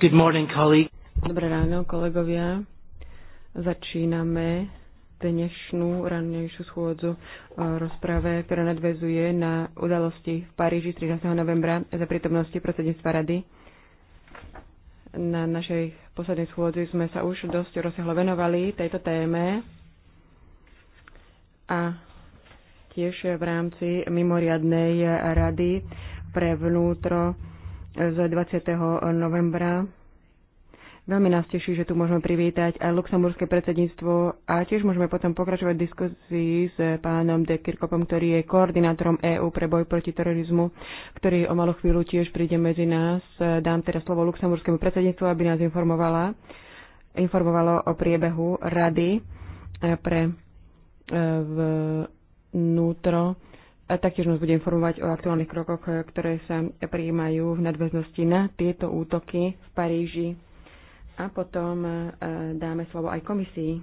Good morning, colleague. Dobré ráno, kolegovia. Začíname dnešnú rannejšiu schôdzu o e, rozprave, ktorá nadvezuje na udalosti v Paríži 13. novembra za prítomnosti predsedníctva rady. Na našej poslednej schôdzi sme sa už dosť rozsiahlo venovali tejto téme a tiež v rámci mimoriadnej rady pre vnútro z 20. novembra. Veľmi nás teší, že tu môžeme privítať aj luxemburské predsedníctvo a tiež môžeme potom pokračovať v diskusii s pánom De Kirkopom, ktorý je koordinátorom EÚ pre boj proti terorizmu, ktorý o malú chvíľu tiež príde medzi nás. Dám teda slovo luxemburskému predsedníctvu, aby nás informovala, informovalo o priebehu rady pre e, vnútro a taktiež nás bude informovať o aktuálnych krokoch, ktoré sa prijímajú v nadväznosti na tieto útoky v Paríži. A potom e, dáme slovo aj komisii.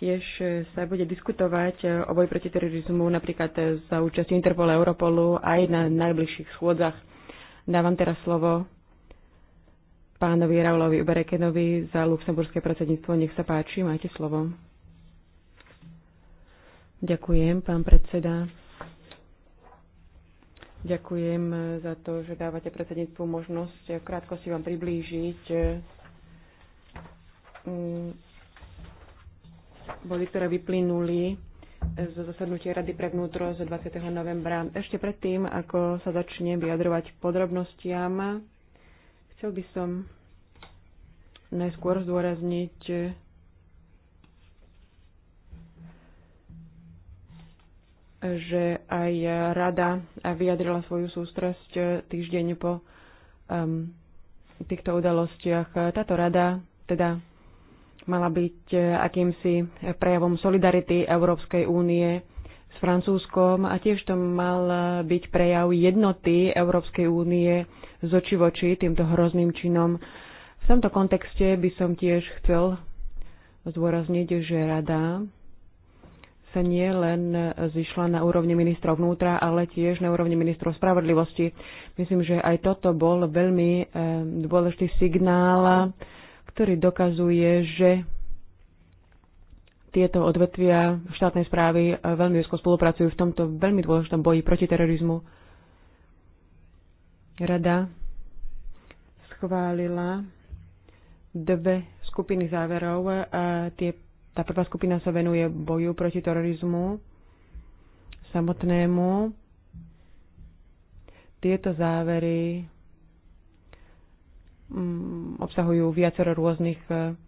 Tiež sa bude diskutovať o boji proti terorizmu napríklad za účasť Interpolu a Europolu aj na najbližších schôdzach. Dávam teraz slovo pánovi Raulovi Uberekenovi za luxemburské predsedníctvo. Nech sa páči, máte slovo. Ďakujem, pán predseda. Ďakujem za to, že dávate predsedníctvu možnosť krátko si vám priblížiť mm, body, ktoré vyplynuli zo zasadnutia Rady pre vnútro z 20. novembra. Ešte predtým, ako sa začne vyjadrovať podrobnostiam, chcel by som najskôr zdôrazniť že aj rada vyjadrila svoju sústrasť týždeň po um, týchto udalostiach. Táto rada teda mala byť akýmsi prejavom solidarity Európskej únie s Francúzskom a tiež to mal byť prejav jednoty Európskej únie z oči oči týmto hrozným činom. V tomto kontexte by som tiež chcel zdôrazniť, že rada sa nie len e, zišla na úrovni ministrov vnútra, ale tiež na úrovni ministrov spravodlivosti. Myslím, že aj toto bol veľmi e, dôležitý signál, ktorý dokazuje, že tieto odvetvia štátnej správy e, veľmi úzko spolupracujú v tomto veľmi dôležitom boji proti terorizmu. Rada schválila dve skupiny záverov. A tie tá prvá skupina sa venuje boju proti terorizmu samotnému. Tieto závery mm, obsahujú viacero rôznych e,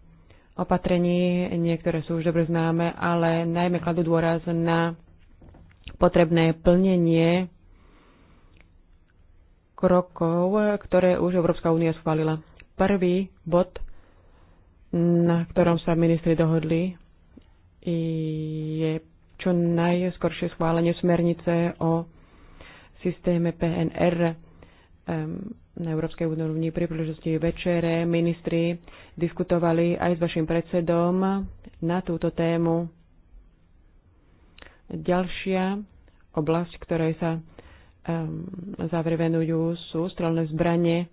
opatrení, niektoré sú už dobre známe, ale najmä kladú dôraz na potrebné plnenie krokov, ktoré už Európska únia schválila. Prvý bod, na ktorom sa ministri dohodli, je čo najskoršie schválenie smernice o systéme PNR na Európskej úrovni pri príležitosti večere. Ministri diskutovali aj s vašim predsedom na túto tému. Ďalšia oblasť, ktorej sa um, venujú, sú strelné zbranie,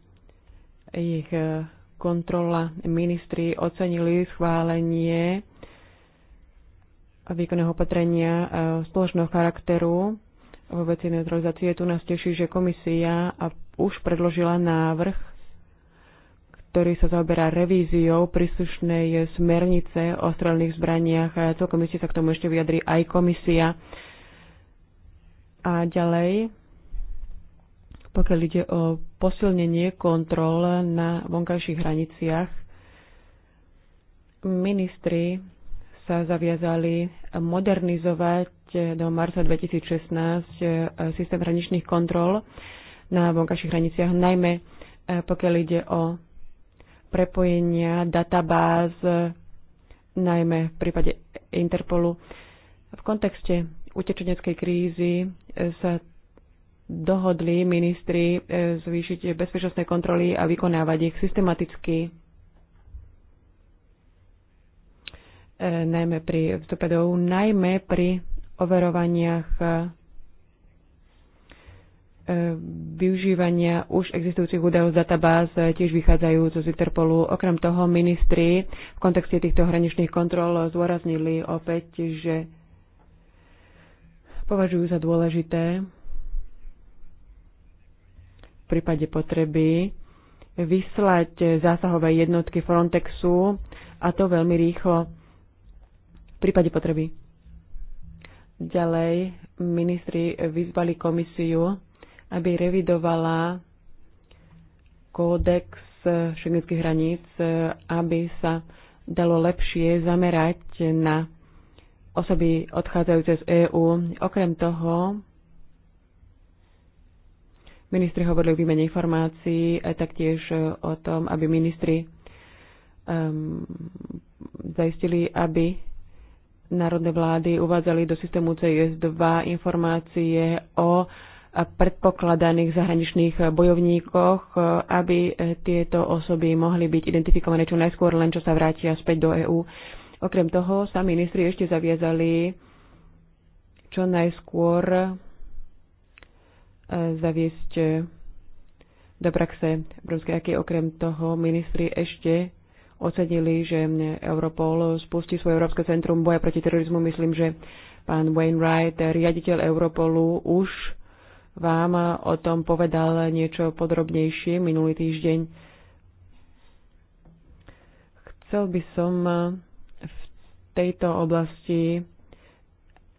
ich eh, kontrola. Ministri ocenili schválenie výkonného opatrenia e, spoločného charakteru vo veci neutralizácie. Tu nás teší, že komisia už predložila návrh, ktorý sa zaoberá revíziou príslušnej smernice o strelných zbraniach. E, celkom iste sa k tomu ešte vyjadrí aj komisia. A ďalej, pokiaľ ide o posilnenie kontrol na vonkajších hraniciach, ministri sa zaviazali modernizovať do marca 2016 eh, systém hraničných kontrol na vonkajších hraniciach, najmä eh, pokiaľ ide o prepojenia databáz, najmä v prípade Interpolu. V kontexte utečeneckej krízy eh, sa dohodli ministri zvýšiť bezpečnostné kontroly a vykonávať ich systematicky E, najmä pri vstupe do EU, najmä pri overovaniach e, využívania už existujúcich údajov z databáz e, tiež vychádzajú z Interpolu. Okrem toho ministri v kontexte týchto hraničných kontrol zdôraznili opäť, že považujú za dôležité v prípade potreby vyslať zásahové jednotky Frontexu a to veľmi rýchlo v prípade potreby. Ďalej ministri vyzvali komisiu, aby revidovala kódex šengenských hraníc, aby sa dalo lepšie zamerať na osoby odchádzajúce z EÚ. Okrem toho, ministri hovorili o výmene informácií, taktiež o tom, aby ministri um, zaistili, aby národné vlády uvádzali do systému CIS-2 informácie o predpokladaných zahraničných bojovníkoch, aby tieto osoby mohli byť identifikované čo najskôr, len čo sa vrátia späť do EÚ. Okrem toho sa ministri ešte zaviazali čo najskôr e, zaviesť do praxe Európskej aký okrem toho ministri ešte ocenili, že Europol spustí svoje Európske centrum boja proti terorizmu. Myslím, že pán Wainwright, riaditeľ Europolu, už vám o tom povedal niečo podrobnejšie minulý týždeň. Chcel by som v tejto oblasti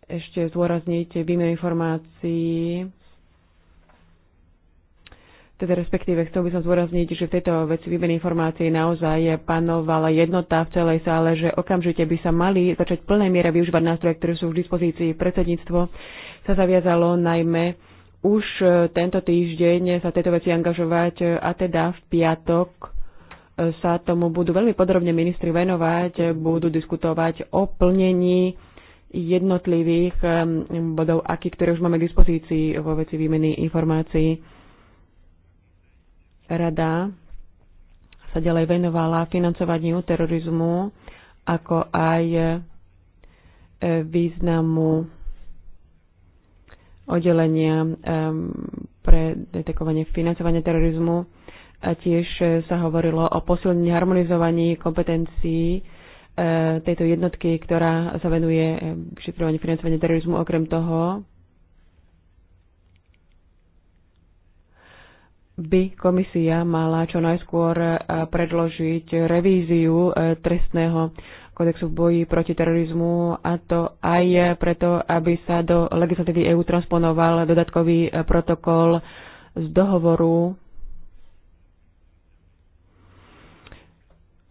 ešte zdôrazniť výmenu informácií teda respektíve chcel by som zdôrazniť, že v tejto veci výmeny informácií naozaj panovala jednota v celej sále, že okamžite by sa mali začať plnej miere využívať nástroje, ktoré sú v dispozícii. Predsedníctvo sa zaviazalo najmä už e, tento týždeň sa tejto veci angažovať e, a teda v piatok e, sa tomu budú veľmi podrobne ministri venovať, budú diskutovať o plnení jednotlivých bodov, aký, ktoré už máme k dispozícii vo veci výmeny informácií Rada sa ďalej venovala financovaniu terorizmu, ako aj e, významu oddelenia e, pre detekovanie financovania terorizmu. A tiež e, sa hovorilo o posilnení harmonizovaní kompetencií tejto jednotky, ktorá sa venuje vyšetrovaniu financovania terorizmu. Okrem toho by komisia mala čo najskôr e, predložiť revíziu e, trestného kodexu v boji proti terorizmu a to aj preto, aby sa do legislatívy EÚ transponoval dodatkový e, protokol z dohovoru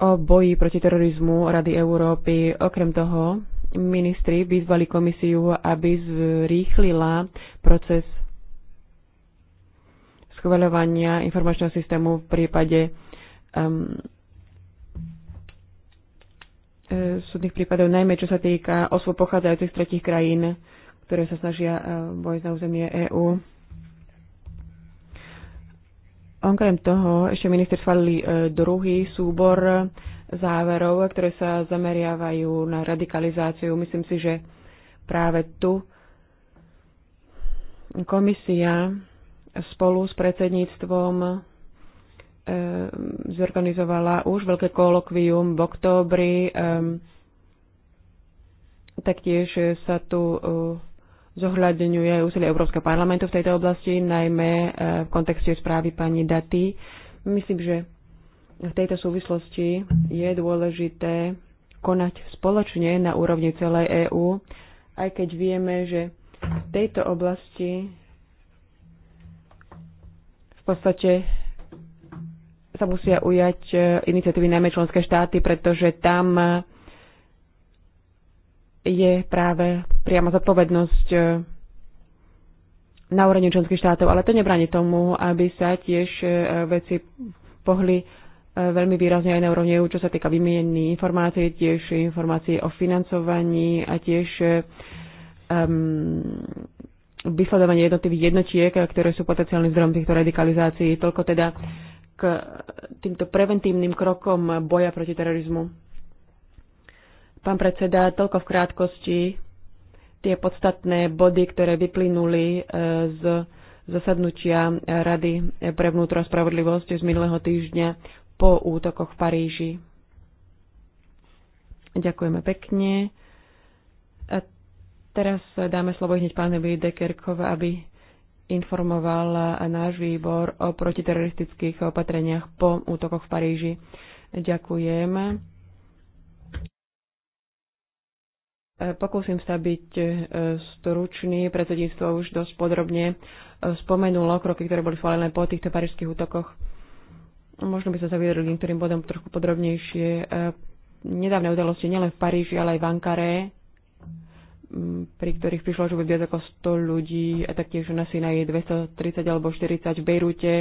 o boji proti terorizmu Rady Európy. Okrem toho, ministri vyzvali komisiu, aby zrýchlila proces schvaľovania informačného systému v prípade um, e, súdnych prípadov, najmä čo sa týka osôb pochádzajúcich z tretich krajín, ktoré sa snažia e, vojsť na územie EÚ. Okrem toho, ešte minister schválili e, druhý súbor záverov, ktoré sa zameriavajú na radikalizáciu. Myslím si, že práve tu komisia spolu s predsedníctvom e, zorganizovala už veľké kolokvium v októbri. E, taktiež sa tu e, zohľadňuje úsilie Európskeho parlamentu v tejto oblasti, najmä v kontexte správy pani Daty. Myslím, že v tejto súvislosti je dôležité konať spoločne na úrovni celej EÚ, aj keď vieme, že v tejto oblasti podstate sa musia ujať e, iniciatívy najmä členské štáty, pretože tam je práve priama zodpovednosť e, na úrovni členských štátov, ale to nebráni tomu, aby sa tiež e, veci pohli veľmi výrazne aj na úrovni EU, čo sa týka výmieny informácií, tiež informácií o financovaní a tiež um, vysledovanie jednotlivých jednotiek, ktoré sú potenciálnym zdrojom týchto radikalizácií. Toľko teda k týmto preventívnym krokom boja proti terorizmu. Pán predseda, toľko v krátkosti tie podstatné body, ktoré vyplynuli e, z zasadnutia Rady pre vnútro a spravodlivosť z minulého týždňa po útokoch v Paríži. Ďakujeme pekne. Teraz dáme slovo hneď pánovi Dekerkov, aby informoval náš výbor o protiteroristických opatreniach po útokoch v Paríži. Ďakujem. Pokúsim sa byť e, stručný. Predsedníctvo už dosť podrobne e, spomenulo kroky, ktoré boli schválené po týchto parížských útokoch. Možno by sa zaviedli niektorým bodom trochu podrobnejšie. E, nedávne udalosti nielen v Paríži, ale aj v Ankare pri ktorých prišlo život viac ako 100 ľudí a taktiež na Sinaji 230 alebo 40 v Bejrute,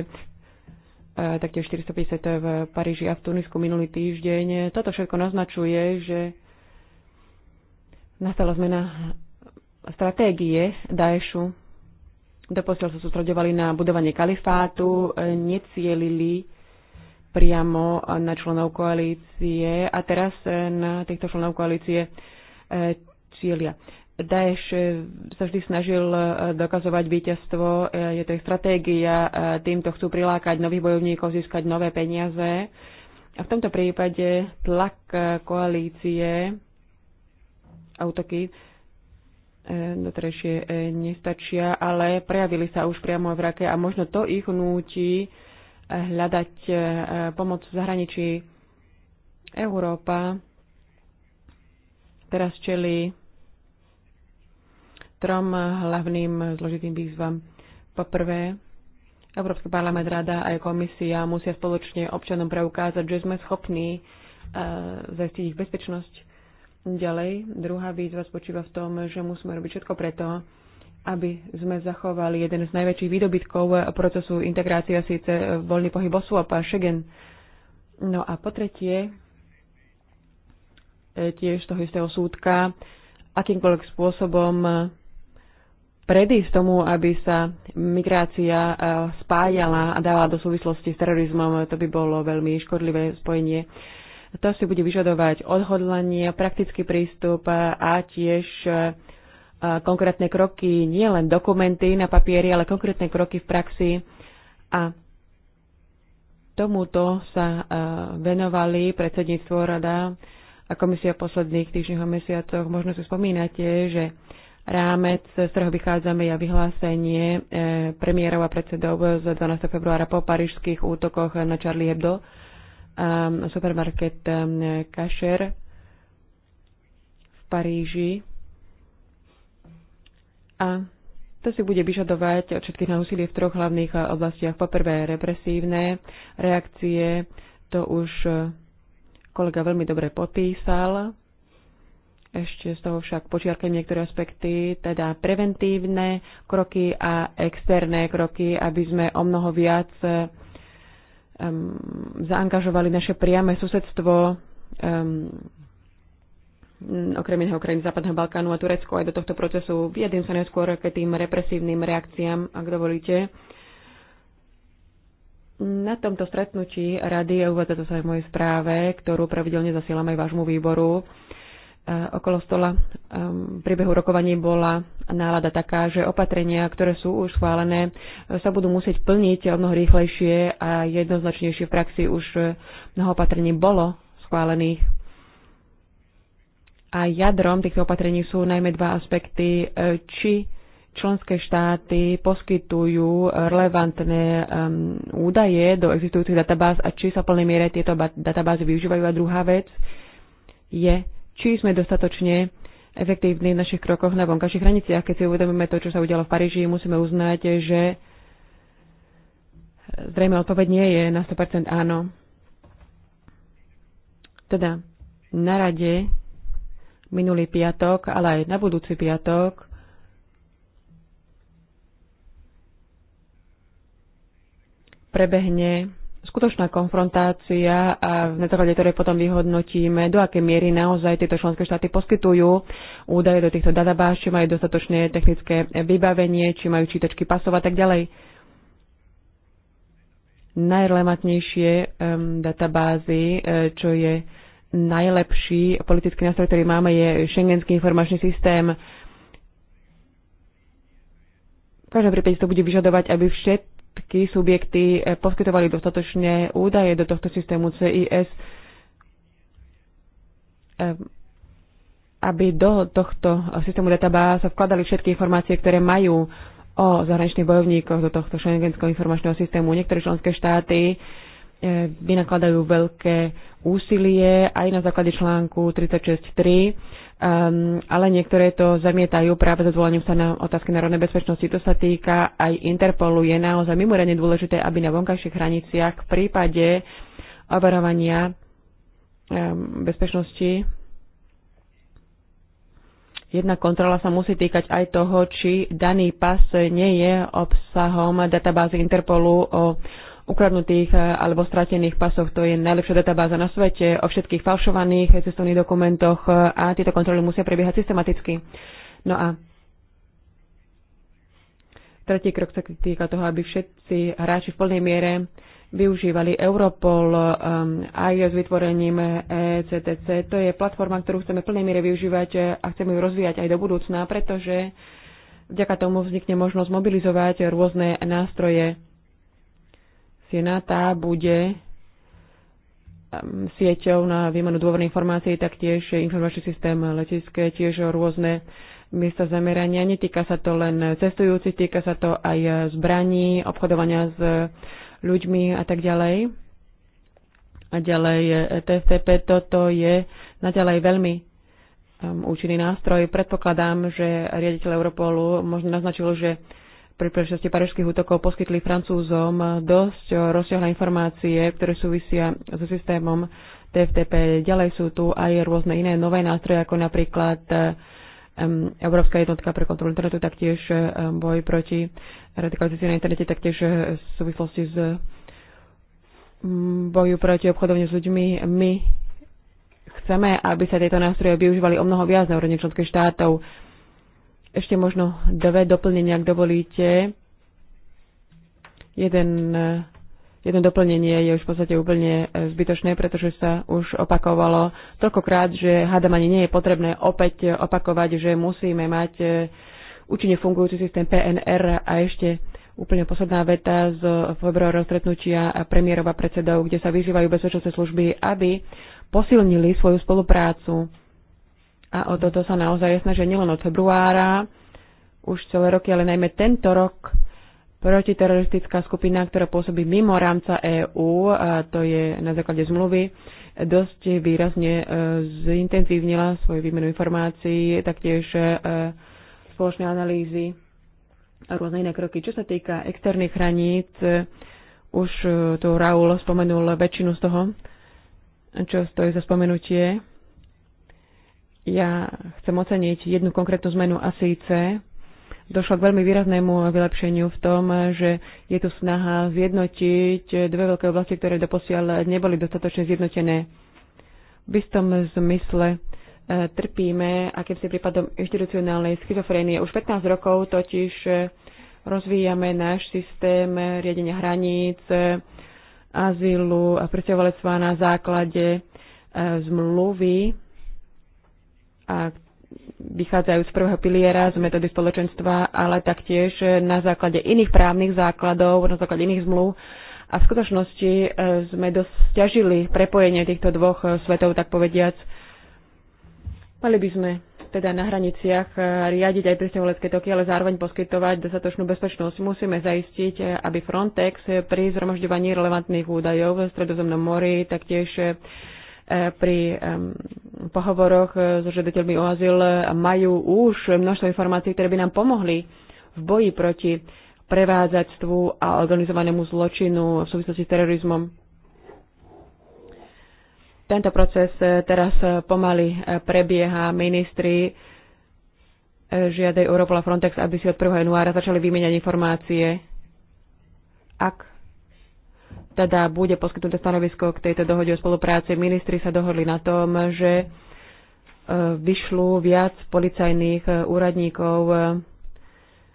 a taktiež 450 v Paríži a v Tunisku minulý týždeň. Toto všetko naznačuje, že nastala zmena stratégie Daešu. Doposiaľ sa sústredovali na budovanie kalifátu, necielili priamo na členov koalície a teraz na týchto členov koalície e, cieľia. Daesh eh, sa vždy snažil eh, dokazovať víťazstvo, eh, je to ich stratégia, týmto chcú prilákať nových bojovníkov, získať nové peniaze. A v tomto prípade tlak koalície autoky, doterajšie nestačia, ale prejavili sa už priamo v Rake a možno to ich núti hľadať pomoc v zahraničí. Európa teraz čeli trom hlavným zložitým výzvam. Po prvé, Európsky parlament, Rada aj komisia musia spoločne občanom preukázať, že sme schopní e, zajistiť ich bezpečnosť. Ďalej, druhá výzva spočíva v tom, že musíme robiť všetko preto, aby sme zachovali jeden z najväčších výdobytkov procesu integrácia, síce voľný pohyb osôb a Schengen. No a po tretie, e, tiež z toho istého súdka, akýmkoľvek spôsobom predísť tomu, aby sa migrácia e, spájala a dávala do súvislosti s terorizmom, to by bolo veľmi škodlivé spojenie. To si bude vyžadovať odhodlanie, praktický prístup a tiež e, e, konkrétne kroky, nie len dokumenty na papieri, ale konkrétne kroky v praxi. A tomuto sa venovali predsedníctvo rada a komisia v posledných týždňoch a mesiacoch. Možno si spomínate, že rámec, z ktorého vychádzame, je vyhlásenie e, premiérov a predsedov z 12. februára po parížských útokoch na Charlie Hebdo ehm, supermarket ehm, Kašer v Paríži. A to si bude vyžadovať od všetkých na úsilie v troch hlavných e, oblastiach. Poprvé represívne reakcie, to už e, kolega veľmi dobre popísal ešte z toho však počiarkujem niektoré aspekty, teda preventívne kroky a externé kroky, aby sme o mnoho viac um, zaangažovali naše priame susedstvo, um, okrem iného krajín Západného Balkánu a Turecko aj do tohto procesu. Viedím sa neskôr k tým represívnym reakciám, ak dovolíte. Na tomto stretnutí rady, a uvádza to sa aj v mojej správe, ktorú pravidelne zasielam aj vášmu výboru, E, okolo stola e, v priebehu rokovaní bola nálada taká, že opatrenia, ktoré sú už schválené, e, sa budú musieť plniť o mnoho rýchlejšie a jednoznačnejšie v praxi už mnoho opatrení bolo schválených. A jadrom týchto opatrení sú najmä dva aspekty, či členské štáty poskytujú relevantné um, údaje do existujúcich databáz a či sa v plnej miere tieto databázy využívajú. A druhá vec je, či sme dostatočne efektívni v našich krokoch na vonkajších hraniciach. Keď si uvedomíme to, čo sa udialo v Paríži, musíme uznať, že zrejme odpoveď nie je na 100% áno. Teda na rade minulý piatok, ale aj na budúci piatok prebehne skutočná konfrontácia a na základe ktorej potom vyhodnotíme, do akej miery naozaj tieto členské štáty poskytujú údaje do týchto databáz, či majú dostatočné technické vybavenie, či majú čítačky pasov a tak ďalej. Najrelevantnejšie um, databázy, e, čo je najlepší politický nástroj, ktorý máme, je Schengenský informačný systém. V každom prípade to bude vyžadovať, aby všetci všetky subjekty eh, poskytovali dostatočné údaje do tohto systému CIS, eh, aby do tohto systému databáz sa vkladali všetky informácie, ktoré majú o zahraničných bojovníkoch do tohto šengenského informačného systému. Niektoré členské štáty eh, vynakladajú veľké úsilie aj na základe článku 36.3 Um, ale niektoré to zamietajú práve za zvolaním sa na otázky národnej bezpečnosti. To sa týka aj Interpolu. Je naozaj mimoriadne dôležité, aby na vonkajších hraniciach v prípade overovania um, bezpečnosti jedna kontrola sa musí týkať aj toho, či daný pas nie je obsahom databázy Interpolu o ukradnutých eh, alebo stratených pasoch. To je najlepšia databáza na svete o všetkých falšovaných cestovných dokumentoch eh, a tieto kontroly musia prebiehať systematicky. No a tretí krok sa týka toho, aby všetci hráči v plnej miere využívali Europol eh, aj s vytvorením ECTC. To je platforma, ktorú chceme v plnej miere využívať a chceme ju rozvíjať aj do budúcna, pretože vďaka tomu vznikne možnosť mobilizovať rôzne nástroje syna, tá bude um, sieťou na výmenu dôvodnej informácií, taktiež informačný systém letiské, tiež rôzne miesta zamerania. Netýka sa to len cestujúcich, týka sa to aj zbraní, obchodovania s ľuďmi a tak ďalej. A ďalej eh, TCP toto je naďalej veľmi um, účinný nástroj. Predpokladám, že riaditeľ Europolu možno naznačil, že pri príležitosti parížských útokov poskytli Francúzom dosť rozsiahle informácie, ktoré súvisia so systémom TFTP. Ďalej sú tu aj rôzne iné nové nástroje, ako napríklad Európska jednotka pre kontrolu internetu, taktiež boj proti radikalizácii na internete, taktiež eh, v súvislosti s mm, boju proti obchodovne s ľuďmi. My chceme, aby sa tieto nástroje využívali o mnoho viac na úrovni členských štátov ešte možno dve doplnenia, ak dovolíte. Jeden, jedno doplnenie je už v podstate úplne e, zbytočné, pretože sa už opakovalo toľkokrát, že hádam ani nie je potrebné opäť opakovať, že musíme mať e, účinne fungujúci systém PNR a ešte úplne posledná veta z februárov stretnutia premiérov a predsedov, kde sa vyzývajú bezpečnostné služby, aby posilnili svoju spoluprácu a o toto sa naozaj jasná, že nielen od februára, už celé roky, ale najmä tento rok protiteroristická skupina, ktorá pôsobí mimo rámca EÚ, a to je na základe zmluvy, dosť výrazne e, zintenzívnila svoju výmenu informácií, taktiež e, spoločné analýzy a rôzne iné kroky. Čo sa týka externých hraníc, e, už tu Raúl spomenul väčšinu z toho, čo stojí za spomenutie. Ja chcem oceniť jednu konkrétnu zmenu a síce došlo k veľmi výraznému vylepšeniu v tom, že je tu snaha zjednotiť dve veľké oblasti, ktoré doposiaľ neboli dostatočne zjednotené. V istom zmysle e, trpíme akýmsi prípadom inštitucionálnej schizofrénie. Už 15 rokov totiž e, rozvíjame náš systém riadenia hraníc, e, azylu a presťahovalectva na základe zmluvy a vychádzajú z prvého piliera, z metódy spoločenstva, ale taktiež na základe iných právnych základov, na základe iných zmluv. A v skutočnosti e, sme dosť ťažili prepojenie týchto dvoch e, svetov, tak povediac. Mali by sme teda na hraniciach e, riadiť aj pristahovalecké toky, ale zároveň poskytovať dostatočnú bezpečnosť. Musíme zaistiť, aby Frontex pri zhromažďovaní relevantných údajov v Stredozemnom mori taktiež pri pohovoroch eh, so žiadateľmi o azyl majú už množstvo informácií, ktoré by nám pomohli v boji proti prevádzactvu a organizovanému zločinu v súvislosti s terorizmom. Tento proces eh, teraz eh, pomaly prebieha. Ministri žiadajú Europol a Frontex, aby si od 1. januára začali vymieňať informácie. Ak teda bude poskytnuté stanovisko k tejto dohode o spolupráci. Ministri sa dohodli na tom, že e, vyšľú viac policajných e, úradníkov e,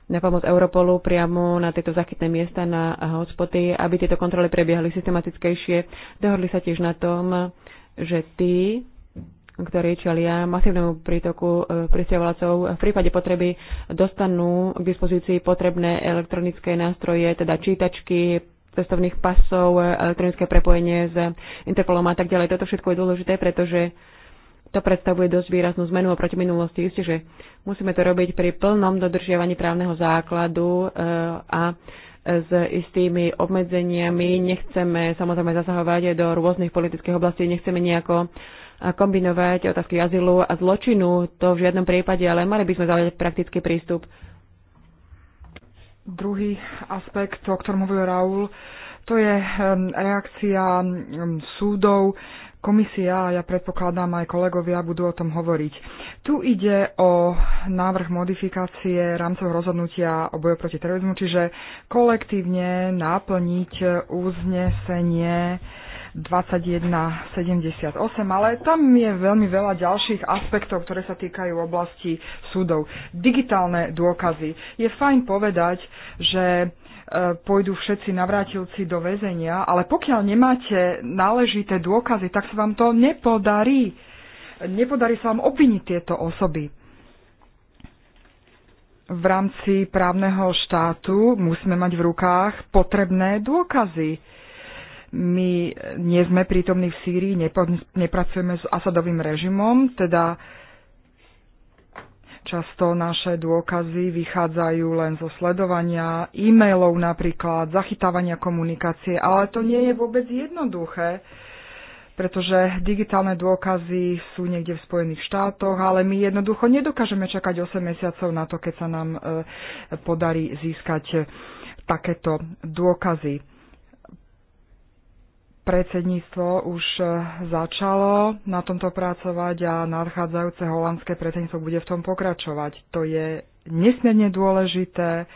na pomoc Europolu priamo na tieto zachytné miesta, na hotspoty, aby tieto kontroly prebiehali systematickejšie. Dohodli sa tiež na tom, že tí, ktorí čelia masívnemu prítoku pristahovalcov v prípade potreby dostanú k dispozícii potrebné elektronické nástroje, teda čítačky, cestovných pasov, e, elektronické prepojenie s Interpolom a tak ďalej. Toto všetko je dôležité, pretože to predstavuje dosť výraznú zmenu oproti minulosti. Isté, že musíme to robiť pri plnom dodržiavaní právneho základu e, a s istými obmedzeniami. Nechceme samozrejme zasahovať do rôznych politických oblastí, nechceme nejako e, kombinovať otázky azylu a zločinu, to v žiadnom prípade, ale mali by sme zaujať praktický prístup. Druhý aspekt, o ktorom hovoril Raúl, to je reakcia súdov. Komisia, ja predpokladám, aj kolegovia budú o tom hovoriť. Tu ide o návrh modifikácie rámcového rozhodnutia o boju proti terorizmu, čiže kolektívne naplniť uznesenie 2178, ale tam je veľmi veľa ďalších aspektov, ktoré sa týkajú oblasti súdov. Digitálne dôkazy. Je fajn povedať, že e, pôjdu všetci navrátilci do väzenia, ale pokiaľ nemáte náležité dôkazy, tak sa vám to nepodarí. Nepodarí sa vám obviniť tieto osoby. V rámci právneho štátu musíme mať v rukách potrebné dôkazy my nie sme prítomní v Sýrii, nepracujeme s Asadovým režimom, teda často naše dôkazy vychádzajú len zo sledovania e-mailov napríklad, zachytávania komunikácie, ale to nie je vôbec jednoduché, pretože digitálne dôkazy sú niekde v Spojených štátoch, ale my jednoducho nedokážeme čakať 8 mesiacov na to, keď sa nám e, podarí získať e, takéto dôkazy predsedníctvo už e, začalo na tomto pracovať a nadchádzajúce holandské predsedníctvo bude v tom pokračovať. To je nesmierne dôležité.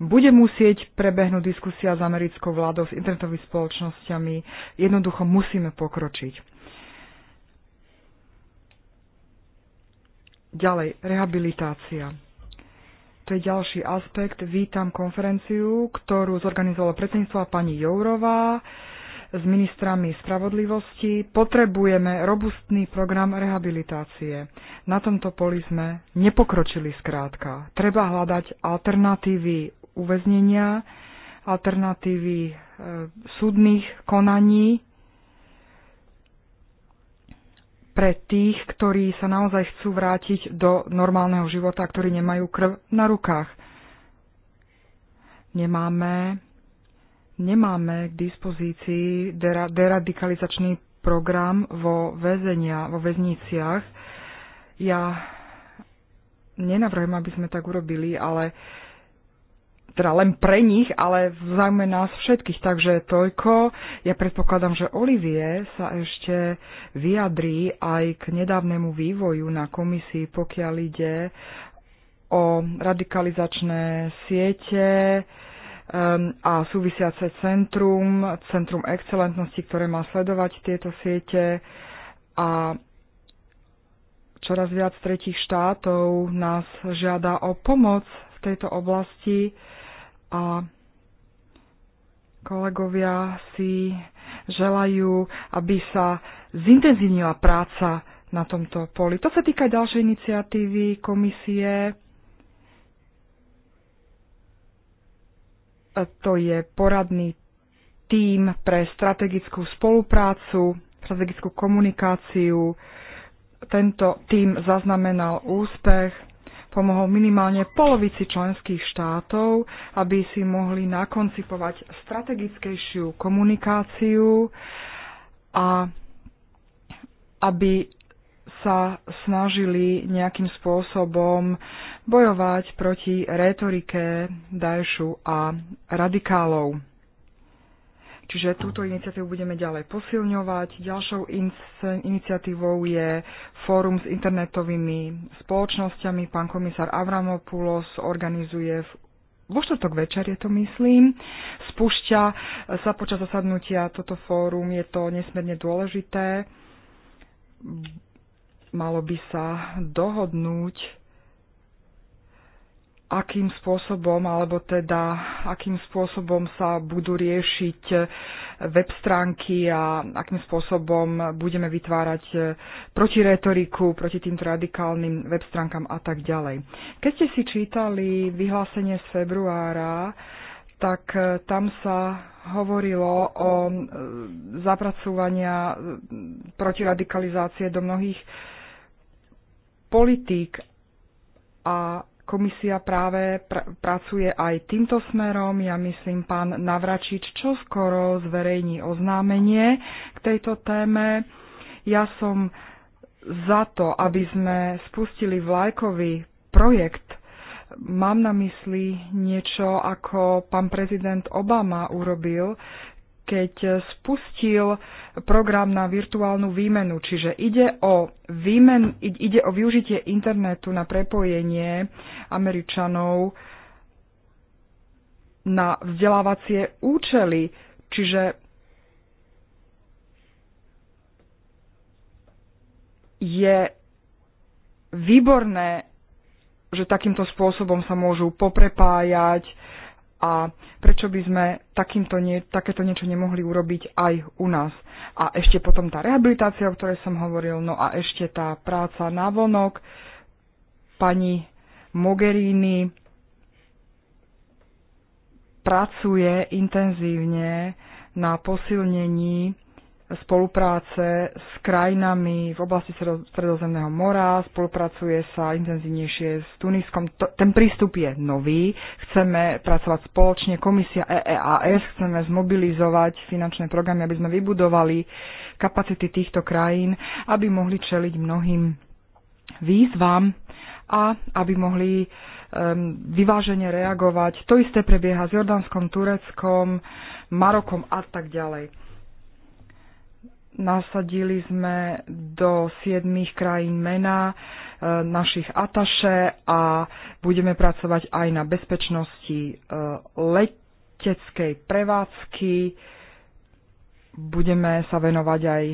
Bude musieť prebehnúť diskusia s americkou vládou, s internetovými spoločnosťami. Jednoducho musíme pokročiť. Ďalej, rehabilitácia. To je ďalší aspekt. Vítam konferenciu, ktorú zorganizovalo predsedníctvo pani Jourová s ministrami spravodlivosti. Potrebujeme robustný program rehabilitácie. Na tomto poli sme nepokročili skrátka. Treba hľadať alternatívy uväznenia, alternatívy e, súdnych konaní pre tých, ktorí sa naozaj chcú vrátiť do normálneho života, ktorí nemajú krv na rukách. Nemáme nemáme k dispozícii dera- deradikalizačný program vo väzenia, vo väzniciach. Ja nenavrhujem, aby sme tak urobili, ale teda len pre nich, ale v záujme nás všetkých. Takže toľko. Ja predpokladám, že Olivie sa ešte vyjadrí aj k nedávnemu vývoju na komisii, pokiaľ ide o radikalizačné siete, a súvisiace centrum, centrum excelentnosti, ktoré má sledovať tieto siete a čoraz viac tretich štátov nás žiada o pomoc v tejto oblasti a kolegovia si želajú, aby sa zintenzívnila práca na tomto poli. To sa týka ďalšej iniciatívy komisie to je poradný tím pre strategickú spoluprácu, strategickú komunikáciu. Tento tím zaznamenal úspech, pomohol minimálne polovici členských štátov, aby si mohli nakoncipovať strategickejšiu komunikáciu a aby sa snažili nejakým spôsobom bojovať proti rétorike Daešu a radikálov. Čiže túto iniciatívu budeme ďalej posilňovať. Ďalšou in- iniciatívou je fórum s internetovými spoločnosťami. Pán komisár Avramopoulos organizuje v vo štvrtok večer je to, myslím, spúšťa sa počas zasadnutia toto fórum, je to nesmierne dôležité Malo by sa dohodnúť, akým spôsobom, alebo teda akým spôsobom sa budú riešiť web stránky a akým spôsobom budeme vytvárať protiretoriku proti týmto radikálnym web stránkam a tak ďalej. Keď ste si čítali vyhlásenie z februára, tak e, tam sa hovorilo o e, zapracovania e, protiradikalizácie do mnohých politík a komisia práve pr- pracuje aj týmto smerom. Ja myslím, pán Navračič čo skoro zverejní oznámenie k tejto téme. Ja som za to, aby sme spustili vlajkový projekt. Mám na mysli niečo, ako pán prezident Obama urobil, keď spustil program na virtuálnu výmenu. Čiže ide o, výmen, ide o využitie internetu na prepojenie Američanov na vzdelávacie účely. Čiže je výborné, že takýmto spôsobom sa môžu poprepájať, a prečo by sme takýmto nie, takéto niečo nemohli urobiť aj u nás. A ešte potom tá rehabilitácia, o ktorej som hovoril, no a ešte tá práca na vonok, pani Mogherini pracuje intenzívne na posilnení spolupráce s krajinami v oblasti Stredozemného mora, spolupracuje sa intenzívnejšie s Tuniskom. To, ten prístup je nový, chceme pracovať spoločne, komisia EEAS, chceme zmobilizovať finančné programy, aby sme vybudovali kapacity týchto krajín, aby mohli čeliť mnohým výzvam a aby mohli um, vyvážene reagovať. To isté prebieha s Jordánskom, Tureckom, Marokom a tak ďalej Nasadili sme do siedmých krajín mena e, našich ataše a budeme pracovať aj na bezpečnosti e, leteckej prevádzky. Budeme sa venovať aj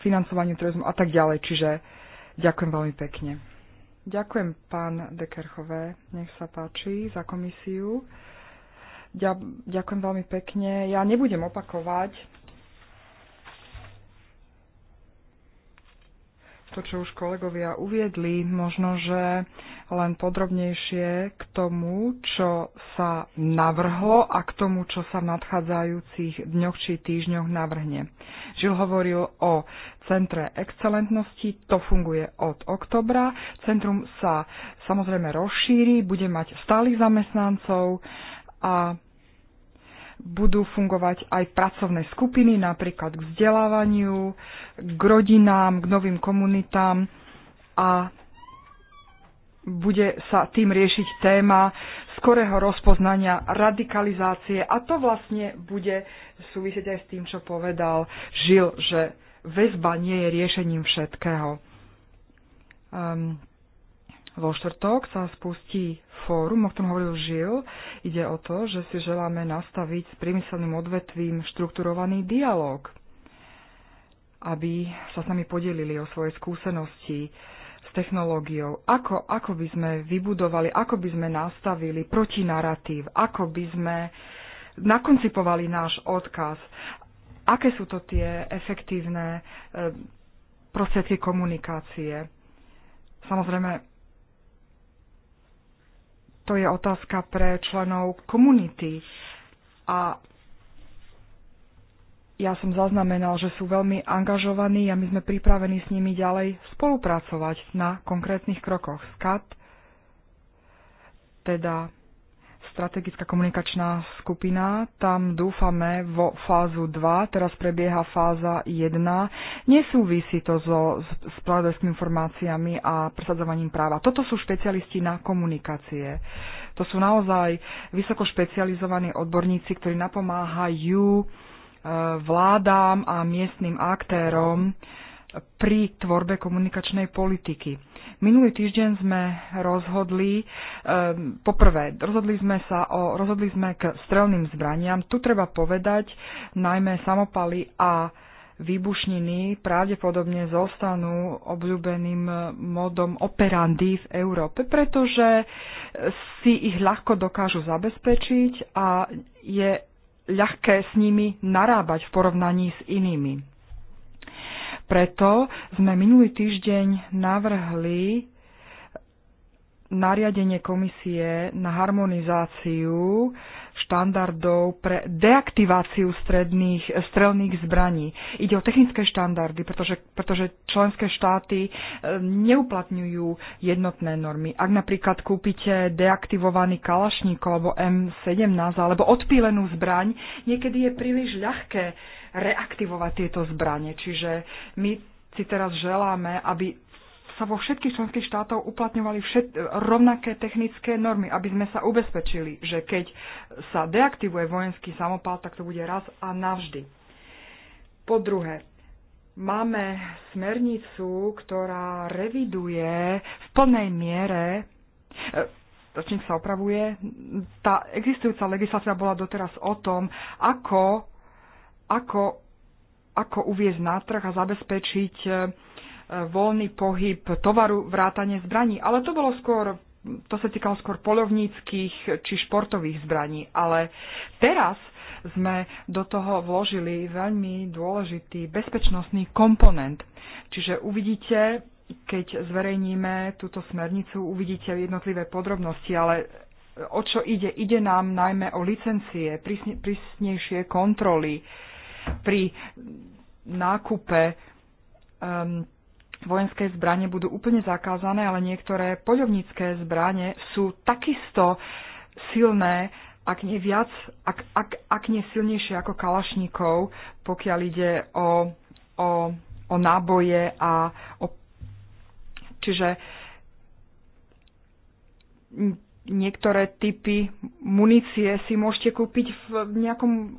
financovaniu turizmu a tak ďalej. Čiže ďakujem veľmi pekne. Ďakujem pán Dekerchové, nech sa páči za komisiu. Ďakujem veľmi pekne. Ja nebudem opakovať to, čo už kolegovia uviedli, možno, že len podrobnejšie k tomu, čo sa navrhlo a k tomu, čo sa v nadchádzajúcich dňoch či týždňoch navrhne. Žil hovoril o Centre excelentnosti, to funguje od oktobra. Centrum sa samozrejme rozšíri, bude mať stálych zamestnancov a budú fungovať aj pracovné skupiny, napríklad k vzdelávaniu, k rodinám, k novým komunitám a bude sa tým riešiť téma skorého rozpoznania radikalizácie a to vlastne bude súvisieť aj s tým, čo povedal Žil, že väzba nie je riešením všetkého. Um, vo štvrtok sa spustí fórum, o ktorom hovoril Žil. Ide o to, že si želáme nastaviť s priemyselným odvetvím štrukturovaný dialog, aby sa s nami podelili o svoje skúsenosti s technológiou. Ako, ako by sme vybudovali, ako by sme nastavili protinaratív, ako by sme nakoncipovali náš odkaz, aké sú to tie efektívne eh, prostriedky komunikácie. Samozrejme, to je otázka pre členov komunity. A ja som zaznamenal, že sú veľmi angažovaní a my sme pripravení s nimi ďalej spolupracovať na konkrétnych krokoch SCAT, teda strategická komunikačná skupina. Tam dúfame vo fázu 2, teraz prebieha fáza 1. Nesúvisí to so spravodajskými informáciami a presadzovaním práva. Toto sú špecialisti na komunikácie. To sú naozaj vysoko špecializovaní odborníci, ktorí napomáhajú eh, vládám a miestnym aktérom pri tvorbe komunikačnej politiky. Minulý týždeň sme rozhodli, um, poprvé, rozhodli sme sa o, rozhodli sme k strelným zbraniam. Tu treba povedať, najmä samopaly a výbušniny pravdepodobne zostanú obľúbeným eh, modom operandy v Európe, pretože eh, si ich ľahko dokážu zabezpečiť a je ľahké s nimi narábať v porovnaní s inými. Preto sme minulý týždeň navrhli nariadenie komisie na harmonizáciu štandardov pre deaktiváciu stredných, strelných zbraní. Ide o technické štandardy, pretože, pretože členské štáty e, neuplatňujú jednotné normy. Ak napríklad kúpite deaktivovaný kalašník alebo M17 alebo odpílenú zbraň, niekedy je príliš ľahké reaktivovať tieto zbranie. Čiže my si teraz želáme, aby sa vo všetkých členských štátov uplatňovali všet, rovnaké technické normy, aby sme sa ubezpečili, že keď sa deaktivuje vojenský samopál, tak to bude raz a navždy. Po druhé, máme smernicu, ktorá reviduje v plnej miere, e, čím sa opravuje, tá existujúca legislatíva bola doteraz o tom, ako ako, ako uviezť na trh a zabezpečiť e, e, voľný pohyb tovaru vrátane zbraní. Ale to bolo skôr to sa týkalo skôr polovníckých či športových zbraní. Ale teraz sme do toho vložili veľmi dôležitý bezpečnostný komponent. Čiže uvidíte, keď zverejníme túto smernicu, uvidíte jednotlivé podrobnosti, ale o čo ide? Ide nám najmä o licencie, prísne, prísnejšie kontroly, pri nákupe um, vojenské zbranie budú úplne zakázané, ale niektoré poľovnícke zbranie sú takisto silné, ak nie viac, ak, ak, ak nie silnejšie ako kalašníkov, pokiaľ ide o, o, o náboje a o... Čiže niektoré typy munície si môžete kúpiť v nejakom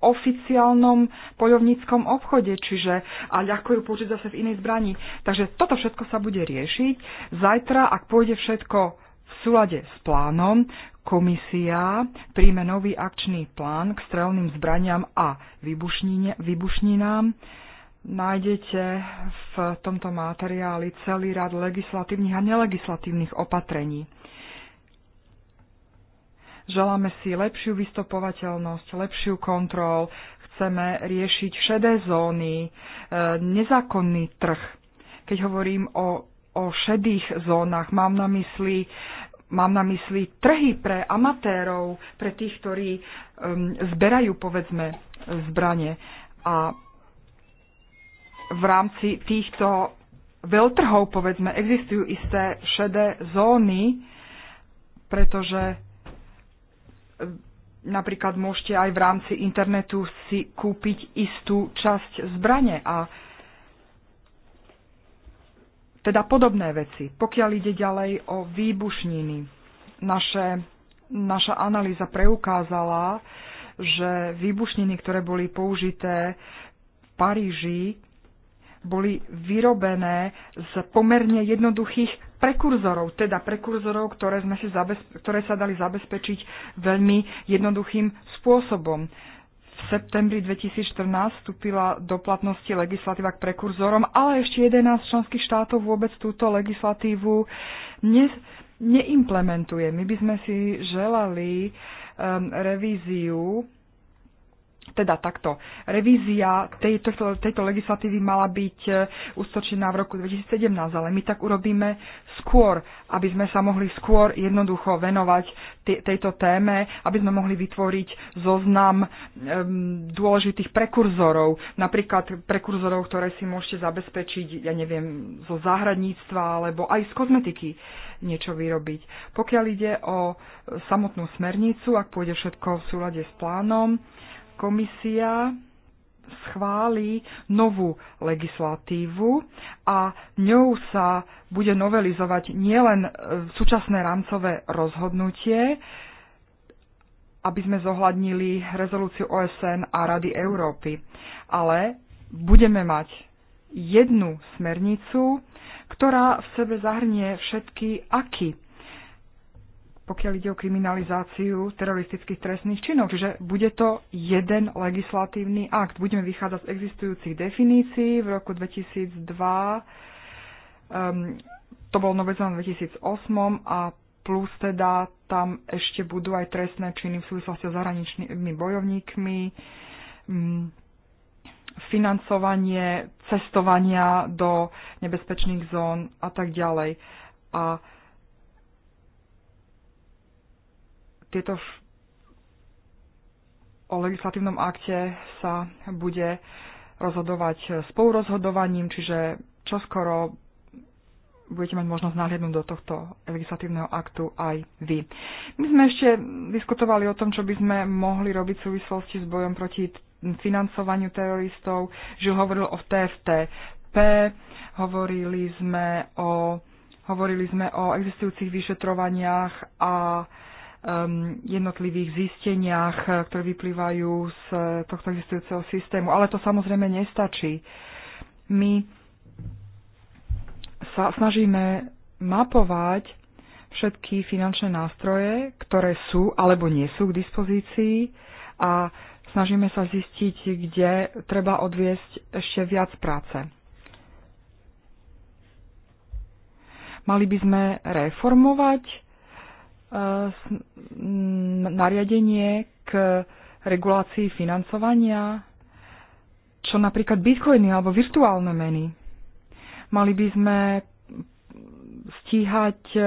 oficiálnom poľovníckom obchode, čiže a ľahko ju použiť zase v inej zbrani. Takže toto všetko sa bude riešiť. Zajtra, ak pôjde všetko v súlade s plánom, komisia príjme nový akčný plán k strelným zbraniam a vybušninám. Nájdete v tomto materiáli celý rad legislatívnych a nelegislatívnych opatrení. Želáme si lepšiu vystopovateľnosť, lepšiu kontrol, chceme riešiť šedé zóny, e, nezákonný trh. Keď hovorím o, o šedých zónach, mám na mysli Mám na mysli trhy pre amatérov, pre tých, ktorí um, zberajú, povedzme, zbranie. A v rámci týchto veľtrhov, povedzme, existujú isté šedé zóny, pretože napríklad môžete aj v rámci internetu si kúpiť istú časť zbrane a teda podobné veci. Pokiaľ ide ďalej o výbušniny, naše, naša analýza preukázala, že výbušniny, ktoré boli použité v Paríži, boli vyrobené z pomerne jednoduchých prekurzorov, teda prekurzorov, ktoré, sme si zabezpe- ktoré sa dali zabezpečiť veľmi jednoduchým spôsobom. V septembri 2014 vstúpila do platnosti legislatíva k prekurzorom, ale ešte 11 členských štátov vôbec túto legislatívu ne- neimplementuje. My by sme si želali um, revíziu teda takto. Revízia tejto, tejto legislatívy mala byť e, ústočená v roku 2017, ale my tak urobíme skôr, aby sme sa mohli skôr jednoducho venovať tejto téme, aby sme mohli vytvoriť zoznam um, dôležitých prekurzorov, napríklad prekurzorov, ktoré si môžete zabezpečiť, ja neviem, zo záhradníctva alebo aj z kozmetiky niečo vyrobiť. Pokiaľ ide o samotnú smernicu, ak pôjde všetko v súlade s plánom, komisia schváli novú legislatívu a ňou sa bude novelizovať nielen e, súčasné rámcové rozhodnutie, aby sme zohľadnili rezolúciu OSN a Rady Európy, ale budeme mať jednu smernicu, ktorá v sebe zahrnie všetky aky pokiaľ ide o kriminalizáciu teroristických trestných činov. Čiže bude to jeden legislatívny akt. Budeme vychádzať z existujúcich definícií. V roku 2002 um, to bolo nové v 2008 a plus teda tam ešte budú aj trestné činy v súvislosti s zahraničnými bojovníkmi, um, financovanie cestovania do nebezpečných zón a tak ďalej. A tieto o legislatívnom akte sa bude rozhodovať spolurozhodovaním, čiže čoskoro budete mať možnosť nahliadnúť do tohto legislatívneho aktu aj vy. My sme ešte diskutovali o tom, čo by sme mohli robiť v súvislosti s bojom proti financovaniu teroristov. Žil hovoril o TFTP, hovorili sme o, hovorili sme o existujúcich vyšetrovaniach a um, jednotlivých zisteniach, eh, ktoré vyplývajú z tohto existujúceho systému. Ale to samozrejme nestačí. My sa snažíme mapovať všetky finančné nástroje, ktoré sú alebo nie sú k dispozícii a snažíme sa zistiť, kde treba odviesť ešte viac práce. Mali by sme reformovať nariadenie k regulácii financovania, čo napríklad bitcoiny alebo virtuálne meny. Mali by sme stíhať e,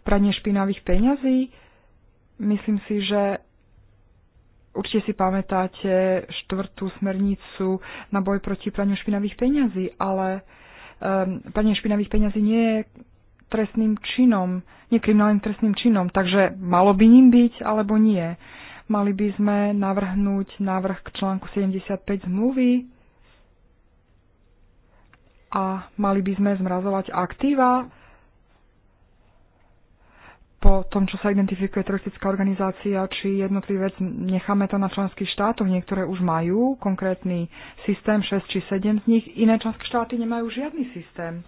pranie špinavých peňazí. Myslím si, že určite si pamätáte štvrtú smernicu na boj proti praniu špinavých peňazí, ale um, pranie špinavých peňazí nie je trestným činom, nekriminálnym trestným činom. Takže malo by ním byť alebo nie. Mali by sme navrhnúť návrh k článku 75 zmluvy a mali by sme zmrazovať aktíva po tom, čo sa identifikuje teroristická organizácia či vec necháme to na členských štátoch. Niektoré už majú konkrétny systém, 6 či 7 z nich, iné členské štáty nemajú žiadny systém.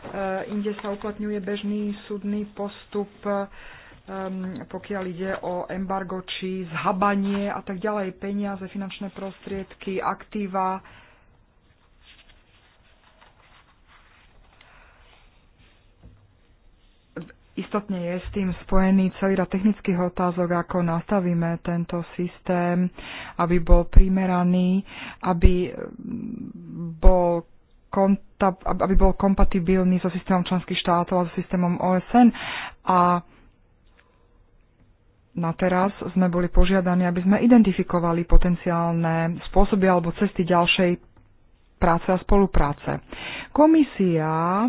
Eh, inde sa uplatňuje bežný súdny postup, ehm, pokiaľ ide o embargo či zhabanie a tak ďalej, peniaze, finančné prostriedky, aktíva. Istotne je s tým spojený celý rad technických otázok, ako nastavíme tento systém, aby bol primeraný, aby bol konta, aby bol kompatibilný so systémom členských štátov a so systémom OSN. A na teraz sme boli požiadani, aby sme identifikovali potenciálne spôsoby alebo cesty ďalšej práce a spolupráce. Komisia,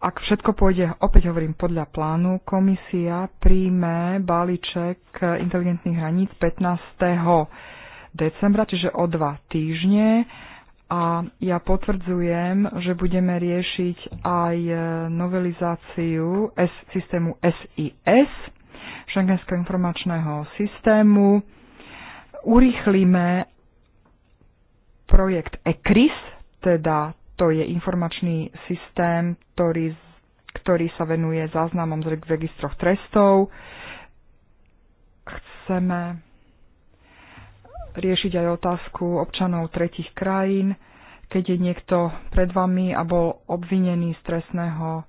ak všetko pôjde, opäť hovorím podľa plánu, komisia príjme balíček inteligentných hraníc 15. decembra, čiže o dva týždne a ja potvrdzujem, že budeme riešiť aj e, novelizáciu S, systému SIS, Schengenského informačného systému. Urychlíme projekt ECRIS, teda to je informačný systém, ktorý, ktorý sa venuje záznamom z registroch trestov. Chceme riešiť aj otázku občanov tretich krajín, keď je niekto pred vami a bol obvinený z trestného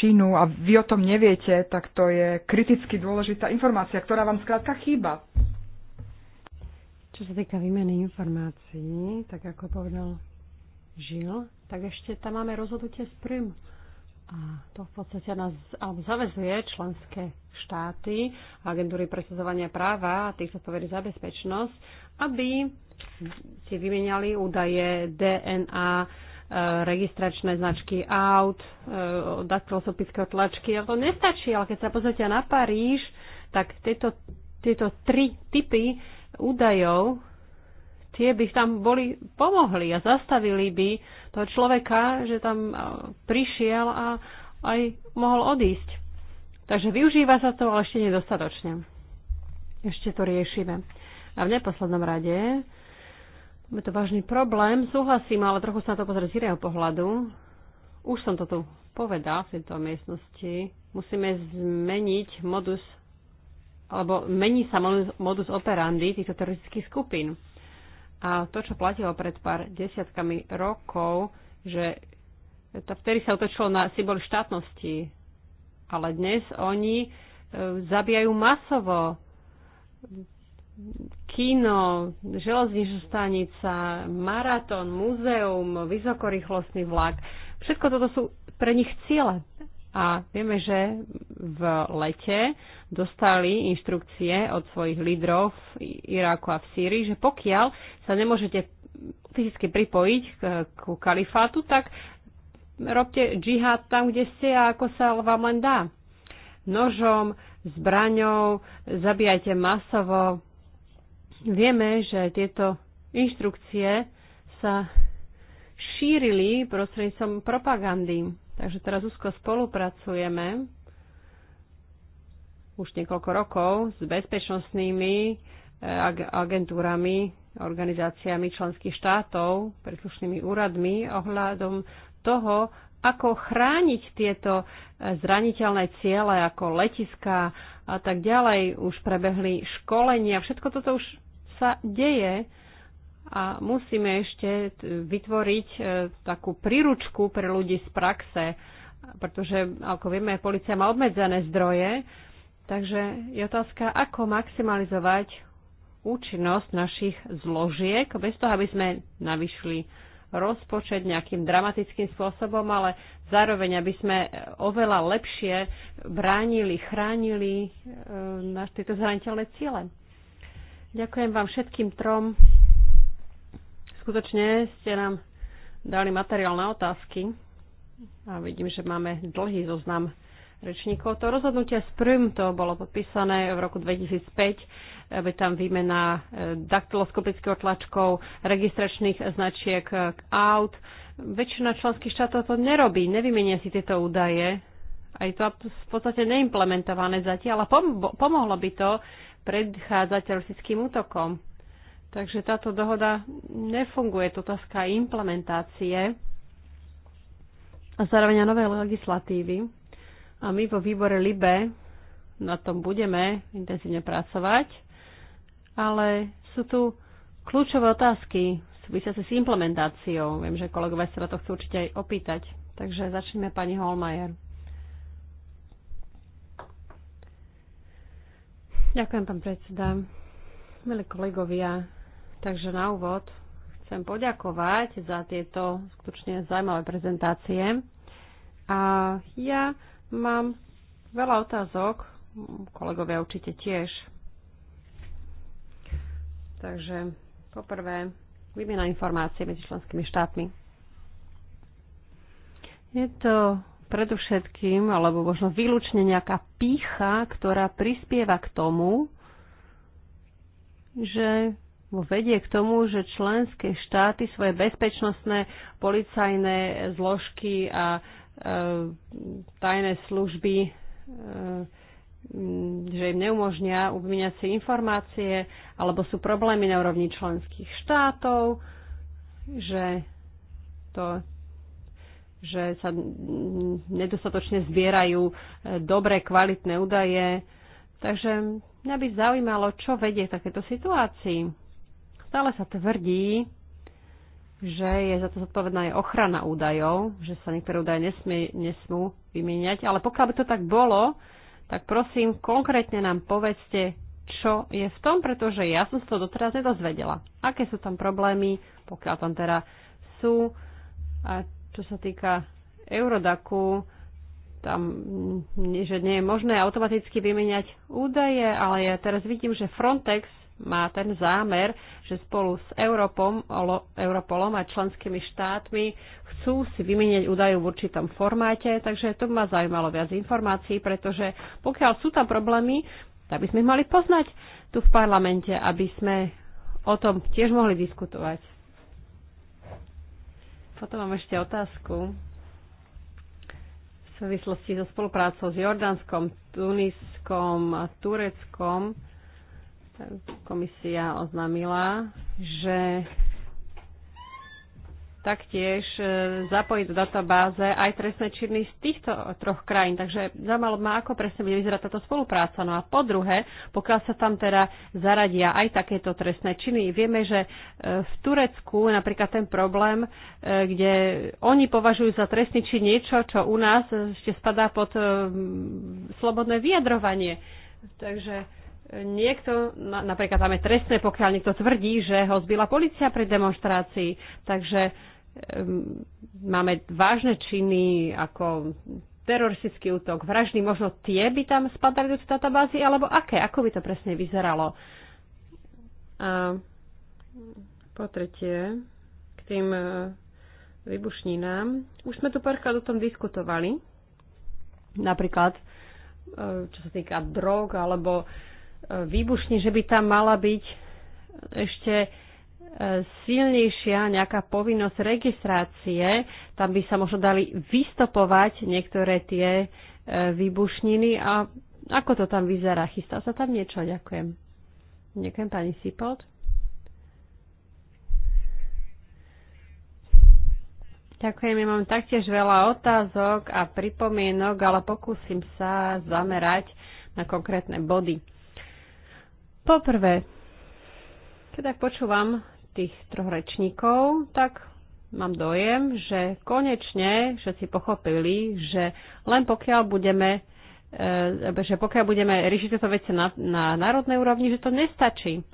činu a vy o tom neviete, tak to je kriticky dôležitá informácia, ktorá vám skrátka chýba. Čo sa týka výmeny informácií, tak ako povedal Žil, tak ešte tam máme rozhodnutie z Prüm a to v podstate nás zavezuje členské štáty, agentúry presadzovania práva a tých zodpovedí za bezpečnosť, aby si vymenali údaje DNA, e, registračné značky aut, e, tlačky, ale to nestačí, ale keď sa pozrite na Paríž, tak tieto, tieto tri typy údajov tie by tam boli, pomohli a zastavili by toho človeka, že tam e, prišiel a aj mohol odísť. Takže využíva sa to, ale ešte nedostatočne. Ešte to riešime. A v neposlednom rade, je to vážny problém, súhlasím, ale trochu sa na to pozrieť z iného pohľadu. Už som to tu povedal v tejto miestnosti. Musíme zmeniť modus alebo mení sa modus operandi týchto teroristických skupín. A to, čo platilo pred pár desiatkami rokov, že to vtedy sa otočilo na symbol štátnosti. Ale dnes oni e, zabíjajú masovo. Kino, železničná stanica, maratón, múzeum, vysokorýchlostný vlak. Všetko toto sú pre nich ciele a vieme, že v lete dostali inštrukcie od svojich lídrov v Iráku a v Sýrii, že pokiaľ sa nemôžete fyzicky pripojiť k, kalifátu, tak robte džihad tam, kde ste a ako sa vám len dá. Nožom, zbraňou, zabíjajte masovo. Vieme, že tieto inštrukcie sa šírili prostredníctvom propagandy Takže teraz úzko spolupracujeme už niekoľko rokov s bezpečnostnými e, agentúrami, organizáciami členských štátov, príslušnými úradmi ohľadom toho, ako chrániť tieto e, zraniteľné ciele ako letiska a tak ďalej. Už prebehli školenia, všetko toto už sa deje a musíme ešte vytvoriť e, takú príručku pre ľudí z praxe, pretože, ako vieme, policia má obmedzené zdroje, takže je otázka, ako maximalizovať účinnosť našich zložiek, bez toho, aby sme navyšli rozpočet nejakým dramatickým spôsobom, ale zároveň, aby sme oveľa lepšie bránili, chránili e, na tieto zraniteľné ciele. Ďakujem vám všetkým trom Skutočne ste nám dali materiál na otázky a vidím, že máme dlhý zoznam rečníkov. To rozhodnutie s prvým to bolo podpísané v roku 2005. aby tam výmena e, daktyloskopických tlačkov, registračných značiek e, aut. Väčšina členských štátov to nerobí, nevymenia si tieto údaje. Aj to v podstate neimplementované zatiaľ, ale pomohlo by to predchádzať teroristickým útokom. Takže táto dohoda nefunguje, to otázka implementácie a zároveň novej legislatívy. A my vo výbore LIBE na tom budeme intenzívne pracovať, ale sú tu kľúčové otázky súvisiace s implementáciou. Viem, že kolegovia sa na to chcú určite aj opýtať. Takže začneme pani Holmajer. Ďakujem, pán predseda. Milí kolegovia, Takže na úvod chcem poďakovať za tieto skutočne zaujímavé prezentácie. A ja mám veľa otázok, kolegovia určite tiež. Takže poprvé, výmena informácie medzi členskými štátmi. Je to predovšetkým, alebo možno výlučne nejaká pícha, ktorá prispieva k tomu, že vedie k tomu, že členské štáty svoje bezpečnostné policajné zložky a e, tajné služby, e, že im neumožnia obmieňať si informácie, alebo sú problémy na úrovni členských štátov, že to že sa nedostatočne zbierajú e, dobré, kvalitné údaje. Takže mňa by zaujímalo, čo vedie k takéto situácii Stále sa tvrdí, že je za to zodpovedná aj ochrana údajov, že sa niektoré údaje nesmie, nesmú vymieňať. Ale pokiaľ by to tak bolo, tak prosím, konkrétne nám povedzte, čo je v tom, pretože ja som sa to doteraz nedozvedela. Aké sú tam problémy, pokiaľ tam teda sú. A čo sa týka Eurodaku, tam, mm, že nie je možné automaticky vymieňať údaje, ale ja teraz vidím, že Frontex má ten zámer, že spolu s Europom, Europolom a členskými štátmi chcú si vymenieť údaje v určitom formáte, takže to by ma zaujímalo viac informácií, pretože pokiaľ sú tam problémy, tak by sme ich mali poznať tu v parlamente, aby sme o tom tiež mohli diskutovať. Potom mám ešte otázku v súvislosti so spoluprácou s Jordánskom, Tuniskom a Tureckom komisia oznámila, že taktiež e, zapojiť do databáze aj trestné činy z týchto troch krajín. Takže zaujímalo ma, ako presne bude vyzerať táto spolupráca. No a po druhé, pokiaľ sa tam teda zaradia aj takéto trestné činy, vieme, že e, v Turecku napríklad ten problém, e, kde oni považujú za trestný čin niečo, čo u nás ešte spadá pod slobodné vyjadrovanie. Takže niekto, napríklad tam je trestné, pokiaľ niekto tvrdí, že ho zbyla policia pri demonstrácii. Takže máme vážne činy ako teroristický útok, vražný, možno tie by tam spadali do databázy, alebo aké? Ako by to presne vyzeralo? A po tretie, k tým e, vybušninám. Už sme tu párkrát o tom diskutovali. Napríklad, e, čo sa týka drog, alebo uh, výbušní, že by tam mala byť ešte e, silnejšia nejaká povinnosť registrácie. Tam by sa možno dali vystopovať niektoré tie e, výbušniny a ako to tam vyzerá? Chystá sa tam niečo? Ďakujem. Ďakujem pani Sipold. Ďakujem, ja mám taktiež veľa otázok a pripomienok, ale pokúsim sa zamerať na konkrétne body. Poprvé, keď tak počúvam tých troch rečníkov, tak mám dojem, že konečne všetci pochopili, že len pokiaľ budeme e, že pokiaľ budeme riešiť tieto veci na, na národnej úrovni, že to nestačí.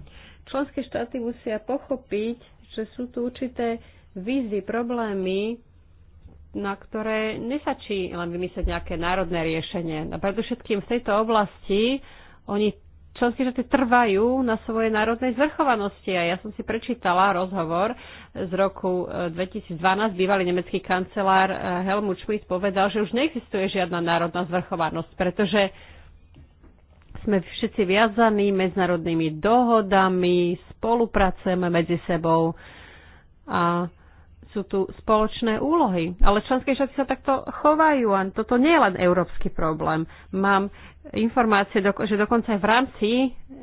Členské štáty musia pochopiť, že sú tu určité vízy, problémy, na ktoré nestačí len vymyslieť nejaké národné riešenie. A predovšetkým v tejto oblasti oni členské štáty trvajú na svojej národnej zvrchovanosti. A ja som si prečítala rozhovor z roku 2012. E, Bývalý nemecký kancelár e, Helmut Schmidt povedal, že už neexistuje žiadna národná zvrchovanosť, pretože sme všetci viazaní medzinárodnými dohodami, spolupracujeme medzi sebou a sú tu spoločné úlohy. Ale členské štáty sa takto chovajú a toto nie je len európsky problém. Mám informácie, že dokonca aj v rámci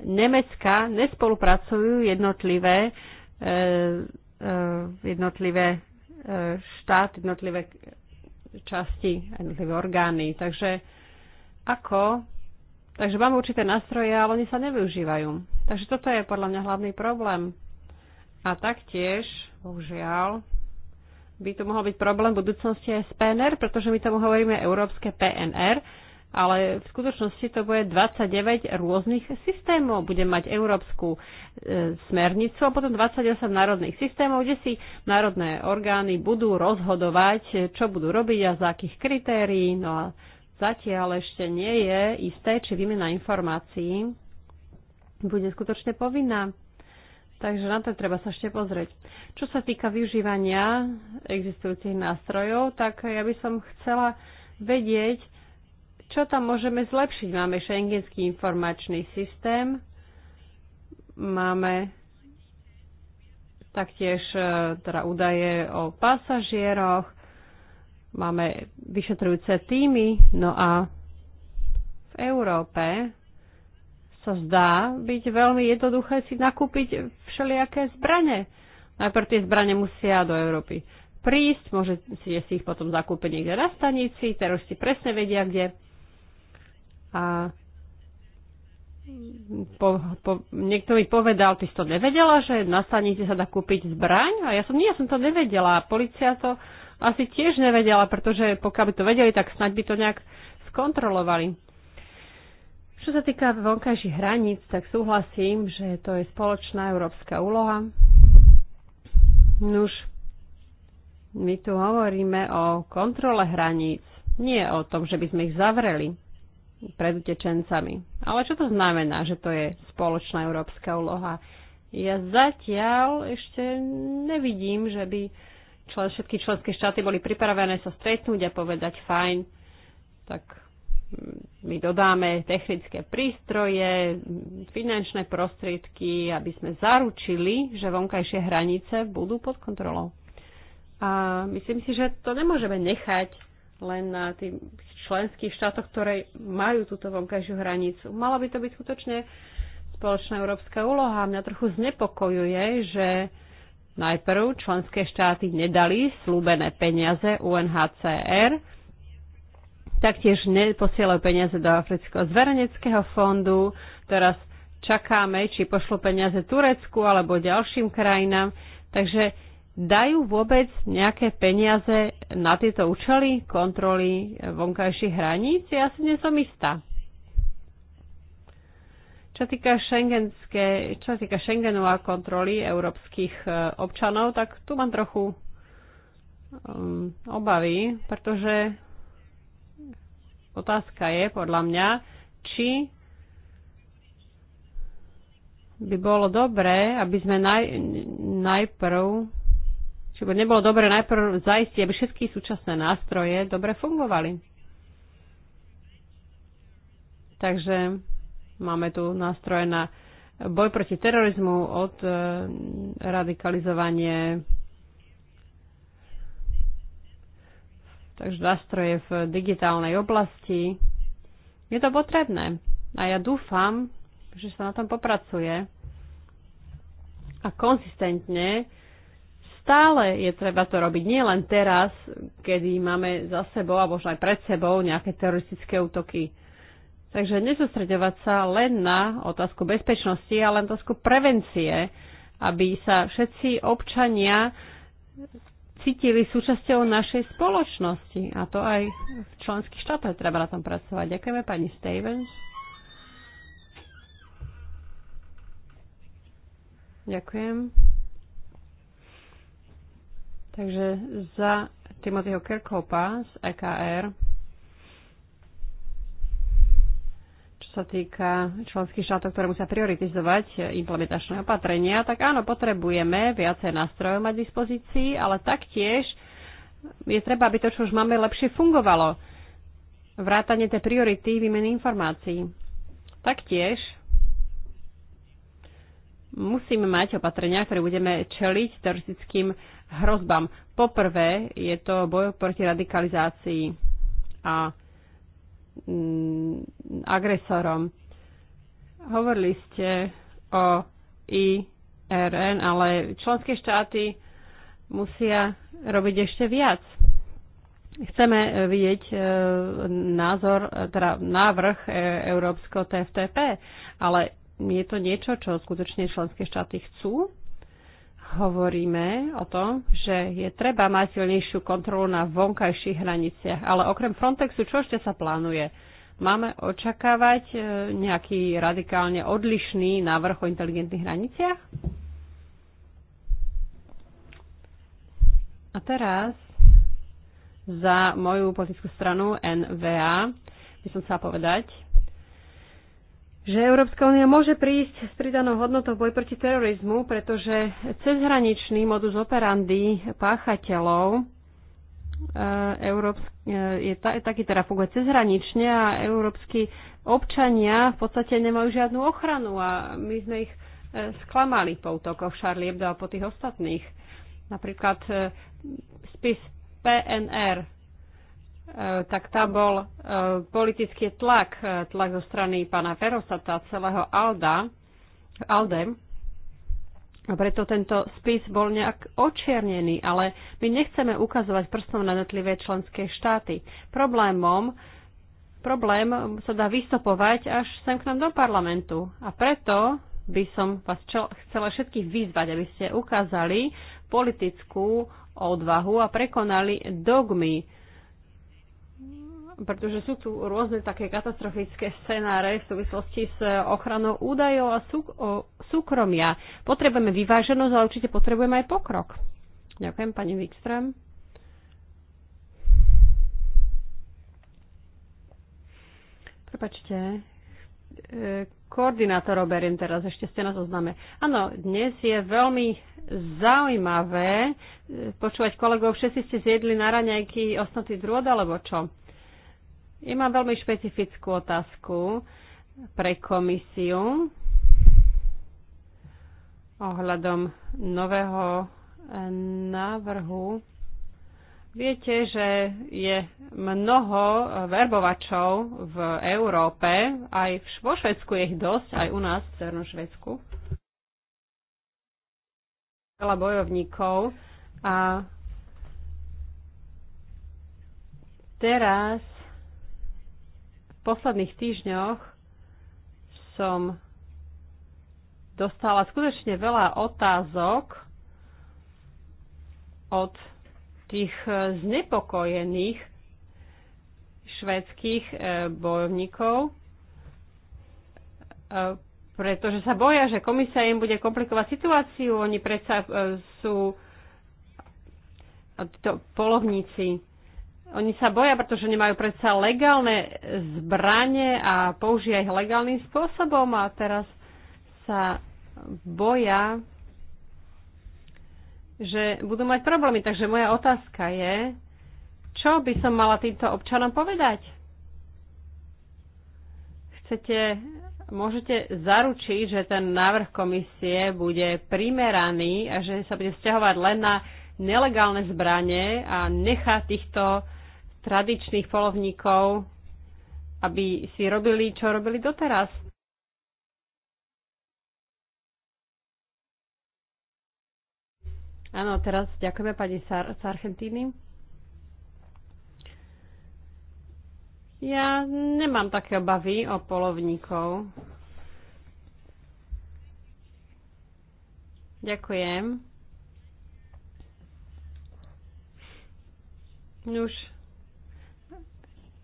Nemecka nespolupracujú jednotlivé, e, e, jednotlivé e, štáty jednotlivé časti, jednotlivé orgány. Takže ako? Takže máme určité nástroje, ale oni sa nevyužívajú. Takže toto je podľa mňa hlavný problém. A taktiež, bohužiaľ, by to mohol byť problém v budúcnosti aj s PNR, pretože my tomu hovoríme európske PNR, ale v skutočnosti to bude 29 rôznych systémov. Bude mať európsku e, smernicu a potom 28 národných systémov, kde si národné orgány budú rozhodovať, čo budú robiť a za akých kritérií. No a zatiaľ ešte nie je isté, či výmena informácií bude skutočne povinná. Takže na to treba sa ešte pozrieť. Čo sa týka využívania existujúcich nástrojov, tak ja by som chcela vedieť, čo tam môžeme zlepšiť. Máme šengenský informačný systém, máme taktiež e, teda údaje o pasažieroch, máme vyšetrujúce týmy, no a v Európe sa zdá byť veľmi jednoduché si nakúpiť všelijaké zbranie. Najprv tie zbranie musia do Európy prísť, môže si ich potom zakúpiť niekde na stanici, teraz si presne vedia, kde. A po, po, niekto mi povedal, ty si to nevedela, že na stanici sa dá kúpiť zbraň? A ja som, nie, ja som to nevedela. A policia to asi tiež nevedela, pretože pokiaľ by to vedeli, tak snaď by to nejak skontrolovali. Čo sa týka vonkajších hraníc, tak súhlasím, že to je spoločná európska úloha. Nuž, my tu hovoríme o kontrole hraníc, nie o tom, že by sme ich zavreli pred utečencami. Ale čo to znamená, že to je spoločná európska úloha? Ja zatiaľ ešte nevidím, že by všetky členské štáty boli pripravené sa stretnúť a povedať fajn, tak my dodáme technické prístroje, finančné prostriedky, aby sme zaručili, že vonkajšie hranice budú pod kontrolou. A myslím si, že to nemôžeme nechať len na tých členských štátoch, ktoré majú túto vonkajšiu hranicu. Mala by to byť skutočne spoločná európska úloha. Mňa trochu znepokojuje, že najprv členské štáty nedali slúbené peniaze UNHCR, Taktiež neposielajú peniaze do Afrického zverejneckého fondu. Teraz čakáme, či pošlo peniaze Turecku alebo ďalším krajinám. Takže dajú vôbec nejaké peniaze na tieto účely kontroly vonkajších hraníc? Ja si nie som istá. Čo týka, čo týka Schengenu a kontroly európskych e, občanov, tak tu mám trochu um, obavy, pretože Otázka je podľa mňa, či by bolo dobré, aby sme naj, najprv či by nebolo dobre najprv zaistiť, aby všetky súčasné nástroje dobre fungovali. Takže máme tu nástroje na boj proti terorizmu, od eh, radikalizovanie takže nástroje v digitálnej oblasti. Je to potrebné a ja dúfam, že sa na tom popracuje a konzistentne stále je treba to robiť. Nie len teraz, kedy máme za sebou a možno aj pred sebou nejaké teroristické útoky. Takže nesústredovať sa len na otázku bezpečnosti, ale na otázku prevencie, aby sa všetci občania cítili súčasťou našej spoločnosti. A to aj v členských štátoch treba na tom pracovať. Ďakujeme pani Stevens. Ďakujem. Takže za Timothyho Kirkhopa z EKR sa týka členských štátov, ktoré musia prioritizovať implementačné opatrenia, tak áno, potrebujeme viacej nástrojov mať v dispozícii, ale taktiež je treba, aby to, čo už máme, lepšie fungovalo. Vrátanie tej priority výmeny informácií. Taktiež musíme mať opatrenia, ktoré budeme čeliť teroristickým hrozbám. Poprvé je to boj proti radikalizácii a Mm, agresorom. Hovorili ste o IRN, ale členské štáty musia robiť ešte viac. Chceme vidieť e, názor, teda návrh e, Európsko TFTP, ale je to niečo, čo skutočne členské štáty chcú? hovoríme o tom, že je treba mať silnejšiu kontrolu na vonkajších hraniciach. Ale okrem Frontexu, čo ešte sa plánuje? Máme očakávať e, nejaký radikálne odlišný návrh o inteligentných hraniciach? A teraz za moju politickú stranu NVA by som chcela povedať, že Európska únia môže prísť s pridanou hodnotou boj proti terorizmu, pretože cezhraničný modus operandi páchateľov e, e, je, ta, taký teda funguje cezhranične a európsky občania v podstate nemajú žiadnu ochranu a my sme ich e, sklamali po útokoch Charlie Hebdo a po tých ostatných. Napríklad spis PNR Eh, tak tam bol eh, politický tlak, eh, tlak zo strany pána Ferosata celého Alda, Aldem, a preto tento spis bol nejak očiernený, ale my nechceme ukazovať prstom na jednotlivé členské štáty. Problémom, problém sa dá vystopovať až sem k nám do parlamentu. A preto by som vás čel, chcela všetkých vyzvať, aby ste ukázali politickú odvahu a prekonali dogmy, pretože sú tu rôzne také katastrofické scenáre v súvislosti s ochranou údajov a súk- o súkromia. Potrebujeme vyváženosť, ale určite potrebujeme aj pokrok. Ďakujem, pani Wikström. Prepačte, e, koordinátor beriem teraz, ešte ste na zozname. Áno, dnes je veľmi zaujímavé e, počúvať kolegov, všetci ste zjedli na raňajky osnoty drôd, alebo čo? Ja mám veľmi špecifickú otázku pre komisiu ohľadom nového eh, návrhu. Viete, že je mnoho eh, verbovačov v Európe, aj vo Švedsku je ich dosť, aj u nás v Cernom Švedsku. Veľa bojovníkov a teraz posledných týždňoch som dostala skutočne veľa otázok od tých znepokojených švedských eh, bojovníkov, eh, pretože sa boja, že komisia im bude komplikovať situáciu. Oni predsa eh, sú to, polovníci oni sa boja, pretože nemajú predsa legálne zbranie a použia ich legálnym spôsobom a teraz sa boja, že budú mať problémy. Takže moja otázka je, čo by som mala týmto občanom povedať? Chcete, môžete zaručiť, že ten návrh komisie bude primeraný a že sa bude vzťahovať len na nelegálne zbranie a nechá týchto tradičných polovníkov, aby si robili, čo robili doteraz. Áno, teraz ďakujeme pani Sar- Sargentini. Ja nemám také obavy o polovníkov. Ďakujem. Nuž,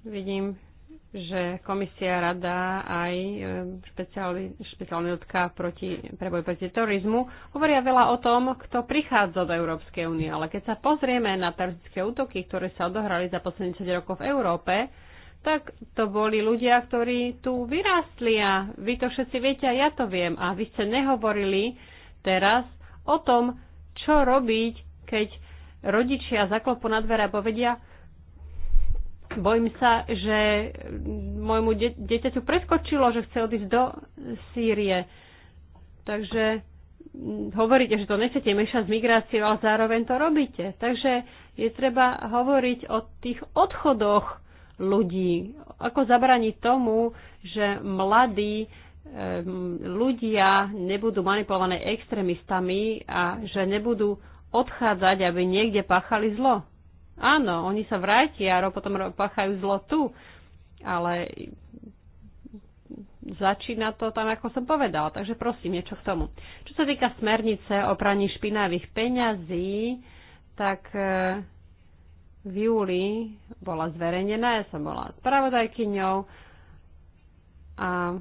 Vidím, že komisia rada aj e, špeciálny, špeciálny odka proti, preboj proti terorizmu hovoria veľa o tom, kto prichádza do Európskej únie. Ale keď sa pozrieme na teroristické útoky, ktoré sa odohrali za posledných 10 rokov v Európe, tak to boli ľudia, ktorí tu vyrástli a vy to všetci viete a ja to viem. A vy ste nehovorili teraz o tom, čo robiť, keď rodičia zaklopu na dvere a povedia, bojím sa, že môjmu de- dieťaťu preskočilo, že chce odísť do Sýrie. Takže mm, hovoríte, že to nechcete mešať s migráciou, ale zároveň to robíte. Takže je treba hovoriť o tých odchodoch ľudí. Ako zabraniť tomu, že mladí ľudia nebudú manipulované extrémistami a že nebudú odchádzať, aby niekde páchali zlo. Áno, oni sa vrátia a potom páchajú zlo tu, ale začína to tam, ako som povedal. Takže prosím, niečo k tomu. Čo sa týka smernice o praní špinavých peňazí, tak e, v júli bola zverejnená, ja som bola spravodajkyňou a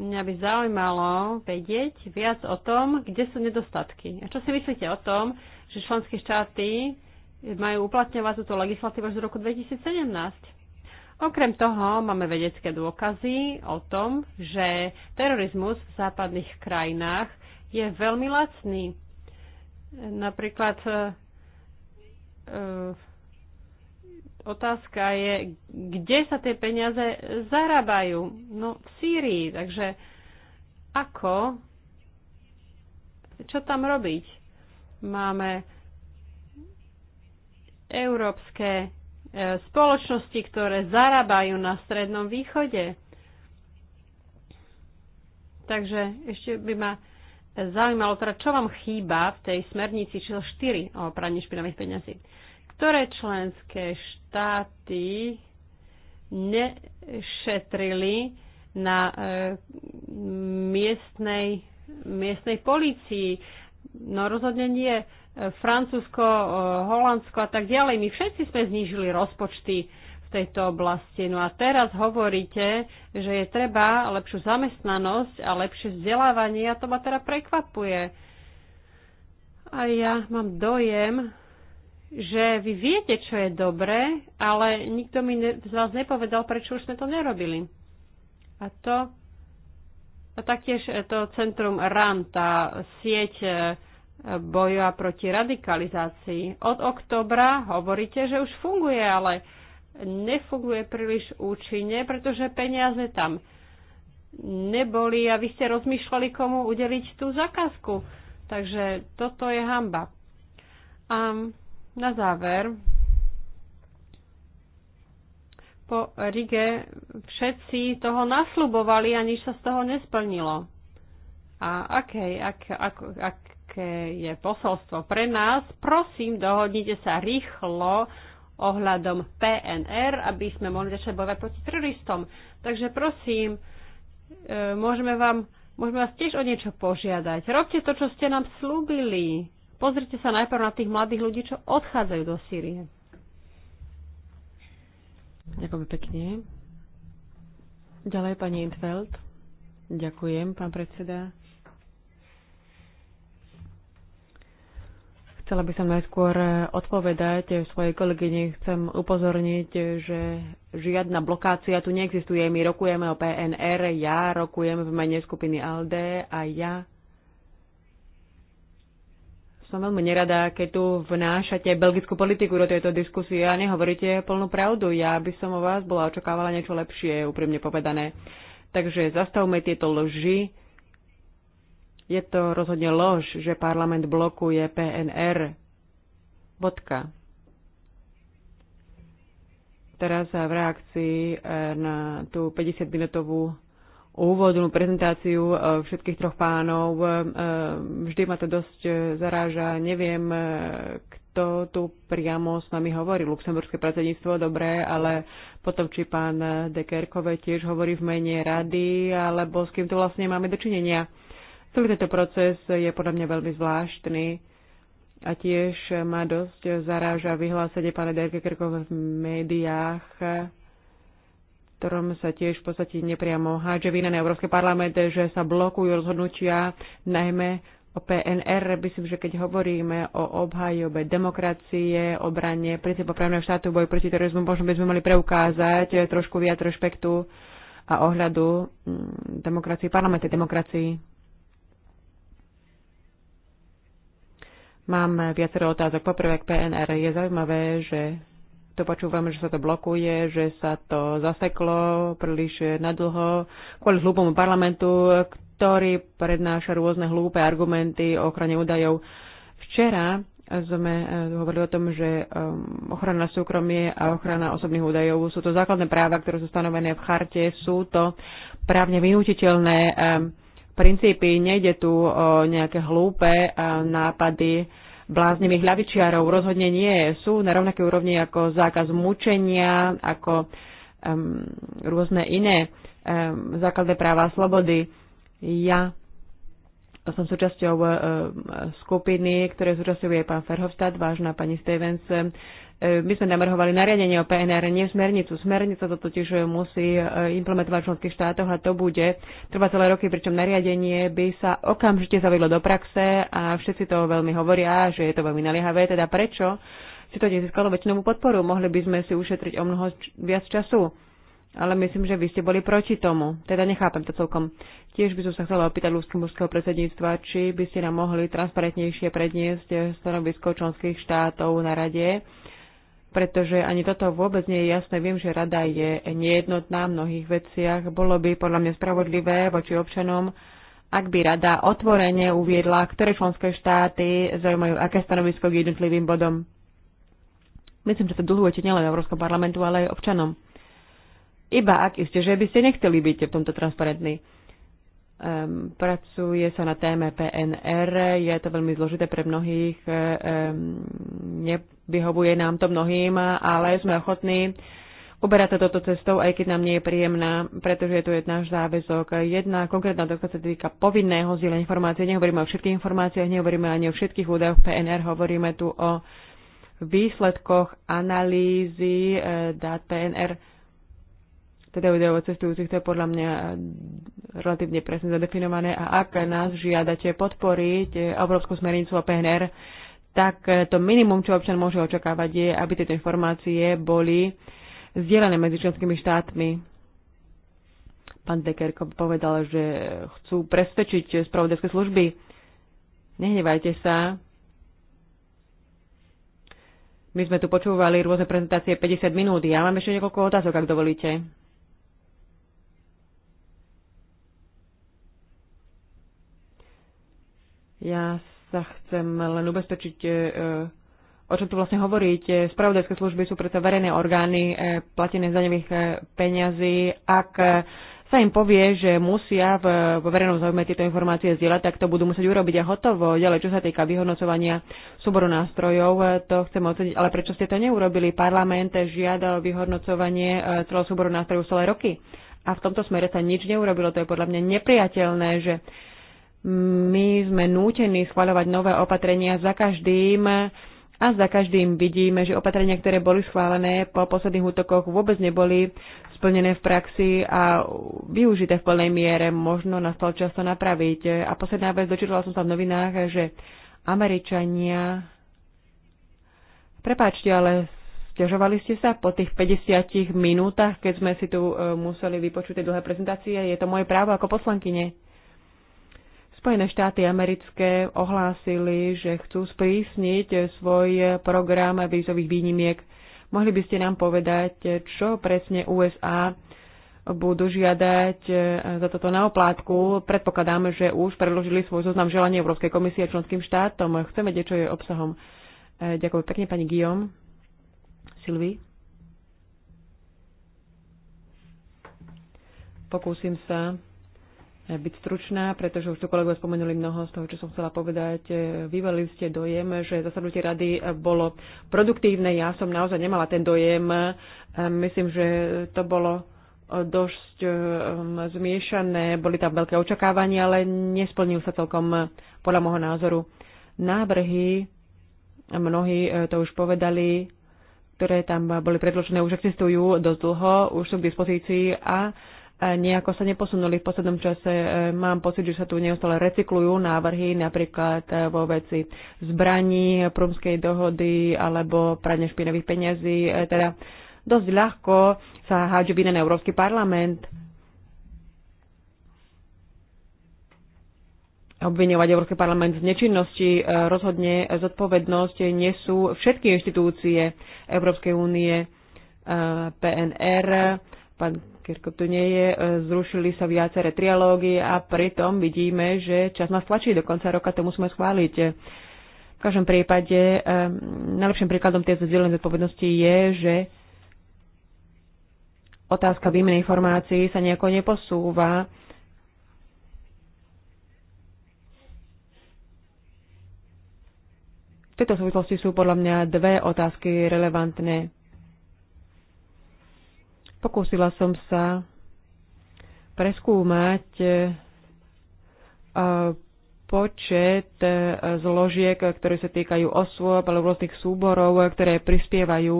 mňa by zaujímalo vedieť viac o tom, kde sú nedostatky. A čo si myslíte o tom, že členské štáty majú uplatňovať túto legislatívu až do roku 2017. Okrem toho máme vedecké dôkazy o tom, že terorizmus v západných krajinách je veľmi lacný. Napríklad e, e otázka je, kde sa tie peniaze zarábajú? No v Sýrii, takže ako? Čo tam robiť? Máme európske e, spoločnosti, ktoré zarábajú na Strednom východe. Takže ešte by ma zaujímalo, teda čo vám chýba v tej smernici číslo 4 o praní špinavých peňazí. Ktoré členské štáty nešetrili na e, miestnej, miestnej policii, No rozhodne nie. E, Francúzsko, e, Holandsko a tak ďalej. My všetci sme znížili rozpočty v tejto oblasti. No a teraz hovoríte, že je treba lepšiu zamestnanosť a lepšie vzdelávanie a to ma teda prekvapuje. A ja mám dojem, že vy viete, čo je dobré, ale nikto mi ne, z vás nepovedal, prečo už sme to nerobili. A to a taktiež e, to centrum RAN, tá sieť e, boja proti radikalizácii. Od oktobra hovoríte, že už funguje, ale nefunguje príliš účinne, pretože peniaze tam neboli a vy ste rozmýšľali, komu udeliť tú zakázku. Takže toto je hamba. A na záver po Rige všetci toho nasľubovali, a nič sa z toho nesplnilo. A aké, ak, ak, aké je posolstvo pre nás? Prosím, dohodnite sa rýchlo ohľadom PNR, aby sme mohli začať bojovať proti teroristom. Takže prosím, e, môžeme, vám, môžeme vás tiež o niečo požiadať. Robte to, čo ste nám slúbili. Pozrite sa najprv na tých mladých ľudí, čo odchádzajú do Sýrie. Ďakujem pekne. Ďalej pani Intveld. Ďakujem, pán predseda. Chcela by som najskôr odpovedať svojej kolegyne. Chcem upozorniť, že žiadna blokácia tu neexistuje. My rokujeme o PNR, ja rokujem v mene skupiny ALDE a ja som veľmi nerada, keď tu vnášate belgickú politiku do tejto diskusie a nehovoríte plnú pravdu. Ja by som o vás bola očakávala niečo lepšie, úprimne povedané. Takže zastavme tieto loži. Je to rozhodne lož, že parlament blokuje PNR. Bodka. Teraz v reakcii eh, na tú 50-minútovú úvodnú prezentáciu e, všetkých troch pánov. E, e, vždy ma to dosť zaráža. Neviem, kto tu priamo s nami hovorí. Luxemburské predsedníctvo, dobré, ale potom, či pán Dekerkové tiež hovorí v mene rady, alebo s kým tu vlastne máme dočinenia. Celý tento proces je podľa mňa veľmi zvláštny a tiež ma dosť zaráža vyhlásenie pána Dekerkové v médiách, ktorom sa tiež v podstate nepriamo hádže vina na Európsky parlament, že sa blokujú rozhodnutia, najmä o PNR. Myslím, že keď hovoríme o obhajobe demokracie, obrane, princípu právneho štátu, boj proti terorizmu, možno by sme mali preukázať trošku viac rešpektu a ohľadu mm, demokracii, parlamente demokracii. Mám viacero otázok. Poprvé k PNR. Je zaujímavé, že to počúvame, že sa to blokuje, že sa to zaseklo príliš nadlho kvôli hlúpomu parlamentu, ktorý prednáša rôzne hlúpe argumenty o ochrane údajov. Včera sme eh, hovorili o tom, že eh, ochrana súkromie a ochrana osobných údajov sú to základné práva, ktoré sú stanovené v charte, sú to právne vynútiteľné eh, princípy. Nejde tu o nejaké hlúpe nápady, bláznivých ľavičiarov. Rozhodne nie. Sú na rovnaké úrovni ako zákaz mučenia, ako um, rôzne iné um, základné práva a slobody. Ja som súčasťou um, skupiny, ktoré súčasťou je pán Ferhofstadt, vážna pani Stevens, E, my sme navrhovali nariadenie o PNR, nie smernicu. Smernica to totiž e, musí e, implementovať v členských štátoch a to bude trvať celé roky, pričom nariadenie by sa okamžite zavedlo do praxe a všetci to veľmi hovoria, že je to veľmi naliehavé. Teda prečo si to nezískalo väčšinovú podporu? Mohli by sme si ušetriť o mnoho viac času ale myslím, že vy ste boli proti tomu. Teda nechápem to celkom. Tiež by som sa chcela opýtať Luxemburského predsedníctva, či by ste nám mohli transparentnejšie predniesť stanovisko členských štátov na rade pretože ani toto vôbec nie je jasné. Viem, že rada je nejednotná v mnohých veciach. Bolo by podľa mňa spravodlivé voči občanom, ak by rada otvorene uviedla, ktoré členské štáty zaujímajú aké stanovisko k jednotlivým bodom. Myslím, že to dlhujete nielen Európskom parlamentu, ale aj občanom. Iba ak iste, že by ste nechceli byť v tomto transparentní. Um, pracuje sa na téme PNR, je to veľmi zložité pre mnohých, um, ne, vyhovuje nám to mnohým, ale sme ochotní uberať sa toto cestou, aj keď nám nie je príjemná, pretože je to je náš záväzok. Jedna konkrétna dotka sa týka povinného zdieľa informácie. Nehovoríme o všetkých informáciách, nehovoríme ani o všetkých údajoch PNR, hovoríme tu o výsledkoch analýzy eh, dát PNR. Teda údaje cestujúcich, to je podľa mňa eh, relatívne presne zadefinované. A ak nás žiadate podporiť eh, Európsku smernicu o PNR, tak e, to minimum, čo občan môže očakávať, je, aby tieto informácie boli zdieľané medzi členskými štátmi. Pán Dekerko povedal, že chcú presvedčiť spravodajské služby. Nehnevajte sa. My sme tu počúvali rôzne prezentácie 50 minút. Ja mám ešte niekoľko otázok, ak dovolíte. Ja sa chcem len ubezpečiť, e, o čom tu vlastne hovoríte. Spravodajské služby sú preto verejné orgány e, platené za nevých e, peňazí. Ak sa im povie, že musia v, v verejnom záujme tieto informácie zdieľať, tak to budú musieť urobiť a hotovo. Ďalej, čo sa týka vyhodnocovania súboru nástrojov, to chcem oceniť. Ale prečo ste to neurobili? Parlament žiadal vyhodnocovanie celého súboru nástrojov celé roky. A v tomto smere sa nič neurobilo. To je podľa mňa nepriateľné, že my sme nútení schvaľovať nové opatrenia za každým a za každým vidíme, že opatrenia, ktoré boli schválené po posledných útokoch, vôbec neboli splnené v praxi a využité v plnej miere. Možno nastal čas to napraviť. A posledná vec, dočítala som sa v novinách, že Američania... Prepáčte, ale Ťažovali ste sa po tých 50 minútach, keď sme si tu e, museli vypočuť tie dlhé prezentácie? Je to moje právo ako poslankyne? Spojené štáty americké ohlásili, že chcú sprísniť svoj program vízových výnimiek. Mohli by ste nám povedať, čo presne USA budú žiadať za toto naoplátku. Predpokladám, že už predložili svoj zoznam želania Európskej komisie a členským štátom. Chceme vedieť, čo je obsahom. Ďakujem pekne, pani Guillaume. Silvi. Pokúsim sa Eh, byť stručná, pretože už tu kolegovia spomenuli mnoho z toho, čo som chcela povedať. Eh, Vyvalili ste dojem, že zasadnutie rady eh, bolo produktívne. Ja som naozaj nemala ten dojem. Myslím, že to bolo dosť mm, zmiešané. Boli tam veľké očakávania, ale nesplnil sa celkom podľa môjho názoru návrhy. Mnohí to už povedali, ktoré tam boli predložené, už existujú dosť dlho, už sú k dispozícii a nejako sa neposunuli v poslednom čase. E, mám pocit, že sa tu neustále recyklujú návrhy, napríklad e, vo veci zbraní, prúmskej dohody alebo prania špinavých peňazí. E, teda dosť ľahko sa hádžu vina na Európsky parlament. obviňovať Európsky parlament z nečinnosti. Rozhodne zodpovednosť nesú všetky inštitúcie Európskej únie, PNR, pán Kirkup tu nie je, e, zrušili sa viaceré trialógy a pritom vidíme, že čas nás tlačí, do konca roka to musíme schváliť. V každom prípade e, najlepším príkladom tej zdieľanej zodpovednosti je, že otázka výmeny informácií sa nejako neposúva. V tejto súvislosti sú podľa mňa dve otázky relevantné Pokúsila som sa preskúmať e, e, počet e, zložiek, ktoré sa týkajú osôb alebo rôznych súborov, ktoré prispievajú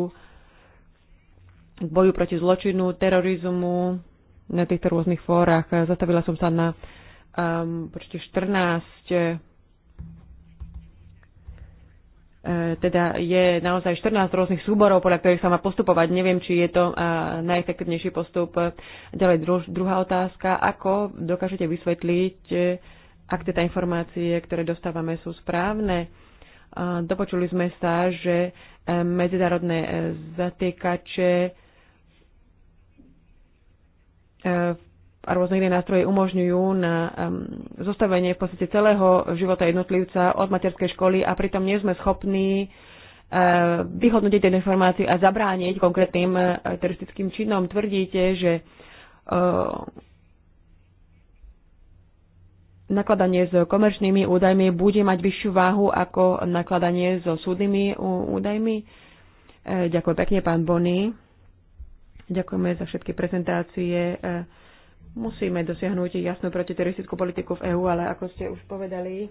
k boju proti zločinu, terorizmu na týchto rôznych fórach. Zastavila som sa na um, počte 14 E, teda je naozaj 14 rôznych súborov, podľa ktorých sa má postupovať. Neviem, či je to e, najefektívnejší postup. E, ďalej druhá otázka, ako dokážete vysvetliť, ak teda informácie, ktoré dostávame, sú správne. Dopočuli sme sa, že medzinárodné zatýkače v a rôzne iné nástroje umožňujú na um, zostavenie v podstate celého života jednotlivca od materskej školy a pritom nie sme schopní uh, vyhodnotiť tieto informácie a zabrániť konkrétnym uh, teroristickým činom. Tvrdíte, že uh, nakladanie s komerčnými údajmi bude mať vyššiu váhu ako nakladanie so súdnymi údajmi. Uh, ďakujem pekne, pán Bonny. Ďakujeme za všetky prezentácie. Uh, Musíme dosiahnuť jasnú protiteroristickú politiku v EÚ, ale ako ste už povedali,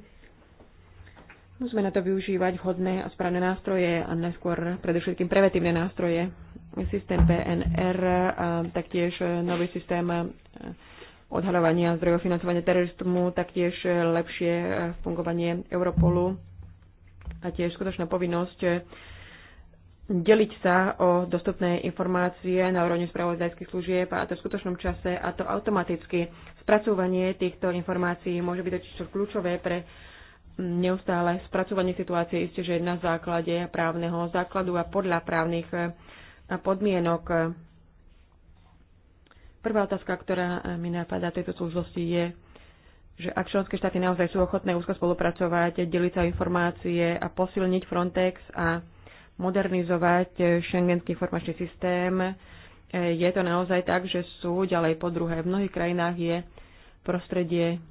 musíme na to využívať vhodné a správne nástroje a neskôr predovšetkým preventívne nástroje. Systém PNR a taktiež nový systém odhalovania zdrojov financovania terorizmu, taktiež lepšie fungovanie Europolu a tiež skutočná povinnosť deliť sa o dostupné informácie na úrovni spravodajských služieb a to v skutočnom čase a to automaticky. Spracovanie týchto informácií môže byť totiž kľúčové pre neustále spracovanie situácie isté, že na základe právneho základu a podľa právnych eh, podmienok. Prvá otázka, ktorá eh, mi napadá tejto súvislosti je, že ak členské štáty naozaj sú ochotné úzko spolupracovať, deliť sa informácie a posilniť Frontex a modernizovať eh, šengenský informačný systém. Eh, je to naozaj tak, že sú ďalej po druhé. V mnohých krajinách je prostredie,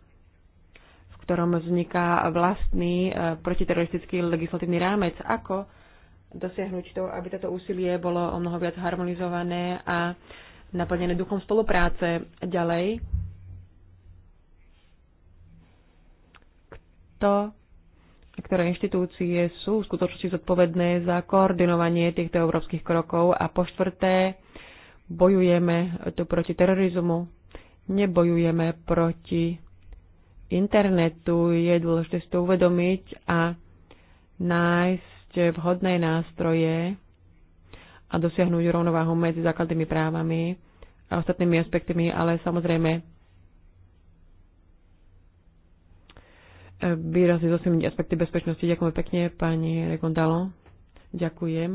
v ktorom vzniká vlastný eh, protiteroristický legislatívny rámec. Ako dosiahnuť to, aby toto úsilie bolo o mnoho viac harmonizované a naplnené duchom spolupráce ďalej? Kto ktoré inštitúcie sú v skutočnosti zodpovedné za koordinovanie týchto európskych krokov a po štvrté bojujeme tu proti terorizmu, nebojujeme proti internetu. Je dôležité si to uvedomiť a nájsť vhodné nástroje a dosiahnuť rovnováhu medzi základnými právami a ostatnými aspektmi, ale samozrejme výrazne zosilniť aspekty bezpečnosti. Ďakujem pekne, pani Regondalo. Ďakujem.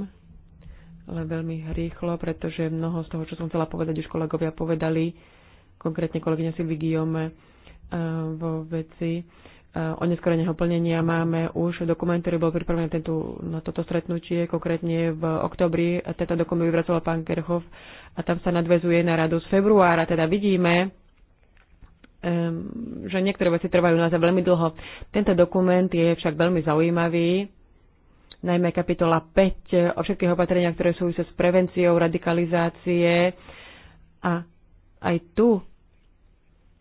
Len veľmi rýchlo, pretože mnoho z toho, čo som chcela povedať, už kolegovia povedali, konkrétne kolegyňa si Guillaume eh, vo veci eh, neskorene plnenia máme už dokument, ktorý bol pripravený tento, na toto stretnutie, konkrétne v oktobri. Tento dokument vypracoval pán Kerchov a tam sa nadvezuje na radu z februára, teda vidíme, že niektoré veci trvajú naozaj veľmi dlho. Tento dokument je však veľmi zaujímavý, najmä kapitola 5 eh, o všetkých opatreniach, ktoré súvisia s prevenciou radikalizácie. A aj tu,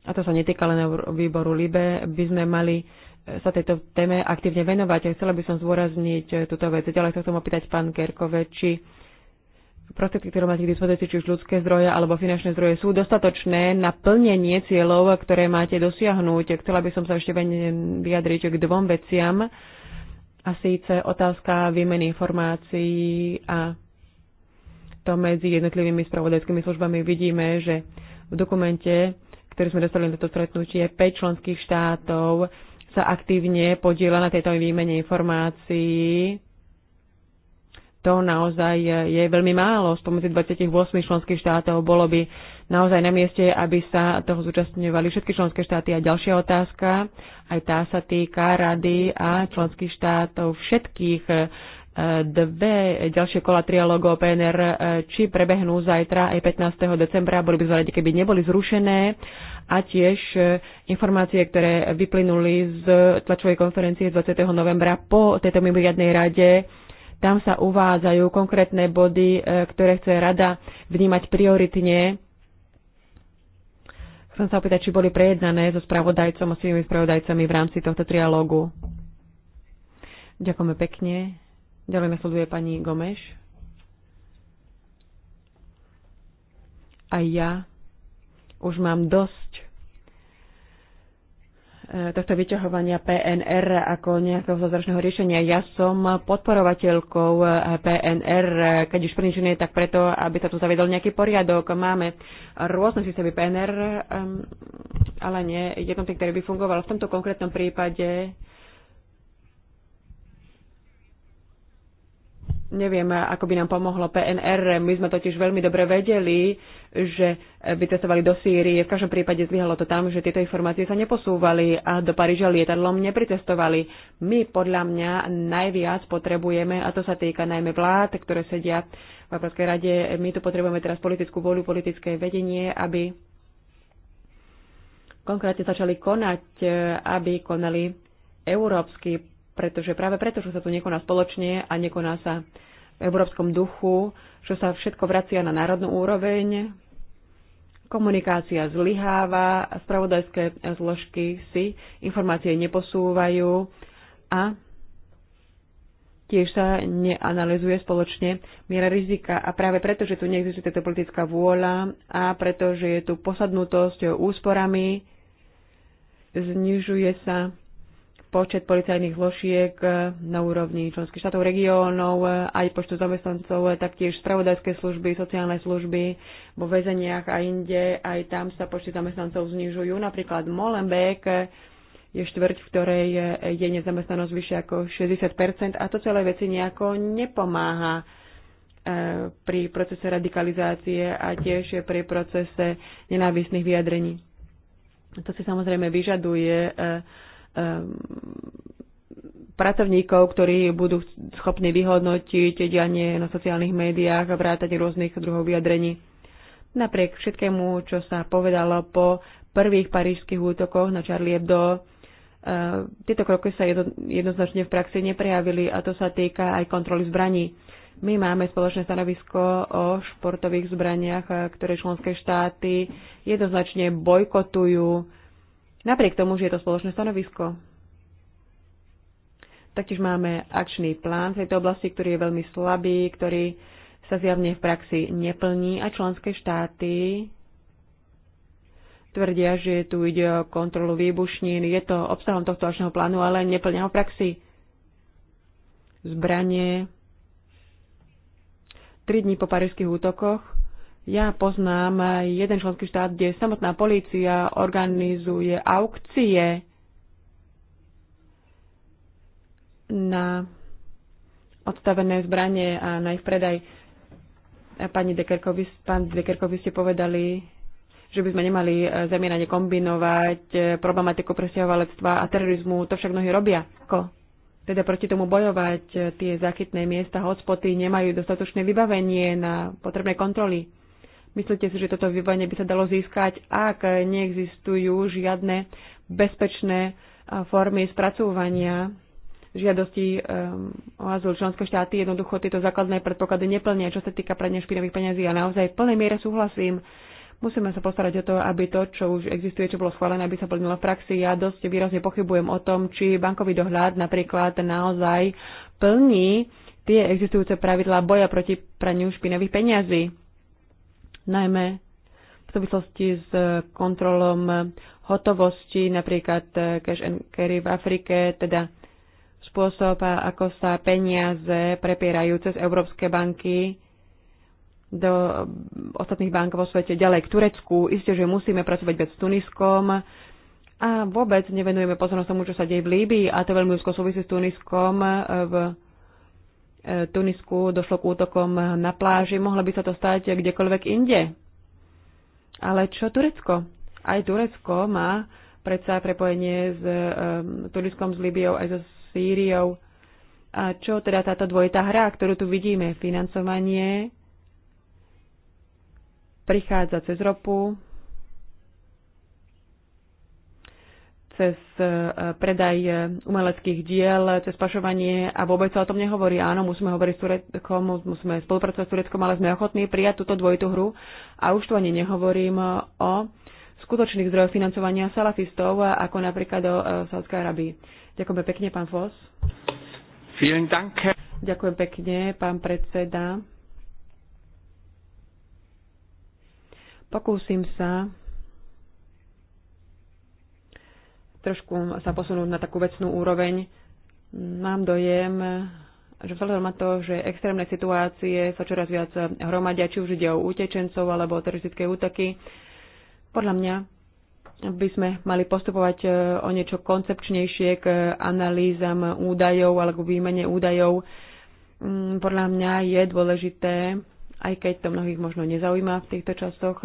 a to sa netýka len výboru LIBE, by sme mali eh, sa tejto téme aktívne venovať. Chcela by som zdôrazniť eh, túto vec. Ďalej sa chcem opýtať pán Kerkove, či prostriedky, ktoré máte k dispozícii, či už ľudské zdroje alebo finančné zdroje, sú dostatočné na plnenie cieľov, ktoré máte dosiahnuť. Chcela by som sa ešte vyjadriť k dvom veciam, a síce otázka výmeny informácií a to medzi jednotlivými spravodajskými službami vidíme, že v dokumente, ktorý sme dostali na toto stretnutie, 5 členských štátov sa aktívne podiela na tejto výmene informácií to naozaj je veľmi málo. Spomedzi 28 členských štátov bolo by naozaj na mieste, aby sa toho zúčastňovali všetky členské štáty. A ďalšia otázka, aj tá sa týka rady a členských štátov všetkých eh, dve ďalšie kola trialógu o PNR, eh, či prebehnú zajtra aj 15. decembra, boli by sme radi, keby neboli zrušené a tiež eh, informácie, ktoré vyplynuli z tlačovej konferencie 20. novembra po tejto mimoriadnej rade tam sa uvádzajú konkrétne body, e, ktoré chce rada vnímať prioritne. Chcem sa opýtať, či boli prejednané so spravodajcom a svými spravodajcami v rámci tohto trialógu. Ďakujeme pekne. Ďalej nasleduje pani Gomeš. A ja už mám dosť tohto vyťahovania PNR ako nejakého zázračného riešenia. Ja som podporovateľkou PNR, keď už pre tak preto, aby sa tu zavedol nejaký poriadok. Máme rôzne systémy PNR, ale nie jednotný, ktorý by fungoval. V tomto konkrétnom prípade neviem, ako by nám pomohlo PNR. My sme totiž veľmi dobre vedeli, že by cestovali do Sýrie. V každom prípade zlyhalo to tam, že tieto informácie sa neposúvali a do Paríža lietadlom nepricestovali. My podľa mňa najviac potrebujeme, a to sa týka najmä vlád, ktoré sedia v Európskej rade, my tu potrebujeme teraz politickú voľu, politické vedenie, aby konkrétne začali konať, e, aby konali európsky, pretože práve preto, že sa tu nekoná spoločne a nekoná sa v európskom duchu, že sa všetko vracia na národnú úroveň, komunikácia zlyháva, spravodajské zložky si informácie neposúvajú a tiež sa neanalizuje spoločne miera rizika. A práve preto, že tu neexistuje táto politická vôľa a preto, že je tu posadnutosť úsporami, znižuje sa počet policajných zložiek e, na úrovni členských štátov, regiónov, e, aj počtu zamestnancov, e, taktiež spravodajské služby, sociálne služby vo väzeniach a inde, aj tam sa počty zamestnancov znižujú. Napríklad Molenbeek je štvrť, v ktorej je nezamestnanosť vyššia ako 60 a to celé veci nejako nepomáha pri procese radikalizácie a tiež pri procese nenávisných vyjadrení. To si samozrejme vyžaduje Ehm, pracovníkov, ktorí budú schopní vyhodnotiť dianie na sociálnych médiách a vrátať rôznych druhov vyjadrení. Napriek všetkému, čo sa povedalo po prvých parížských útokoch na Charlie Hebdo, ehm, tieto kroky sa jednoznačne v praxi neprejavili a to sa týka aj kontroly zbraní. My máme spoločné stanovisko o športových zbraniach, ktoré členské štáty jednoznačne bojkotujú Napriek tomu, že je to spoločné stanovisko. Taktiež máme akčný plán v tejto oblasti, ktorý je veľmi slabý, ktorý sa zjavne v praxi neplní a členské štáty tvrdia, že tu ide o kontrolu výbušnín. Je to obsahom tohto akčného plánu, ale neplňa ho v praxi. Zbranie. Tri dní po parížských útokoch ja poznám jeden členský štát, kde samotná polícia organizuje aukcie na odstavené zbranie a na ich predaj. Pani Dekerkovi, pán Dekerkovi ste povedali, že by sme nemali e, zamierane kombinovať e, problematiku presťahovalectva a terorizmu. To však mnohí robia. Ako? Teda proti tomu bojovať e, tie zachytné miesta, hotspoty nemajú dostatočné vybavenie na potrebné kontroly Myslíte si, že toto vybavenie by sa dalo získať, ak neexistujú žiadne bezpečné formy spracovania žiadosti um, o azyl. Členské štáty jednoducho tieto základné predpoklady neplnia, čo sa týka prania špinavých peňazí. A naozaj v plnej miere súhlasím. Musíme sa postarať o to, aby to, čo už existuje, čo bolo schválené, aby sa plnilo v praxi. Ja dosť výrazne pochybujem o tom, či bankový dohľad napríklad naozaj plní tie existujúce pravidlá boja proti praniu špinavých peňazí najmä v súvislosti s kontrolom hotovosti, napríklad cash and carry v Afrike, teda spôsob, ako sa peniaze prepierajú cez európske banky do ostatných bank vo svete ďalej k Turecku. Isté, že musíme pracovať viac s Tuniskom a vôbec nevenujeme pozornosť tomu, čo sa deje v Líbii a to veľmi úzko súvisí s Tuniskom eh, v Tunisku došlo k útokom na pláži, mohlo by sa to stať kdekoľvek inde. Ale čo Turecko? Aj Turecko má predsa prepojenie s um, Tuniskom, s Libiou, aj so Sýriou. A čo teda táto dvojitá hra, ktorú tu vidíme? Financovanie prichádza cez ropu, cez e, predaj e, umeleckých diel, cez pašovanie a vôbec sa o tom nehovorí. Áno, musíme hovoriť s Tureckom, musíme spolupracovať s Tureckom, ale sme ochotní prijať túto dvojitú hru a už tu ani nehovorím o skutočných zdrojoch financovania salafistov, ako napríklad do e, Sádskej Arabii. Ďakujem pekne, pán Foss. Ďakujem pekne, pán predseda. Pokúsim sa trošku sa posunúť na takú vecnú úroveň. Mám dojem, že vzhľadom na to, že extrémne situácie sa čoraz viac hromadia, či už ide o utečencov alebo o teroristické útoky, podľa mňa by sme mali postupovať e, o niečo koncepčnejšie k analýzam údajov alebo výmene údajov. Mm, podľa mňa je dôležité, aj keď to mnohých možno nezaujíma v týchto časoch,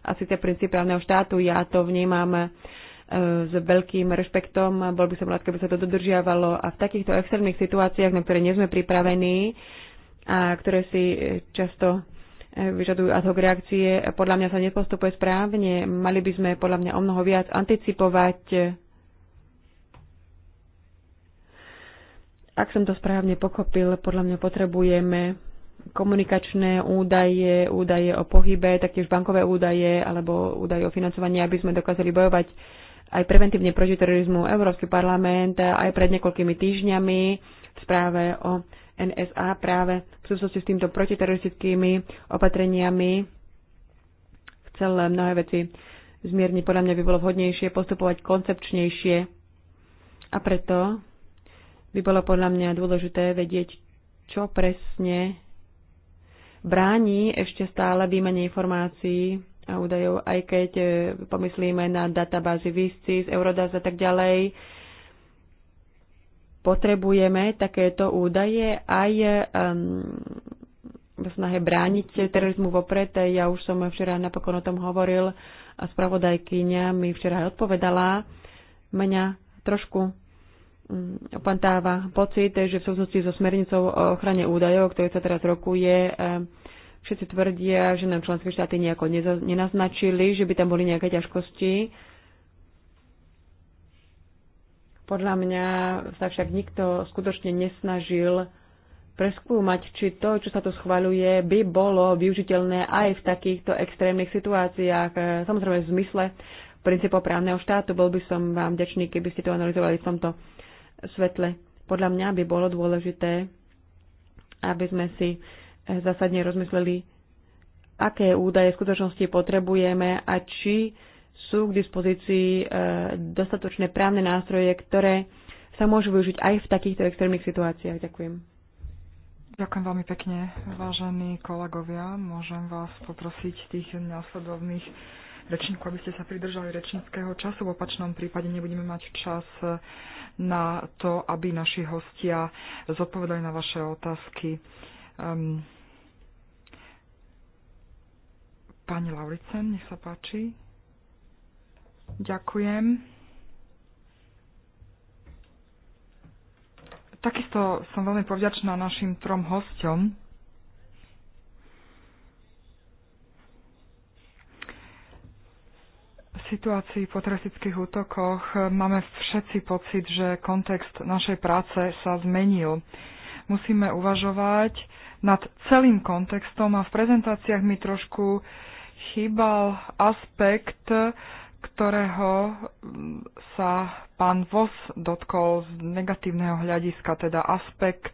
asi tie e, princíp právneho štátu, ja to vnímam s veľkým rešpektom. Bol by som rád, keby sa to dodržiavalo. A v takýchto extrémnych situáciách, na ktoré nie sme pripravení a ktoré si eh, často eh, vyžadujú ad hoc reakcie, podľa mňa sa nepostupuje správne. Mali by sme podľa mňa o mnoho viac anticipovať. Ak som to správne pochopil, podľa mňa potrebujeme komunikačné údaje, údaje o pohybe, taktiež bankové údaje alebo údaje o financovaní, aby sme dokázali bojovať aj preventívne proti terorizmu Európsky parlament aj pred niekoľkými týždňami v správe o NSA práve v súvislosti s týmto protiteroristickými opatreniami chcel mnohé veci zmierniť. Podľa mňa by bolo vhodnejšie postupovať koncepčnejšie a preto by bolo podľa mňa dôležité vedieť, čo presne bráni ešte stále výmene informácií a údajov, aj keď e, pomyslíme na databázy VISCIS, Eurodas a tak ďalej. Potrebujeme takéto údaje aj um, v snahe brániť terorizmu vopred. Ja už som včera napokon o tom hovoril a spravodajkyňa mi včera aj odpovedala. Mňa trošku mm, opantáva pocit, že v súvislosti so smernicou o ochrane údajov, ktoré sa teraz rokuje, um, Všetci tvrdia, že nám členské štáty nejako nenaznačili, že by tam boli nejaké ťažkosti. Podľa mňa sa však nikto skutočne nesnažil preskúmať, či to, čo sa tu schvaľuje, by bolo využiteľné aj v takýchto extrémnych situáciách. Samozrejme v zmysle princípov právneho štátu. Bol by som vám vďačný, keby ste to analyzovali v tomto svetle. Podľa mňa by bolo dôležité, aby sme si zásadne rozmysleli, aké údaje v skutočnosti potrebujeme a či sú k dispozícii e, dostatočné právne nástroje, ktoré sa môžu využiť aj v takýchto extrémnych situáciách. Ďakujem. Ďakujem veľmi pekne, vážení kolegovia. Môžem vás poprosiť tých následovných rečníkov, aby ste sa pridržali rečníckého času. V opačnom prípade nebudeme mať čas e, na to, aby naši hostia zodpovedali na vaše otázky. Um, Pani Lauricen, nech sa páči. Ďakujem. Takisto som veľmi povďačná našim trom hosťom. situácii po trestických útokoch máme všetci pocit, že kontext našej práce sa zmenil musíme uvažovať nad celým kontextom a v prezentáciách mi trošku chýbal aspekt, ktorého mm, sa pán Vos dotkol z negatívneho hľadiska, teda aspekt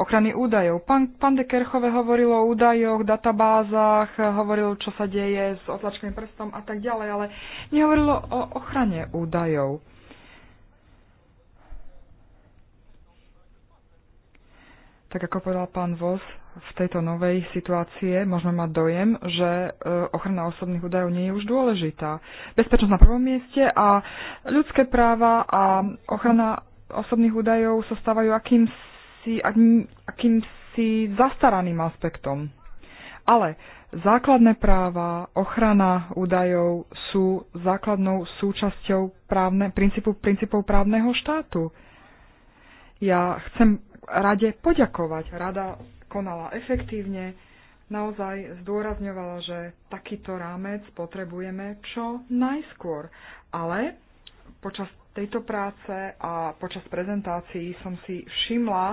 ochrany údajov. Pán, pán de Kerchove hovoril o údajoch, databázach, hovoril, čo sa deje s otlačkým prstom a tak ďalej, ale nehovorilo o ochrane údajov. tak ako povedal pán Vos, v tejto novej situácie môžeme mať dojem, že e, ochrana osobných údajov nie je už dôležitá. Bezpečnosť na prvom mieste a ľudské práva a ochrana osobných údajov sa stávajú akýmsi, akýmsi zastaraným aspektom. Ale základné práva, ochrana údajov sú základnou súčasťou právne, princípu, princípov právneho štátu. Ja chcem rade poďakovať. Rada konala efektívne, naozaj zdôrazňovala, že takýto rámec potrebujeme čo najskôr. Ale počas tejto práce a počas prezentácií som si všimla,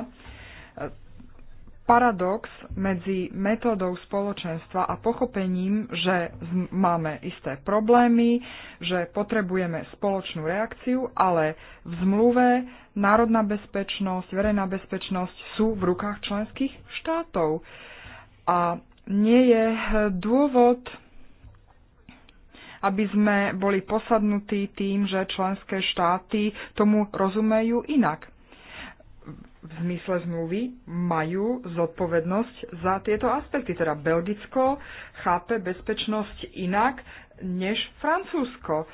paradox medzi metódou spoločenstva a pochopením, že máme isté problémy, že potrebujeme spoločnú reakciu, ale v zmluve národná bezpečnosť, verejná bezpečnosť sú v rukách členských štátov. A nie je dôvod, aby sme boli posadnutí tým, že členské štáty tomu rozumejú inak v zmysle zmluvy majú zodpovednosť za tieto aspekty. Teda Belgicko chápe bezpečnosť inak než Francúzsko.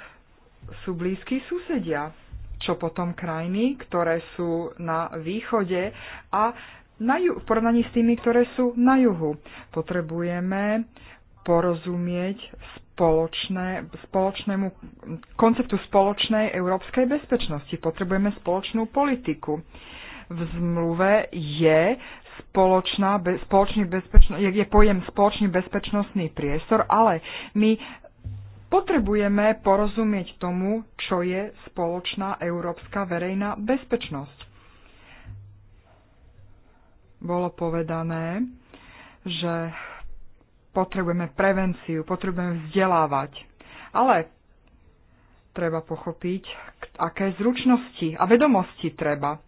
Sú blízki susedia. Čo potom krajiny, ktoré sú na východe a na ju- v porovnaní s tými, ktoré sú na juhu. Potrebujeme porozumieť spoločné, spoločnému, konceptu spoločnej európskej bezpečnosti. Potrebujeme spoločnú politiku v zmluve je spoločná, be, spoločný bezpečno, je, je pojem spoločný bezpečnostný priestor, ale my potrebujeme porozumieť tomu, čo je spoločná európska verejná bezpečnosť. Bolo povedané, že potrebujeme prevenciu, potrebujeme vzdelávať. Ale treba pochopiť, aké zručnosti a vedomosti treba.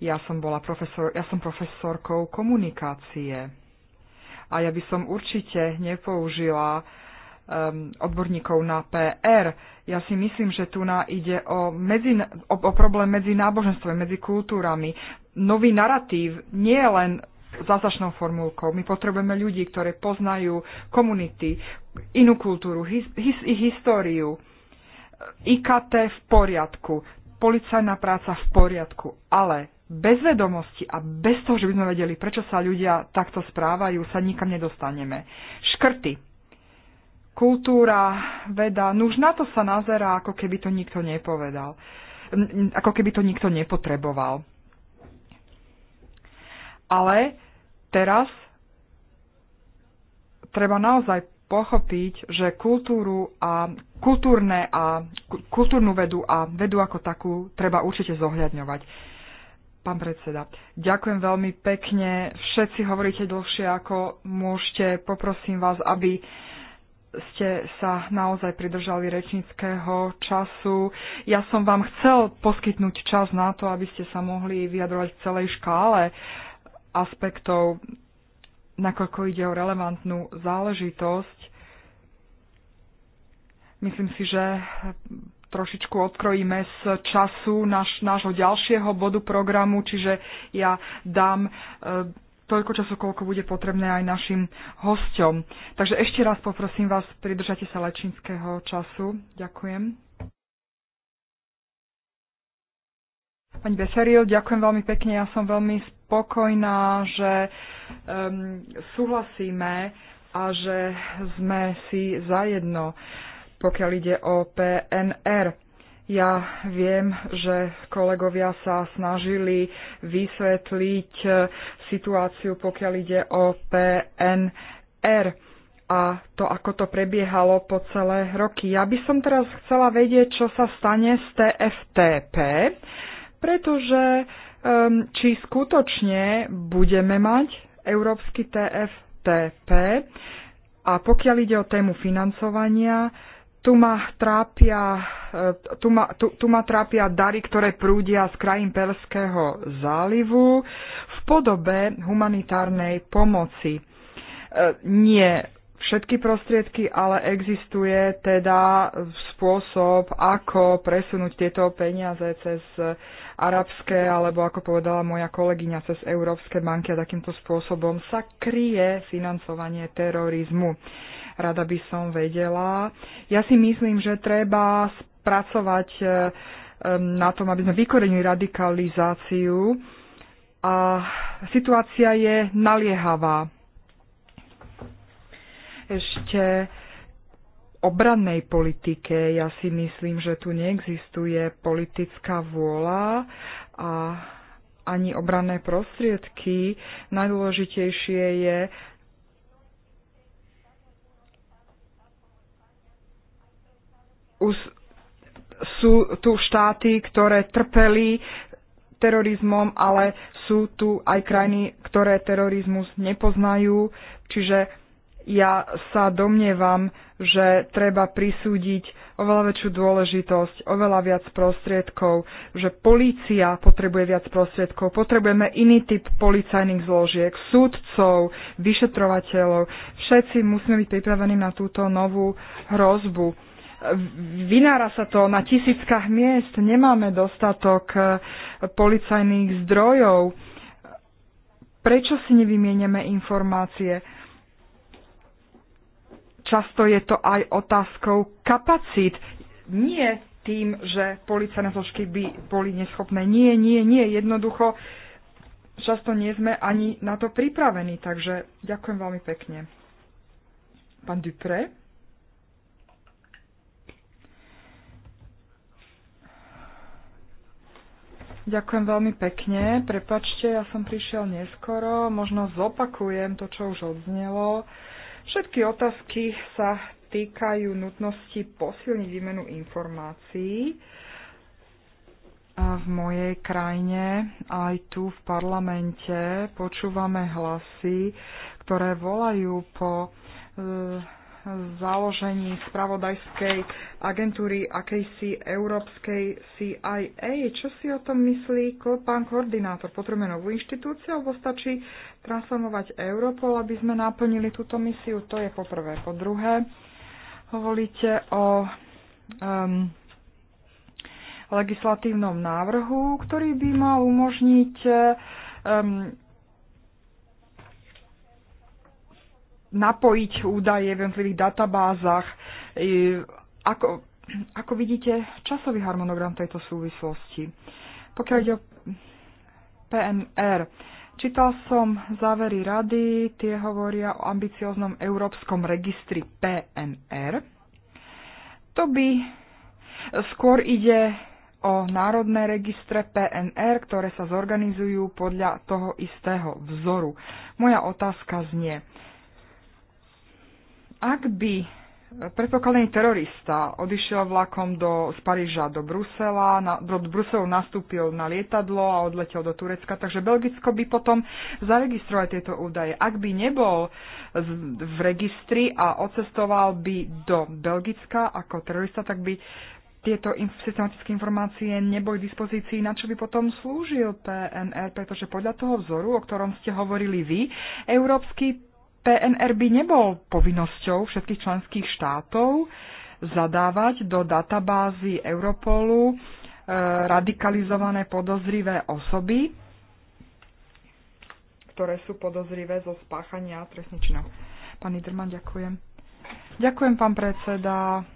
Ja som, bola profesor, ja som profesorkou komunikácie a ja by som určite nepoužila um, odborníkov na PR. Ja si myslím, že tu na ide o, medzi, o, o problém medzi náboženstvom, medzi kultúrami. Nový narratív nie je len zásačnou formulkou. My potrebujeme ľudí, ktorí poznajú komunity, inú kultúru, his, his, ich históriu. IKT v poriadku, policajná práca v poriadku, ale bez vedomosti a bez toho, že by sme vedeli, prečo sa ľudia takto správajú, sa nikam nedostaneme. Škrty. Kultúra, veda, no už na to sa nazerá, ako keby to nikto nepovedal. Ako keby to nikto nepotreboval. Ale teraz treba naozaj pochopiť, že kultúru a kultúrne a kultúrnu vedu a vedu ako takú treba určite zohľadňovať Pán predseda, ďakujem veľmi pekne. Všetci hovoríte dlhšie, ako môžete. Poprosím vás, aby ste sa naozaj pridržali rečníckého času. Ja som vám chcel poskytnúť čas na to, aby ste sa mohli vyjadrovať v celej škále aspektov, nakoľko ide o relevantnú záležitosť. Myslím si, že trošičku odkrojíme z času náš, nášho ďalšieho bodu programu, čiže ja dám e, toľko času, koľko bude potrebné aj našim hosťom. Takže ešte raz poprosím vás, pridržate sa lečinského času. Ďakujem. Pani Beseril, ďakujem veľmi pekne. Ja som veľmi spokojná, že um, súhlasíme a že sme si zajedno. Uh, pokiaľ ide o PNR. Ja viem, že kolegovia sa snažili vysvetliť situáciu, pokiaľ ide o PNR a to, ako to prebiehalo po celé roky. Ja by som teraz chcela vedieť, čo sa stane z TFTP, pretože um, či skutočne budeme mať európsky TFTP a pokiaľ ide o tému financovania, tu ma trápia, e, tu ma, tu, tu ma trápia dary, ktoré prúdia z krajín Perského zálivu v podobe humanitárnej pomoci. E, nie všetky prostriedky, ale existuje teda spôsob, ako presunúť tieto peniaze cez arabské, alebo ako povedala moja kolegyňa, cez európske banky a takýmto spôsobom sa kryje financovanie terorizmu rada by som vedela. Ja si myslím, že treba spracovať e, na tom, aby sme vykorenili radikalizáciu a situácia je naliehavá. Ešte obrannej politike. Ja si myslím, že tu neexistuje politická vôľa a ani obranné prostriedky. Najdôležitejšie je sú tu štáty, ktoré trpeli terorizmom, ale sú tu aj krajiny, ktoré terorizmus nepoznajú. Čiže ja sa domnievam, že treba prisúdiť oveľa väčšiu dôležitosť, oveľa viac prostriedkov, že polícia potrebuje viac prostriedkov, potrebujeme iný typ policajných zložiek, súdcov, vyšetrovateľov. Všetci musíme byť pripravení na túto novú hrozbu vynára sa to na tisíckach miest, nemáme dostatok e, policajných zdrojov. Prečo si nevymieneme informácie? Často je to aj otázkou kapacít. Nie tým, že policajné zložky by boli neschopné. Nie, nie, nie. Jednoducho často nie sme ani na to pripravení. Takže ďakujem veľmi pekne. Pán Dupré? Ďakujem veľmi pekne. Prepačte, ja som prišiel neskoro. Možno zopakujem to, čo už odznelo. Všetky otázky sa týkajú nutnosti posilniť výmenu informácií a v mojej krajine, aj tu v parlamente počúvame hlasy, ktoré volajú po e, založení spravodajskej agentúry akejsi európskej CIA. Čo si o tom myslí pán koordinátor? Potrebujeme novú inštitúciu alebo stačí transformovať Europol, aby sme naplnili túto misiu? To je poprvé. Po druhé, hovoríte o um, legislatívnom návrhu, ktorý by mal umožniť um, napojiť údaje v jednotlivých databázach. Ako, ako vidíte, časový harmonogram tejto súvislosti. Pokiaľ ide o PNR, čítal som závery rady, tie hovoria o ambicioznom európskom registri PNR. To by skôr ide o národné registre PNR, ktoré sa zorganizujú podľa toho istého vzoru. Moja otázka znie, ak by predpokladný terorista odišiel vlakom do, z Paríža do Brusela, na, do Bruselu nastúpil na lietadlo a odletel do Turecka, takže Belgicko by potom zaregistroval tieto údaje. Ak by nebol z, v registri a odcestoval by do Belgicka ako terorista, tak by tieto in, systematické informácie neboli v dispozícii, na čo by potom slúžil PNR, pretože podľa toho vzoru, o ktorom ste hovorili vy, Európsky PNR by nebol povinnosťou všetkých členských štátov zadávať do databázy Europolu e, radikalizované podozrivé osoby, ktoré sú podozrivé zo spáchania trestných činov. Pán Idrman, ďakujem. Ďakujem, pán predseda.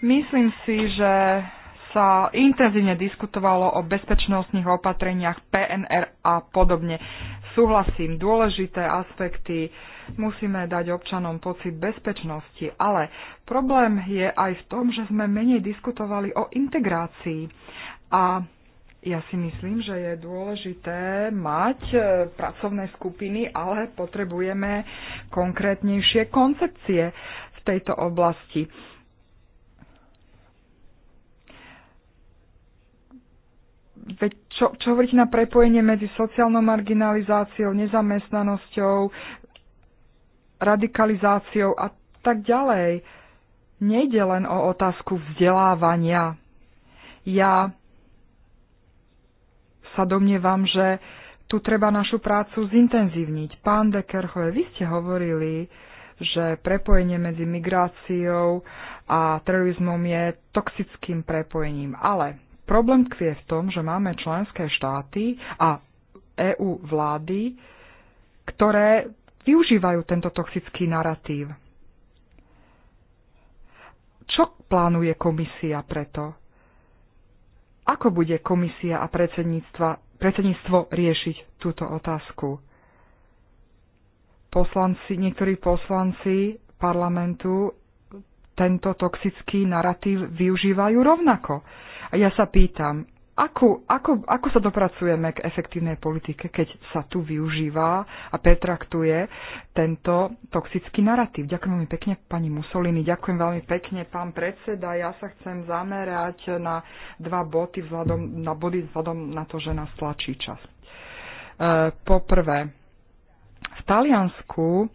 Myslím si, že sa intenzívne diskutovalo o bezpečnostných opatreniach PNR a podobne súhlasím, dôležité aspekty, musíme dať občanom pocit bezpečnosti, ale problém je aj v tom, že sme menej diskutovali o integrácii a ja si myslím, že je dôležité mať e, pracovné skupiny, ale potrebujeme konkrétnejšie koncepcie v tejto oblasti Veď čo, čo hovoríte na prepojenie medzi sociálnou marginalizáciou, nezamestnanosťou, radikalizáciou a tak ďalej. Nejde len o otázku vzdelávania. Ja sa domnievam, že tu treba našu prácu zintenzívniť. Pán de Kerchove, vy ste hovorili, že prepojenie medzi migráciou a terorizmom je toxickým prepojením. Ale Problém tkvie v tom, že máme členské štáty a EU vlády, ktoré využívajú tento toxický narratív. Čo plánuje komisia preto? Ako bude komisia a predsedníctvo riešiť túto otázku? Poslanci, niektorí poslanci parlamentu tento toxický narratív využívajú rovnako ja sa pýtam, ako, ako, ako sa dopracujeme k efektívnej politike, keď sa tu využíva a pretraktuje tento toxický narratív. Ďakujem veľmi pekne, pani Musolini, ďakujem veľmi pekne, pán predseda. Ja sa chcem zamerať na dva body vzhľadom na, body vzhľadom na to, že nás tlačí čas. E, poprvé, v Taliansku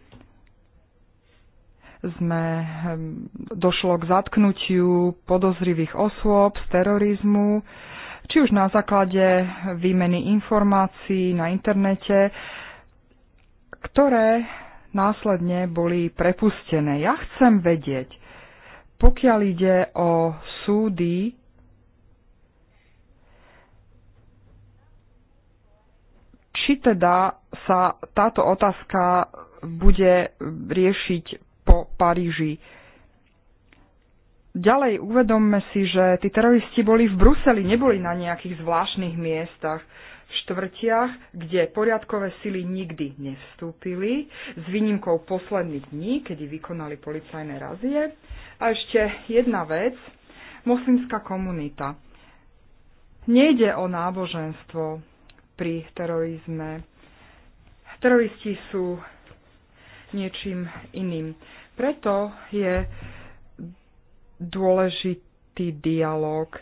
sme, hm, došlo k zatknutiu podozrivých osôb z terorizmu, či už na základe výmeny informácií na internete, ktoré následne boli prepustené. Ja chcem vedieť, pokiaľ ide o súdy, či teda sa táto otázka bude riešiť po Paríži. Ďalej uvedomme si, že tí teroristi boli v Bruseli, neboli na nejakých zvláštnych miestach, v štvrtiach, kde poriadkové sily nikdy nevstúpili, s výnimkou posledných dní, kedy vykonali policajné razie. A ešte jedna vec, moslimská komunita. Nejde o náboženstvo pri terorizme. Teroristi sú niečím iným. Preto je dôležitý dialog.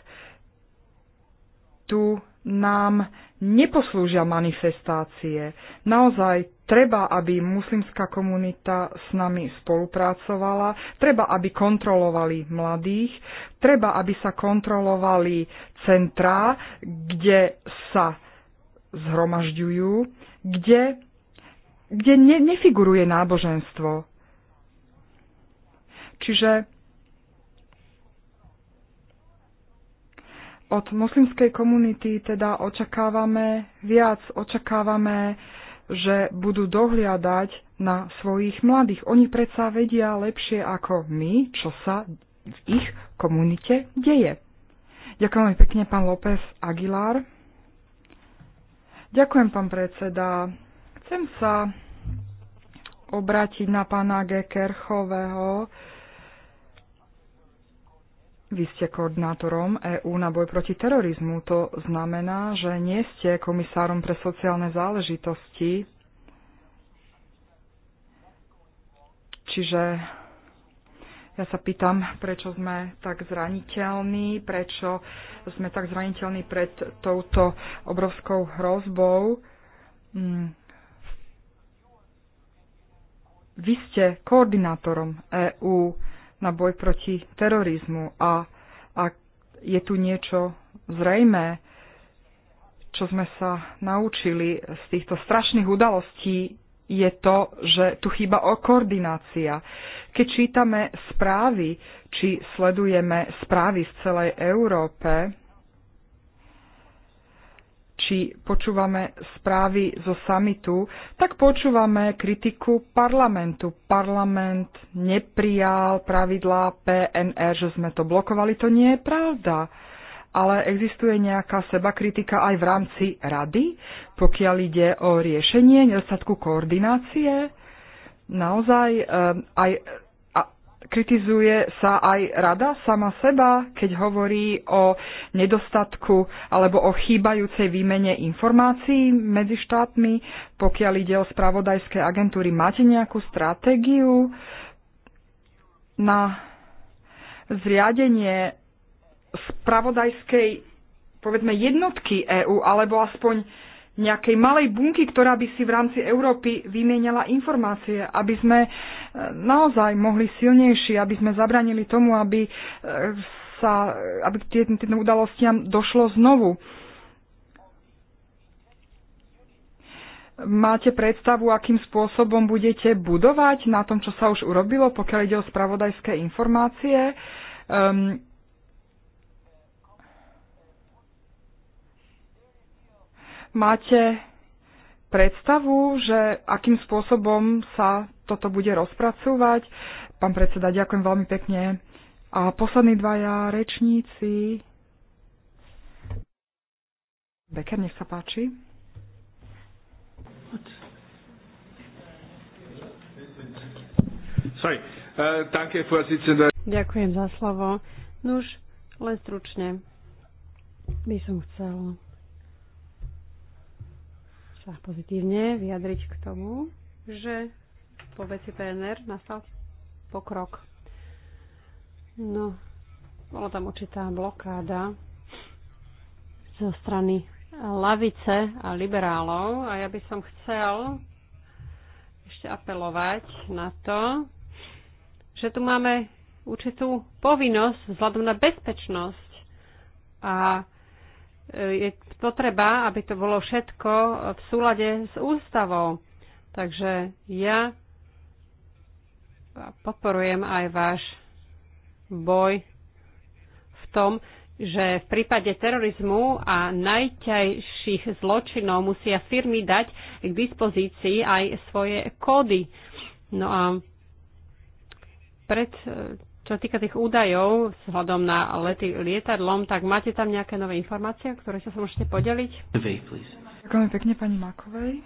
Tu nám neposlúžia manifestácie. Naozaj treba, aby muslimská komunita s nami spolupracovala, treba, aby kontrolovali mladých, treba, aby sa kontrolovali centrá, kde sa zhromažďujú, kde, kde ne, nefiguruje náboženstvo. Čiže od moslimskej komunity teda očakávame viac, očakávame, že budú dohliadať na svojich mladých. Oni predsa vedia lepšie ako my, čo sa v ich komunite deje. Ďakujem veľmi pekne, pán López Aguilar. Ďakujem, pán predseda. Chcem sa obrátiť na pána Gekerchového. Kerchového vy ste koordinátorom EÚ na boj proti terorizmu. To znamená, že nie ste komisárom pre sociálne záležitosti. Čiže ja sa pýtam, prečo sme tak zraniteľní, prečo sme tak zraniteľní pred touto obrovskou hrozbou. Mm. Vy ste koordinátorom EÚ na boj proti terorizmu a ak je tu niečo zrejmé, čo sme sa naučili z týchto strašných udalostí, je to, že tu chýba o koordinácia. Keď čítame správy, či sledujeme správy z celej Európe, či počúvame správy zo samitu, tak počúvame kritiku parlamentu. Parlament neprijal pravidlá PNR, že sme to blokovali. To nie je pravda. Ale existuje nejaká seba kritika aj v rámci rady, pokiaľ ide o riešenie nedostatku koordinácie. Naozaj eh, aj kritizuje sa aj rada sama seba, keď hovorí o nedostatku alebo o chýbajúcej výmene informácií medzi štátmi, pokiaľ ide o spravodajské agentúry. Máte nejakú stratégiu na zriadenie spravodajskej, povedzme, jednotky EÚ, alebo aspoň nejakej malej bunky, ktorá by si v rámci Európy vymieniala informácie, aby sme e, naozaj mohli silnejší, aby sme zabranili tomu, aby e, sa, aby k tým udalostiam došlo znovu. Máte predstavu, akým spôsobom budete budovať na tom, čo sa už urobilo, pokiaľ ide o spravodajské informácie? Um, Máte predstavu, že akým spôsobom sa toto bude rozpracovať? Pán predseda, ďakujem veľmi pekne. A poslední dvaja rečníci. Becker, nech sa páči. Sorry. Uh, Ďakujem za slovo. Nuž, len stručne by som chcel sa pozitívne vyjadriť k tomu, že po veci PNR nastal pokrok. No, bola tam určitá blokáda zo strany lavice a liberálov a ja by som chcel ešte apelovať na to, že tu máme určitú povinnosť vzhľadom na bezpečnosť a je potreba, aby to bolo všetko v súlade s ústavou. Takže ja podporujem aj váš boj v tom, že v prípade terorizmu a najťajších zločinov musia firmy dať k dispozícii aj svoje kódy. No a pred čo týka tých údajov hľadom na lety lietadlom, tak máte tam nejaké nové informácie, ktoré sa môžete podeliť? Ďakujem pekne pani Makovej.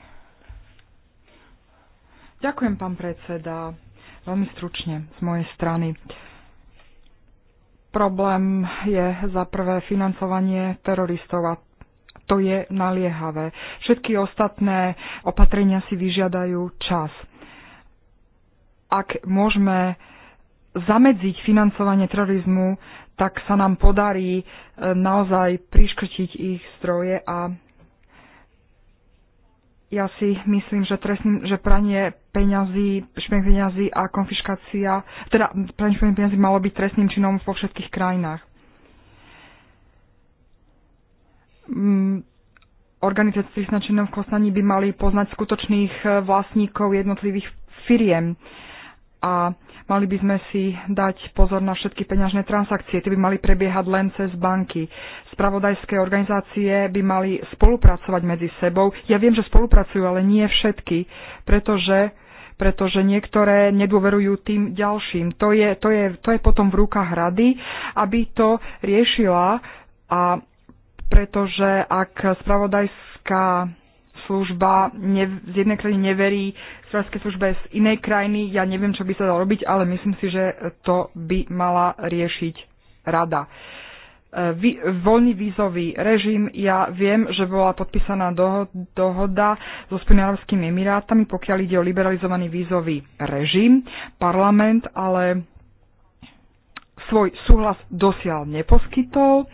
Ďakujem, pán predseda. Veľmi stručne z mojej strany. Problém je za prvé financovanie teroristov a to je naliehavé. Všetky ostatné opatrenia si vyžiadajú čas. Ak môžeme zamedziť financovanie terorizmu, tak sa nám podarí e, naozaj priškrtiť ich zdroje a ja si myslím, že, trestný, že pranie peňazí, špien peňazí a konfiškácia, teda pranie špien peňazí malo byť trestným činom vo všetkých krajinách. Mm, organizácie trestných činov v Kostaní by mali poznať skutočných e, vlastníkov jednotlivých firiem a Mali by sme si dať pozor na všetky peňažné transakcie. Tie by mali prebiehať len cez banky. Spravodajské organizácie by mali spolupracovať medzi sebou. Ja viem, že spolupracujú, ale nie všetky, pretože pretože niektoré nedôverujú tým ďalším. To je, to je, to je potom v rukách rady, aby to riešila a pretože ak spravodajská služba ne, z jednej krajiny neverí spravodajskej službe z inej krajiny. Ja neviem, čo by sa dalo robiť, ale myslím si, že to by mala riešiť rada. E, Vy, voľný vízový režim. Ja viem, že bola podpísaná doho- dohoda so Spojenými emirátami, pokiaľ ide o liberalizovaný vízový režim. Parlament ale svoj súhlas dosiaľ neposkytol.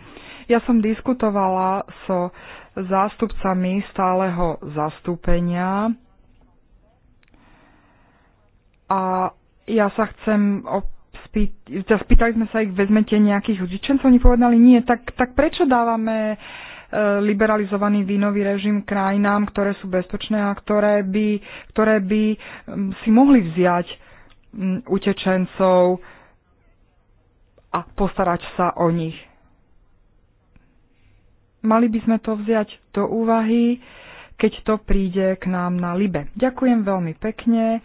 Ja som diskutovala so zástupcami stáleho zastúpenia. A ja sa chcem spýt, spýtali sme sa ich, vezmete nejakých utečencov, oni povedali nie, tak, tak prečo dávame e, liberalizovaný vínový režim krajinám, ktoré sú bezpečné a ktoré by, ktoré by si mohli vziať utečencov a postarať sa o nich mali by sme to vziať do úvahy, keď to príde k nám na Libe. Ďakujem veľmi pekne.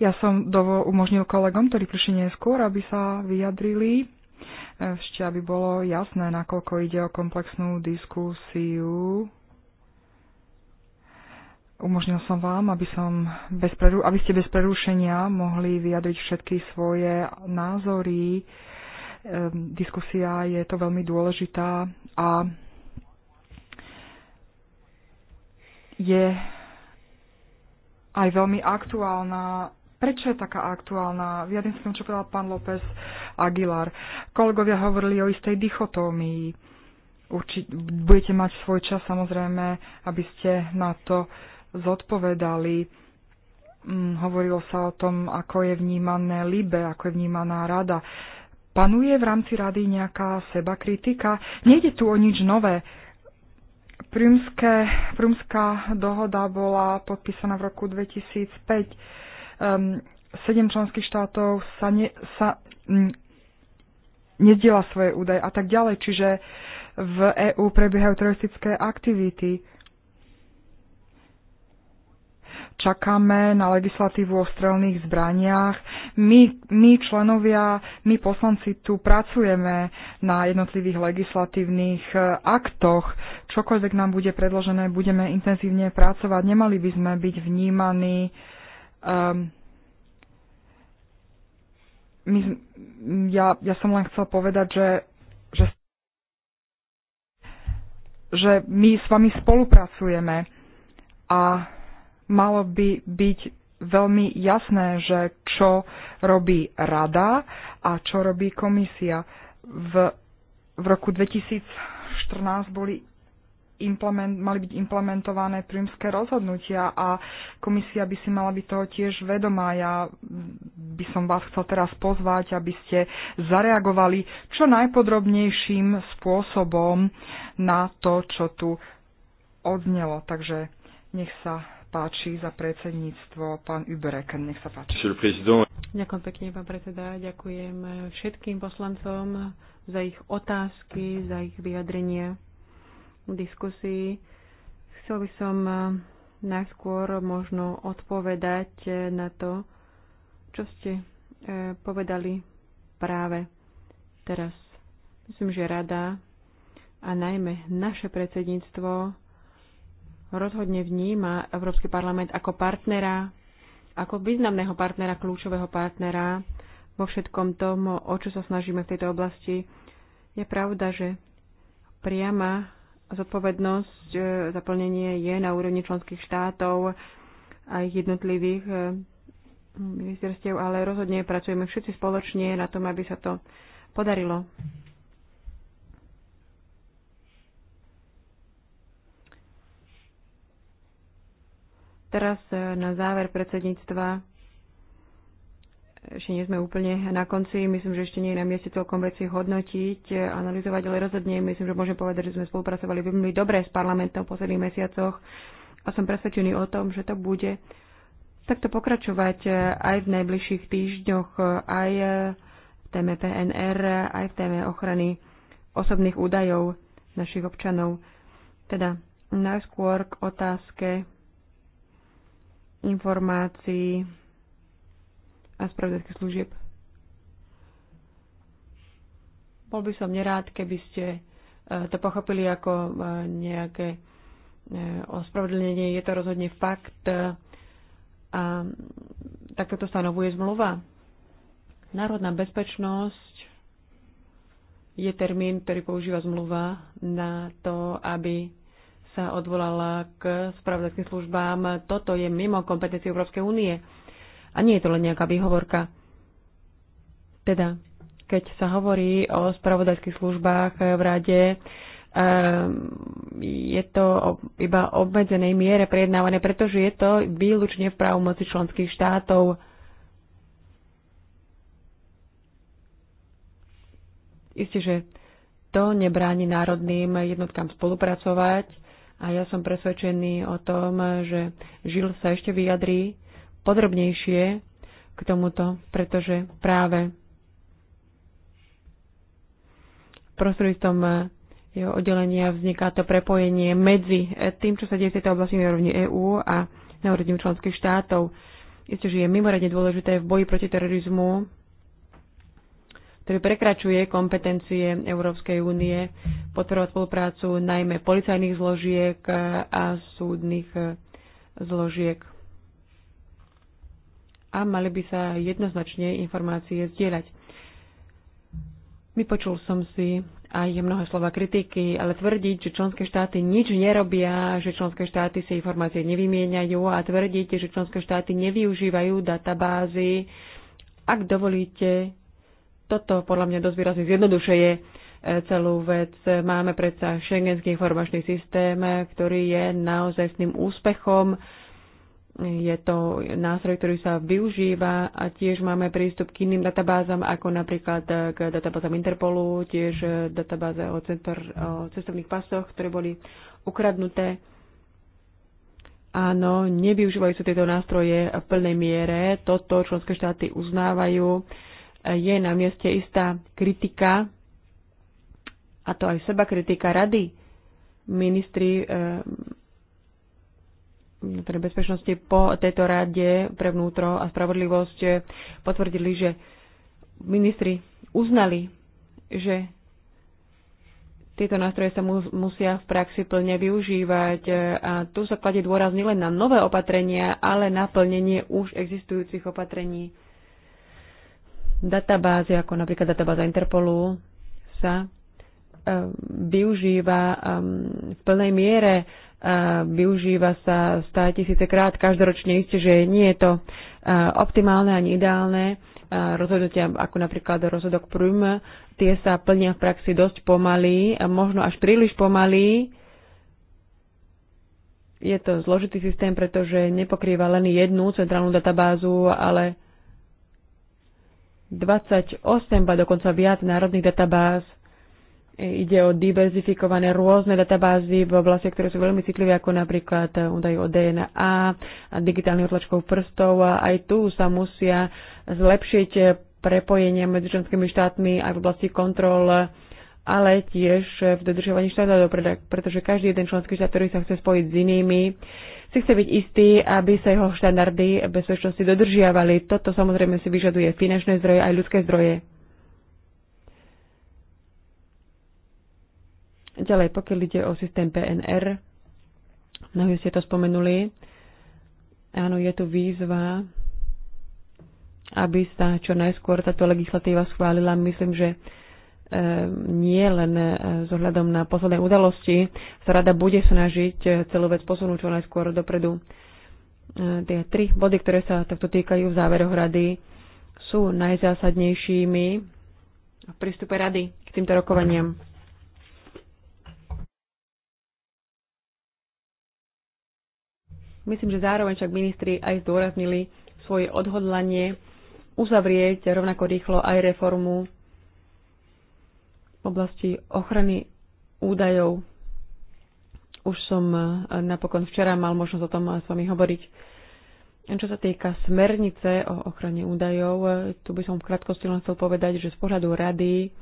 Ja som dovo- umožnil kolegom, ktorí prišli neskôr, aby sa vyjadrili. Eh, ešte aby bolo jasné, nakoľko ide o komplexnú diskusiu. Umožnil som vám, aby, som bez preru- aby ste bez prerušenia mohli vyjadriť všetky svoje názory diskusia je to veľmi dôležitá a je aj veľmi aktuálna. Prečo je taká aktuálna? Vyjadrím sa tomu, čo povedal pán López Aguilar. Kolegovia hovorili o istej dichotómii. Určite, budete mať svoj čas samozrejme, aby ste na to zodpovedali. Hm, hovorilo sa o tom, ako je vnímané Libe, ako je vnímaná rada. Hm, Panuje v rámci rady nejaká seba kritika? Nejde tu o nič nové. Prímske, prímská dohoda bola podpísaná v roku 2005. Um, ehm, sedem členských štátov sa, ne, sa um, mm, nediela svoje údaje a tak ďalej. Čiže v EÚ prebiehajú teroristické aktivity čakáme na legislatívu o strelných zbraniach. My, my členovia, my poslanci tu pracujeme na jednotlivých legislatívnych e, aktoch. Čokoľvek nám bude predložené, budeme intenzívne pracovať. Nemali by sme byť vnímaní. Um, my, ja, ja som len chcel povedať, že, že, že my s vami spolupracujeme a malo by byť veľmi jasné, že čo robí rada a čo robí komisia. V, v roku 2014 boli implement, mali byť implementované prímske rozhodnutia a komisia by si mala byť toho tiež vedomá. Ja by som vás chcel teraz pozvať, aby ste zareagovali čo najpodrobnejším spôsobom na to, čo tu odznelo. Takže nech sa páči za predsedníctvo pán Ubereken. Nech sa páči. Ďakujem pekne, pán predseda. Ďakujem všetkým poslancom za ich otázky, za ich vyjadrenie v diskusii. Chcel by som najskôr možno odpovedať na to, čo ste e, povedali práve teraz. Myslím, že rada a najmä naše predsedníctvo rozhodne vníma Európsky parlament ako partnera, ako významného partnera, kľúčového partnera vo všetkom tom, o čo sa snažíme v tejto oblasti. Je pravda, že priama zodpovednosť e, zaplnenie je na úrovni členských štátov a ich jednotlivých e, ministerstiev, ale rozhodne pracujeme všetci spoločne na tom, aby sa to podarilo. Teraz e, na záver predsedníctva ešte nie sme úplne na konci. Myslím, že ešte nie je na mieste celkom veci hodnotiť, e, analyzovať, ale rozhodne myslím, že môžem povedať, že sme spolupracovali veľmi dobre s parlamentom v posledných mesiacoch a som presvedčený o tom, že to bude takto pokračovať e, aj v najbližších týždňoch, aj v téme PNR, aj v téme ochrany osobných údajov našich občanov. Teda najskôr k otázke informácií a spravodajských služieb. Bol by som nerád, keby ste e, to pochopili ako e, nejaké e, ospravedlnenie. Je to rozhodne fakt a takto to stanovuje zmluva. Národná bezpečnosť je termín, ktorý používa zmluva na to, aby sa odvolala k spravodajským službám. Toto je mimo kompetencie Európskej únie. A nie je to len nejaká výhovorka. Teda, keď sa hovorí o spravodajských službách v rade, ehm, je to iba obmedzenej miere prejednávané, pretože je to výlučne v právomoci členských štátov. Isté, že to nebráni národným jednotkám spolupracovať a ja som presvedčený o tom, že Žil sa ešte vyjadrí podrobnejšie k tomuto, pretože práve prostredstvom jeho oddelenia vzniká to prepojenie medzi tým, čo sa deje v tejto oblasti na úrovni EÚ a na úrovni členských štátov. Isté, že je mimoriadne dôležité v boji proti terorizmu ktorý prekračuje kompetencie Európskej únie, podporovať spoluprácu najmä policajných zložiek a súdnych zložiek. A mali by sa jednoznačne informácie zdieľať. Vypočul som si aj mnohé slova kritiky, ale tvrdiť, že členské štáty nič nerobia, že členské štáty si informácie nevymieňajú a tvrdíte, že členské štáty nevyužívajú databázy, ak dovolíte, toto podľa mňa dosť výrazne zjednodušuje e, celú vec. Máme predsa šengenský informačný systém, ktorý je naozaj s tým úspechom. Je to nástroj, ktorý sa využíva a tiež máme prístup k iným databázam, ako napríklad e, k databázam Interpolu, tiež e, databáze o, centor, o cestovných pasoch, ktoré boli ukradnuté. Áno, nevyužívajú sa tieto nástroje v plnej miere. Toto členské štáty uznávajú je na mieste istá kritika, a to aj seba kritika rady. Ministri e, pre bezpečnosti po tejto rade pre vnútro a spravodlivosť eh, potvrdili, že ministri uznali, že tieto nástroje sa mu, musia v praxi plne využívať eh, a tu sa kladie dôraz nielen na nové opatrenia, ale na plnenie už existujúcich opatrení. Databázy, ako napríklad databáza Interpolu, sa e, využíva v plnej miere, e, využíva sa stá tisíce krát každoročne, isté, že nie je to e, optimálne ani ideálne. Rozhodnutia ako napríklad rozhodok Prüm, tie sa plnia v praxi dosť pomaly, možno až príliš pomaly. Je to zložitý systém, pretože nepokrýva len jednu centrálnu databázu, ale 28, ba dokonca viac národných databáz. Ide o diverzifikované rôzne databázy v oblastiach, ktoré sú veľmi citlivé, ako napríklad eh, údaj o DNA a digitálnych otlačkov prstov. A aj tu sa musia zlepšiť eh, prepojenie medzi členskými štátmi aj v oblasti kontrol, ale tiež eh, v dodržovaní štátov, pretože každý jeden členský štát, ktorý sa chce spojiť s inými, si chce byť istý, aby sa jeho štandardy bezpečnosti dodržiavali. Toto samozrejme si vyžaduje finančné zdroje aj ľudské zdroje. Ďalej, pokiaľ ide o systém PNR, mnohí ste to spomenuli, áno, je tu výzva, aby sa čo najskôr táto legislatíva schválila. Myslím, že Ehm, nie len e, s ohľadom na posledné udalosti, sa rada bude snažiť e, celú vec posunúť čo najskôr dopredu. Ehm, tie tri body, ktoré sa takto týkajú v záveroch rady, sú najzásadnejšími v prístupe rady k týmto rokovaniam. Myslím, že zároveň však ministri aj zdôraznili svoje odhodlanie uzavrieť rovnako rýchlo aj reformu v oblasti ochrany údajov. Už som e, napokon včera mal možnosť o tom s vami hovoriť. Čo sa týka smernice o ochrane údajov, e, tu by som v krátkosti len chcel povedať, že z pohľadu rady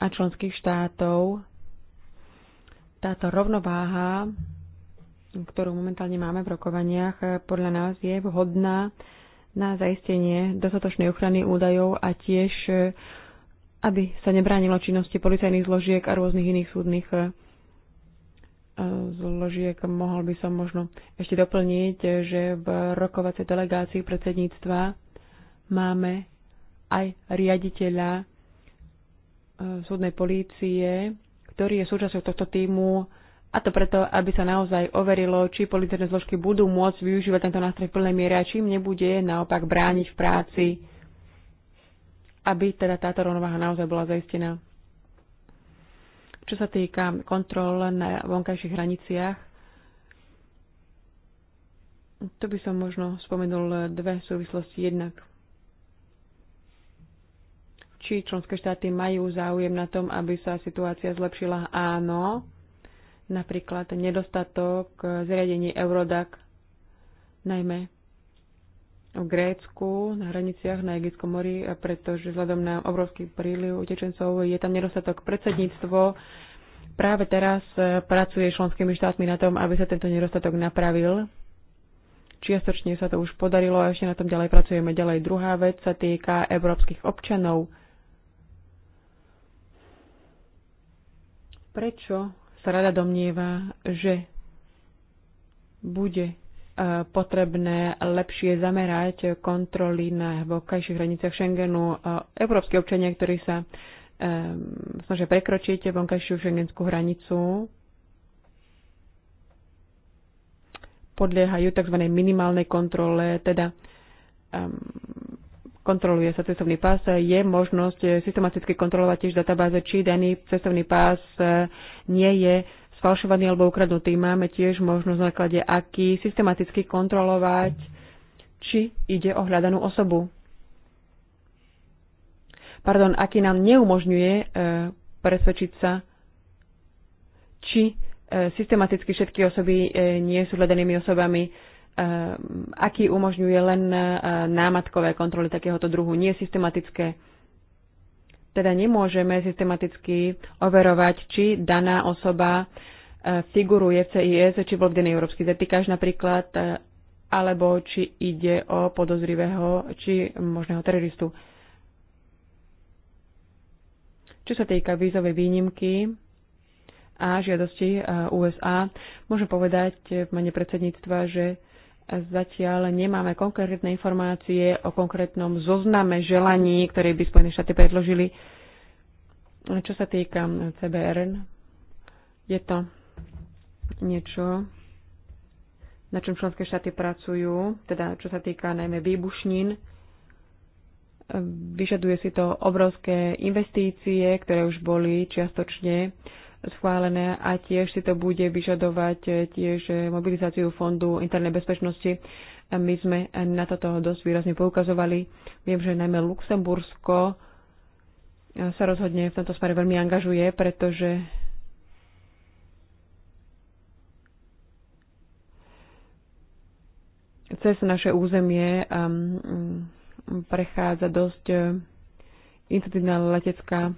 a členských štátov táto rovnováha, ktorú momentálne máme v rokovaniach, e, podľa nás je vhodná na zaistenie dostatočnej ochrany údajov a tiež aby sa nebránilo činnosti policajných zložiek a rôznych iných súdnych e, zložiek. Mohol by som možno ešte doplniť, že v rokovacej delegácii predsedníctva máme aj riaditeľa e, súdnej polície, ktorý je súčasťou tohto týmu a to preto, aby sa naozaj overilo, či policajné zložky budú môcť využívať tento nástroj v plnej miere a čím nebude naopak brániť v práci aby teda táto rovnováha naozaj bola zaistená. Čo sa týka kontrol na vonkajších hraniciach, to by som možno spomenul dve súvislosti jednak. Či členské štáty majú záujem na tom, aby sa situácia zlepšila? Áno. Napríklad nedostatok zriadení Eurodac, najmä v Grécku, na hraniciach na Egyptskom mori, pretože vzhľadom na obrovský príliv utečencov je tam nedostatok predsedníctvo. Práve teraz eh, pracuje členskými štátmi na tom, aby sa tento nedostatok napravil. Čiastočne sa to už podarilo a ešte na tom ďalej pracujeme. Ďalej druhá vec sa týka európskych občanov. Prečo sa rada domnieva, že bude potrebné lepšie zamerať kontroly na vonkajších hraniciach Schengenu. Európske občania, ktorí sa snažia prekročiť vonkajšiu šengenskú hranicu, podliehajú tzv. minimálnej kontrole, teda kontroluje sa cestovný pás, je možnosť systematicky kontrolovať tiež databáze, či daný cestovný pás eh, nie je sfalšovaný alebo ukradnutý. Máme tiež možnosť na základe aký systematicky kontrolovať, či ide o hľadanú osobu. Pardon, aký nám neumožňuje e, presvedčiť sa, či e, systematicky všetky osoby e, nie sú hľadanými osobami, e, aký umožňuje len e, námatkové kontroly takéhoto druhu, nie systematické teda nemôžeme systematicky overovať, či daná osoba e, figuruje v CIS, či bol vdený európsky zetikáž napríklad, e, alebo či ide o podozrivého či možného teroristu. Čo sa týka vízovej výnimky a žiadosti e, USA, môžem povedať v mene predsedníctva, že Zatiaľ nemáme konkrétne informácie o konkrétnom zozname želaní, ktoré by Spojené štáty predložili. Čo sa týka CBRN, je to niečo, na čom členské štáty pracujú, teda čo sa týka najmä výbušnín. Vyžaduje si to obrovské investície, ktoré už boli čiastočne schválené a tiež si to bude vyžadovať eh, tiež eh, mobilizáciu Fondu internej bezpečnosti. My sme na toto dosť výrazne poukazovali. Viem, že najmä Luxembursko eh, sa rozhodne v tomto smere veľmi angažuje, pretože cez naše územie ehm, mm, prechádza dosť intenzívna letecká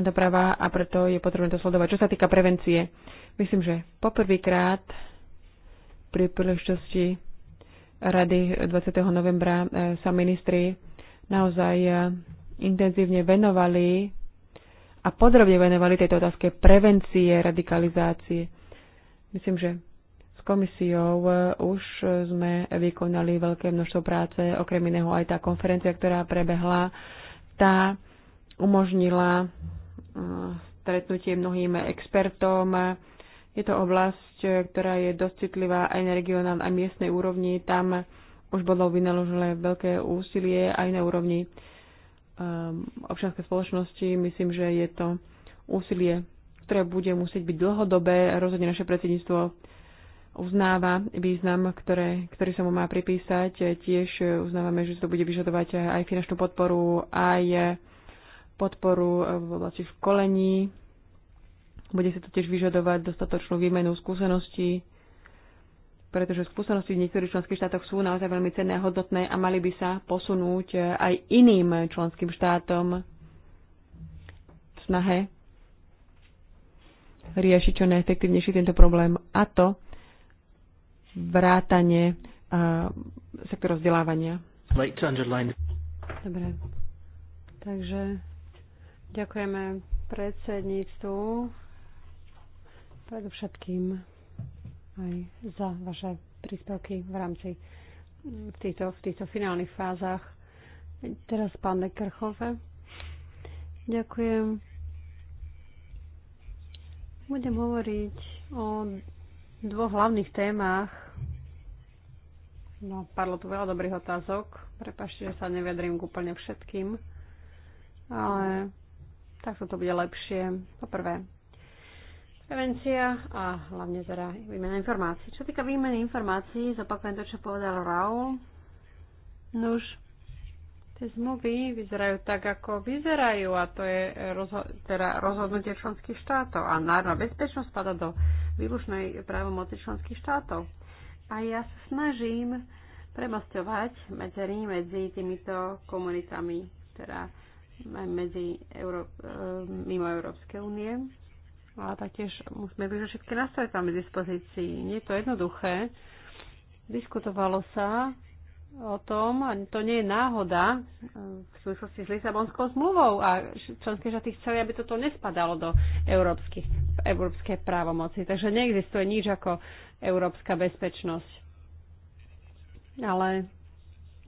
doprava a preto je potrebné to sledovať. Čo sa týka prevencie, myslím, že poprvýkrát pri príležitosti Rady 20. novembra eh, sa ministri naozaj eh, intenzívne venovali a podrobne venovali tejto otázke prevencie radikalizácie. Myslím, že s komisiou eh, už sme vykonali veľké množstvo práce, okrem iného aj tá konferencia, ktorá prebehla, tá umožnila stretnutie mnohým expertom. Je to oblasť, ktorá je dosť citlivá aj na regionálnej aj miestnej úrovni. Tam už bolo vynaložené veľké úsilie aj na úrovni um, občianskej spoločnosti. Myslím, že je to úsilie, ktoré bude musieť byť dlhodobé. Rozhodne naše predsedníctvo uznáva význam, ktoré, ktorý sa mu má pripísať. Tiež uznávame, že to bude vyžadovať aj finančnú podporu, aj podporu e, v oblasti školení. Bude si to tiež vyžadovať dostatočnú výmenu skúseností, pretože skúsenosti v niektorých členských štátoch sú naozaj veľmi cenné a hodnotné a mali by sa posunúť e, aj iným členským štátom v snahe riešiť čo najefektívnejšie tento problém a to vrátanie uh, e, sektora vzdelávania. Dobre. Takže Ďakujeme predsedníctvu predovšetkým aj za vaše príspevky v rámci v týchto, v týchto finálnych fázach. Teraz pán Nekrchove. Ďakujem. Budem hovoriť o dvoch hlavných témach. No, padlo tu veľa dobrých otázok. Prepašte, že sa k úplne všetkým. Ale tak sa to bude lepšie. Po prvé, prevencia a hlavne teda výmena informácií. Čo týka výmeny informácií, zopakujem to, čo povedal Raul. No už tie zmluvy vyzerajú tak, ako vyzerajú a to je rozho- teda rozhodnutie členských štátov a národná bezpečnosť spada do výlučnej právomoci členských štátov. A ja sa snažím premostovať medzery medzi týmito komunitami, teda aj medzi Euró- eh, mimo Európskej únie. A taktiež musíme byť všetky nástroje tam k dispozícii. Nie je to jednoduché. Diskutovalo sa o tom, a to nie je náhoda eh, v súvislosti s Lisabonskou zmluvou a členské štáty chceli, aby toto nespadalo do európskych, európskej právomoci. Takže neexistuje nič ako európska bezpečnosť. Ale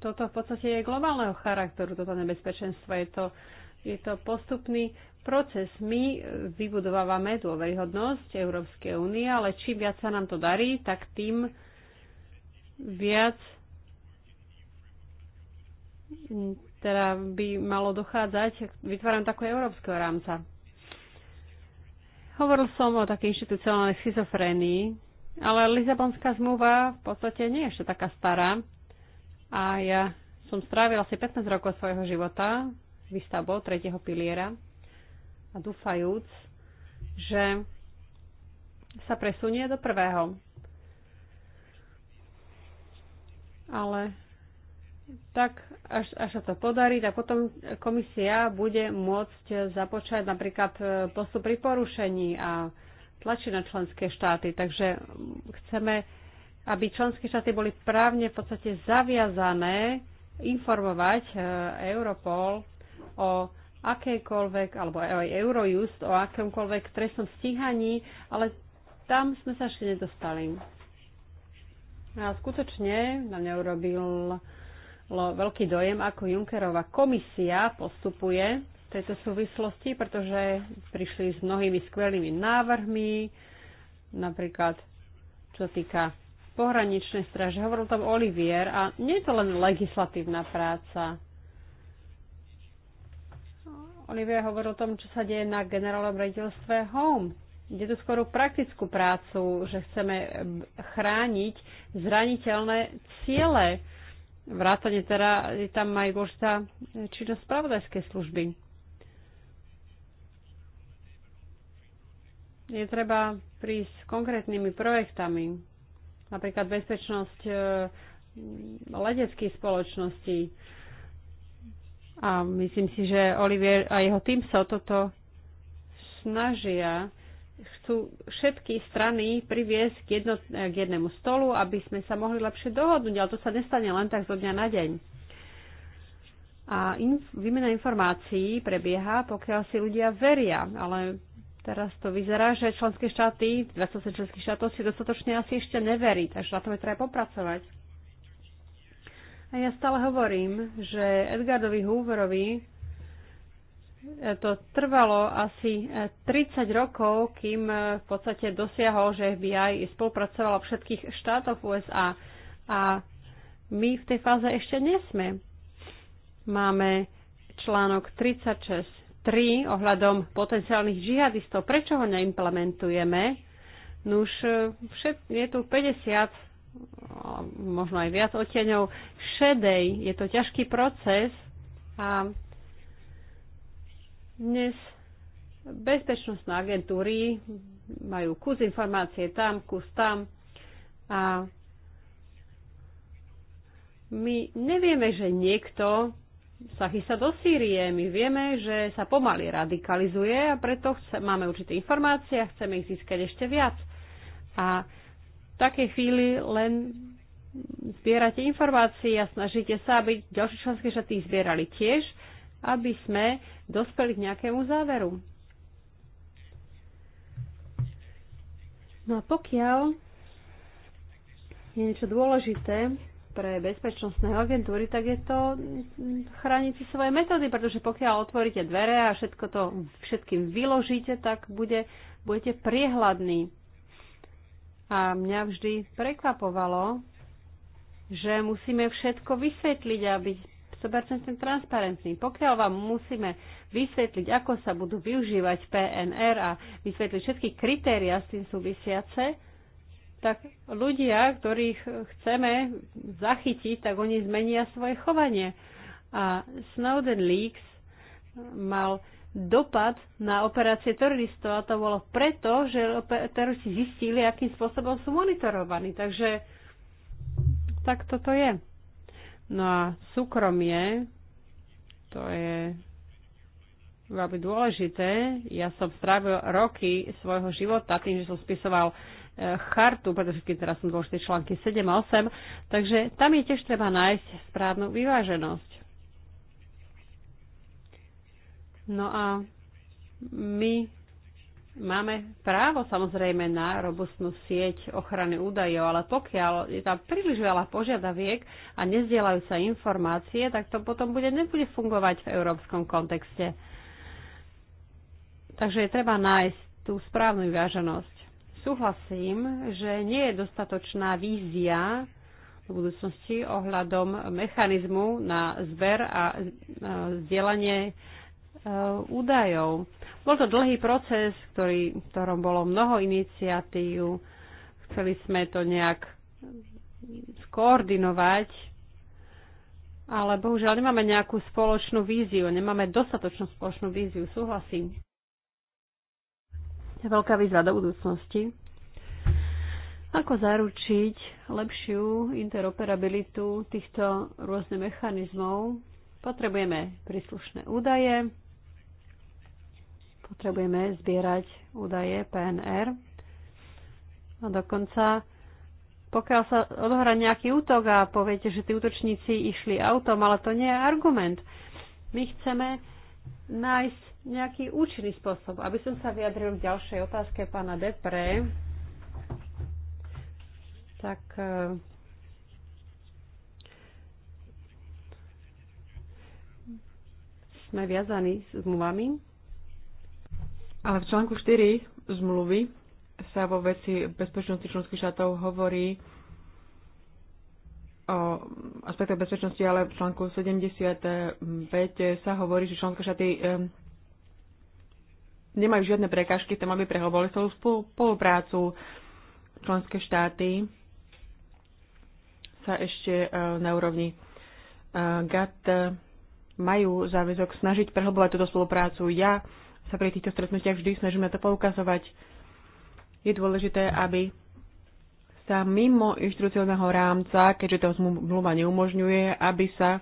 toto v podstate je globálneho charakteru, toto nebezpečenstvo. Je to, je to postupný proces. My e, vybudovávame dôveryhodnosť Európskej únie, ale čím viac sa nám to darí, tak tým viac teda by malo dochádzať k vytváraniu takého európskeho rámca. Hovoril som o takej inštitucionálnej schizofrénii, ale Lizabonská zmluva v podstate nie je ešte taká stará. A ja som strávil asi 15 rokov svojho života výstavbou tretieho piliera a dúfajúc, že sa presunie do prvého. Ale tak až, až sa to podarí, tak potom komisia bude môcť započať napríklad postup pri porušení a tlačiť na členské štáty. Takže chceme aby členské štáty boli právne v podstate zaviazané informovať e, Europol o akékoľvek, alebo aj Eurojust, o akomkoľvek trestnom stíhaní, ale tam sme sa ešte nedostali. A skutočne na mňa urobil veľký dojem, ako Junckerová komisia postupuje v tejto súvislosti, pretože prišli s mnohými skvelými návrhmi, napríklad čo týka pohraničné straže. Hovoril tam Olivier a nie je to len legislatívna práca. Olivier hovoril o tom, čo sa deje na generálnom rediteľstve HOME. Ide tu skôr praktickú prácu, že chceme chrániť zraniteľné ciele. Vrátane teda je tam aj dôležitá činnosť spravodajskej služby. Je treba prísť s konkrétnymi projektami, napríklad bezpečnosť e, leteckých spoločností. A myslím si, že Olivier a jeho tým sa o toto snažia. Chcú všetky strany priviesť k, jedno, k jednému stolu, aby sme sa mohli lepšie dohodnúť, ale to sa nestane len tak zo dňa na deň. A inf- výmena informácií prebieha, pokiaľ si ľudia veria, ale Teraz to vyzerá, že členské štáty, 27 členských štátov si dostatočne asi ešte neverí, takže na tom je treba popracovať. A ja stále hovorím, že Edgardovi Hooverovi e, to trvalo asi 30 e, rokov, kým e, v podstate dosiahol, že FBI spolupracovala v všetkých štátoch USA. A my v tej fáze ešte nesme. Máme článok 36 3 ohľadom potenciálnych džihadistov. Prečo ho neimplementujeme? už e, všet, je tu 50, možno aj viac oteňov šedej. Je to ťažký proces a dnes bezpečnostné agentúry majú kus informácie tam, kus tam a my nevieme, že niekto sa chystá do Sýrie. My vieme, že sa pomaly radikalizuje a preto chce, máme určité informácie a chceme ich získať ešte viac. A v takej chvíli len zbierate informácie a snažíte sa, aby ďalšie členské štáty zbierali tiež, aby sme dospeli k nejakému záveru. No a pokiaľ je niečo dôležité, pre bezpečnostné agentúry, tak je to chrániť si svoje metódy, pretože pokiaľ otvoríte dvere a všetko to všetkým vyložíte, tak bude, budete priehľadní. A mňa vždy prekvapovalo, že musíme všetko vysvetliť a byť 100% transparentní. Pokiaľ vám musíme vysvetliť, ako sa budú využívať PNR a vysvetliť všetky kritéria s tým súvisiace, tak ľudia, ktorých chceme zachytiť, tak oni zmenia svoje chovanie. A Snowden Leaks mal dopad na operácie teroristov a to bolo preto, že teroristi zistili, akým spôsobom sú monitorovaní. Takže tak toto je. No a súkromie, to je veľmi dôležité. Ja som strávil roky svojho života tým, že som spisoval chartu, pretože teraz som dôležité články 7 a 8, takže tam je tiež treba nájsť správnu vyváženosť. No a my máme právo samozrejme na robustnú sieť ochrany údajov, ale pokiaľ je tam príliš veľa požiadaviek a nezdielajú sa informácie, tak to potom bude, nebude fungovať v európskom kontexte. Takže je treba nájsť tú správnu vyváženosť súhlasím, že nie je dostatočná vízia v budúcnosti ohľadom mechanizmu na zber a zdieľanie e, údajov. Bol to dlhý proces, ktorý, v ktorom bolo mnoho iniciatív. Chceli sme to nejak skoordinovať, ale bohužiaľ nemáme nejakú spoločnú víziu, nemáme dostatočnú spoločnú víziu, súhlasím veľká výzva do budúcnosti. Ako zaručiť lepšiu interoperabilitu týchto rôznych mechanizmov? Potrebujeme príslušné údaje, potrebujeme zbierať údaje PNR a dokonca pokiaľ sa odohrá nejaký útok a poviete, že tí útočníci išli autom, ale to nie je argument. My chceme nájsť nejaký účinný spôsob. Aby som sa vyjadril k ďalšej otázke pána Depre, tak e, sme viazaní s zmluvami. Ale v článku 4 zmluvy sa vo veci bezpečnosti členských štátov hovorí o aspektoch bezpečnosti, ale v článku 75 sa hovorí, že členské štáty nemajú žiadne prekažky v tom, aby prehlbovali svoju spoluprácu. Členské štáty sa ešte e, na úrovni e, GATT majú záväzok snažiť prehlbovať túto spoluprácu. Ja sa pri týchto stretnutiach vždy snažíme to poukazovať. Je dôležité, aby sa mimo inštitucionálneho rámca, keďže to zmluva neumožňuje, aby sa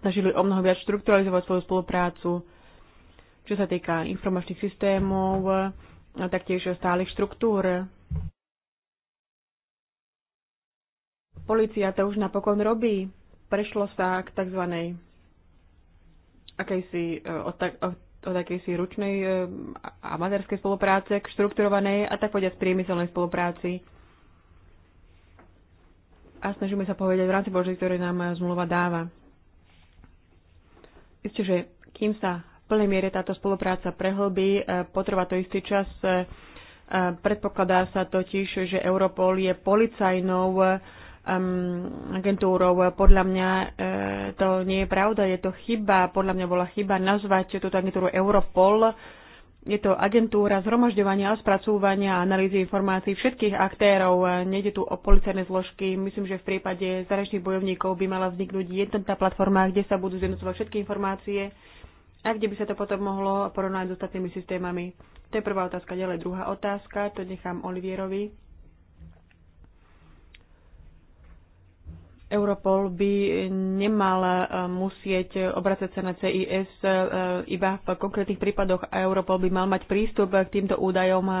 snažili o mnoho viac štrukturalizovať svoju spoluprácu, čo sa týka informačných systémov a taktiež stálych štruktúr. Polícia to už napokon robí. Prešlo sa k tzv. Akejsi, e, od, od, od akejsi ručnej e, amatérskej spolupráce k štrukturovanej a tak povedať priemyselnej spolupráci a snažíme sa povedať v rámci Božej, ktoré nám zmluva dáva. Isté, že kým sa plnej miere táto spolupráca prehlbí. E, potrvá to istý čas. E, e, predpokladá sa totiž, že Europol je policajnou agentúrou. Podľa mňa to nie je pravda, je to chyba. Podľa mňa bola chyba nazvať túto agentúru Europol. Je to agentúra zhromažďovania a spracúvania a analýzy informácií všetkých aktérov. Nejde tu o policajné zložky. Myslím, že v prípade zahraničných bojovníkov by mala vzniknúť jednotná platforma, kde sa budú zjednocovať všetky informácie a kde by sa to potom mohlo porovnať s ostatnými systémami. To je prvá otázka. Ďalej druhá otázka, to nechám Olivierovi. Europol by nemal e, musieť obracať sa na CIS e, iba v konkrétnych prípadoch a Europol by mal mať prístup k týmto údajom e,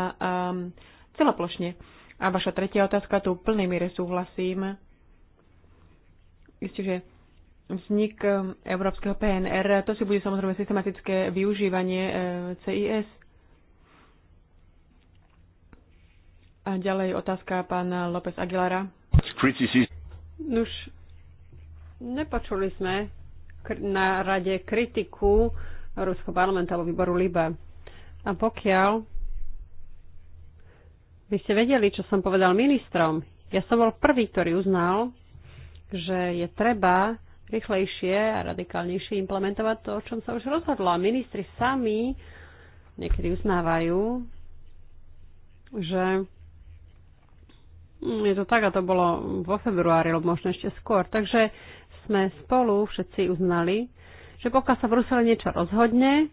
celoplošne. A vaša tretia otázka, tu v plnej miere súhlasím. Isté, že vznik eh, Európskeho PNR, to si bude samozrejme systematické využívanie eh, CIS. A ďalej otázka pána López Aguilara. Nuž, nepočuli sme na rade kritiku Európskeho parlamentu alebo výboru LIBE. A pokiaľ by ste vedeli, čo som povedal ministrom, ja som bol prvý, ktorý uznal, že je treba rýchlejšie a radikálnejšie implementovať to, o čom sa už rozhodlo. A ministri sami niekedy uznávajú, že hm, je to tak a to bolo vo februári, alebo možno ešte skôr. Takže sme spolu všetci uznali, že pokiaľ sa v Bruseli niečo rozhodne,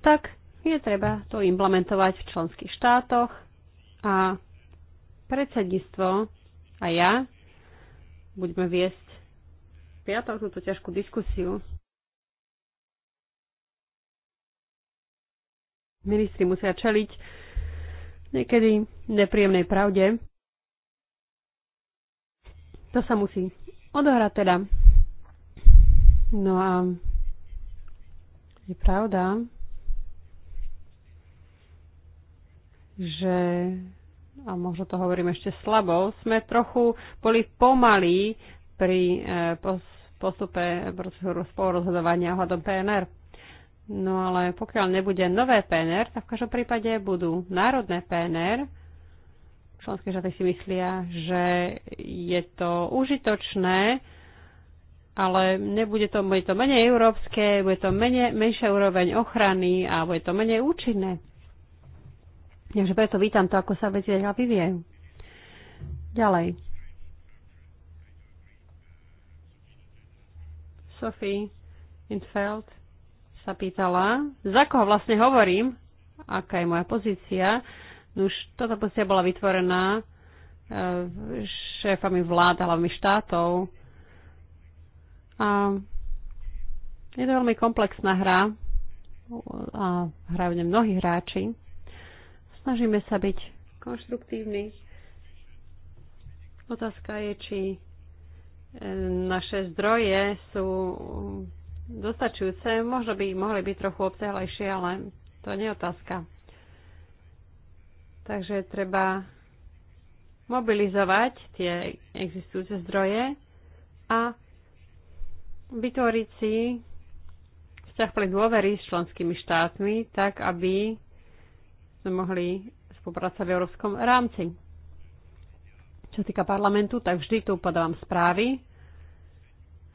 tak je treba to implementovať v členských štátoch a predsedníctvo a ja budeme viesť piatok túto ťažkú diskusiu. Ministri musia čeliť niekedy nepríjemnej pravde. To sa musí odohrať teda. No a je pravda, že a možno to hovorím ešte slabo, sme trochu boli pomalí pri eh, postupe rozhodovania ohľadom PNR. No ale pokiaľ nebude nové PNR, tak v každom prípade budú národné PNR. Členské štáty si myslia, že je to užitočné, ale nebude to, bude to menej európske, bude to menej, menšia úroveň ochrany a bude to menej účinné. Takže preto vítam to, ako sa veci vyvíjajú. Ďalej. Sophie Infeld sa pýtala, za koho vlastne hovorím, aká je moja pozícia. No už toto pozícia bola vytvorená e, šéfami vlád, hlavami štátov. A je to veľmi komplexná hra a hrajú v mnohí hráči. Snažíme sa byť konštruktívni. Otázka je, či naše zdroje sú dostačujúce. Možno by mohli byť trochu obsahlejšie, ale to nie je otázka. Takže treba mobilizovať tie existujúce zdroje a vytvoriť si vzťah pre dôvery s členskými štátmi, tak aby sme mohli spolupracovať v európskom rámci. Čo sa týka parlamentu, tak vždy tu podávam správy.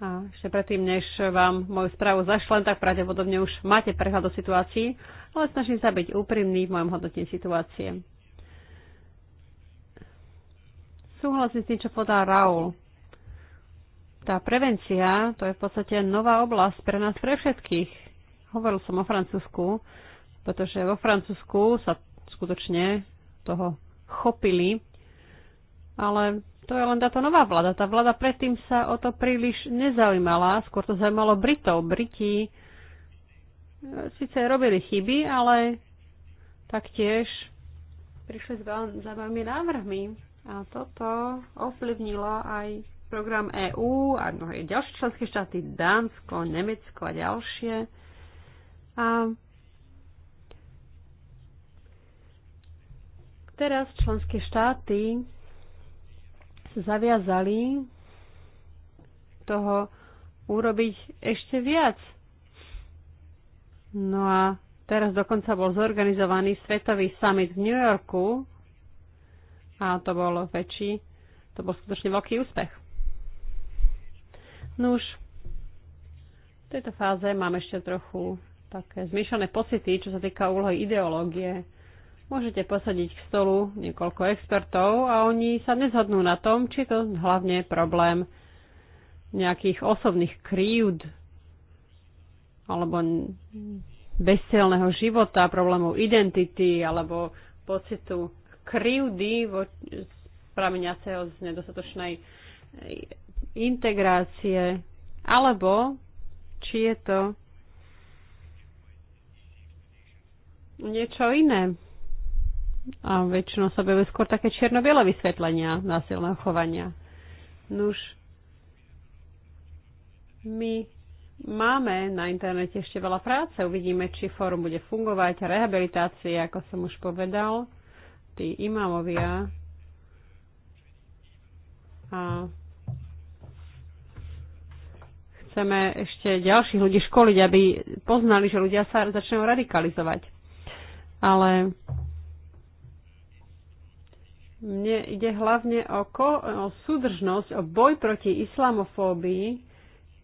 A ešte predtým, než vám moju správu zašlem, tak pravdepodobne už máte prehľad o situácii, ale snažím sa byť úprimný v mojom hodnotení situácie. Súhlasím s tým, čo podá Raul. Tá prevencia, to je v podstate nová oblasť pre nás, pre všetkých. Hovoril som o Francúzsku, pretože vo Francúzsku sa skutočne toho chopili ale to je len táto nová vláda. Tá vláda predtým sa o to príliš nezaujímala, skôr to zaujímalo Britov. Briti e, síce robili chyby, ale taktiež prišli s zaujímavými návrhmi. A toto ovplyvnilo aj program EÚ a mnohé ďalšie členské štáty, Dánsko, Nemecko a ďalšie. A teraz členské štáty zaviazali toho urobiť ešte viac. No a teraz dokonca bol zorganizovaný svetový summit v New Yorku a to bol väčší, to bol skutočne veľký úspech. No už v tejto fáze mám ešte trochu také zmiešané pocity, čo sa týka úlohy ideológie môžete posadiť k stolu niekoľko expertov a oni sa nezhodnú na tom, či je to hlavne problém nejakých osobných kríud alebo bezcelného života, problémov identity alebo pocitu krivdy prameniaceho z nedostatočnej integrácie, alebo či je to niečo iné a väčšinou sa bejú skôr také čierno-biele vysvetlenia násilného chovania. Nuž, my máme na internete ešte veľa práce. Uvidíme, či fórum bude fungovať, rehabilitácie, ako som už povedal, tí imámovia. A chceme ešte ďalších ľudí školiť, aby poznali, že ľudia sa začnú radikalizovať. Ale mne ide hlavne o, ko- o súdržnosť, o boj proti islamofóbii.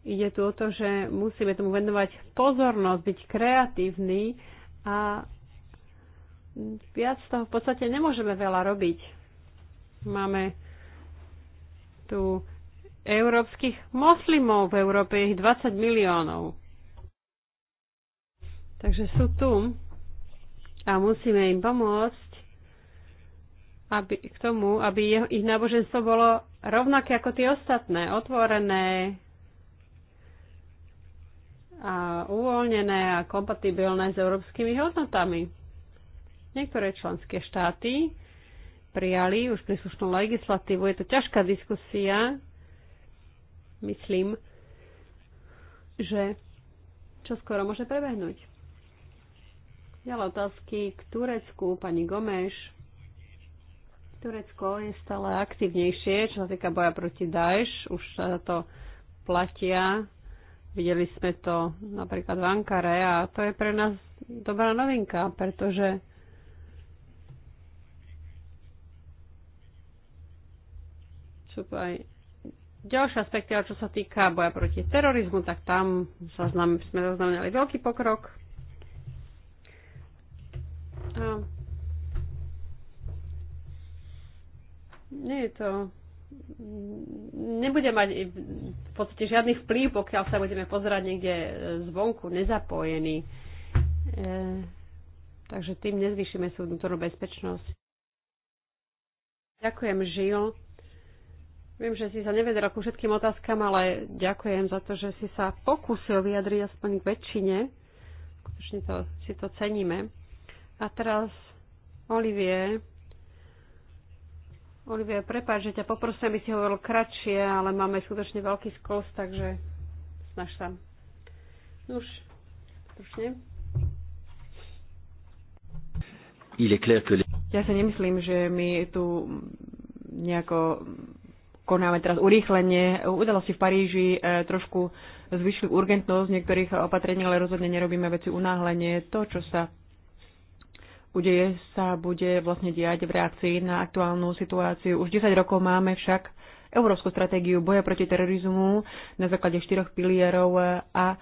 Ide tu o to, že musíme tomu venovať pozornosť, byť kreatívny a viac toho v podstate nemôžeme veľa robiť. Máme tu európskych moslimov v Európe, ich 20 miliónov. Takže sú tu a musíme im pomôcť aby, k tomu, aby jeho, ich náboženstvo bolo rovnaké ako tie ostatné, otvorené a uvoľnené a kompatibilné s európskymi hodnotami. Niektoré členské štáty prijali už príslušnú legislatívu. Je to ťažká diskusia. Myslím, že čo skoro môže prebehnúť. Ďalej otázky k Turecku, pani Gomeš. Turecko je stále aktívnejšie, čo sa týka boja proti Daesh. Už sa to platia. Videli sme to napríklad v Ankare a to je pre nás dobrá novinka, pretože sú aj ďalšie aspekty, čo sa týka boja proti terorizmu, tak tam sa znam, sme zaznamenali veľký pokrok. A nie je to nebude mať v podstate žiadny vplyv, pokiaľ sa budeme pozerať niekde e, zvonku, nezapojení. E, takže tým nezvýšime sú vnútornú bezpečnosť. Ďakujem, Žil. Viem, že si sa nevedel ku všetkým otázkam, ale ďakujem za to, že si sa pokúsil vyjadriť aspoň k väčšine. Skutočne to, si to ceníme. A teraz Olivier, Olivia, prepáč, že ťa poprosím, aby si hovoril kratšie, ale máme skutočne veľký skos, takže snaž sa. Nuž, stručne. Ja sa nemyslím, že my tu nejako konáme teraz urýchlenie. Udalosti v Paríži e, trošku zvyšili urgentnosť niektorých opatrení, ale rozhodne nerobíme veci unáhlenie. To, čo sa udeje, sa bude vlastne diať v reakcii na aktuálnu situáciu. Už 10 rokov máme však európsku stratégiu boja proti terorizmu na základe štyroch pilierov a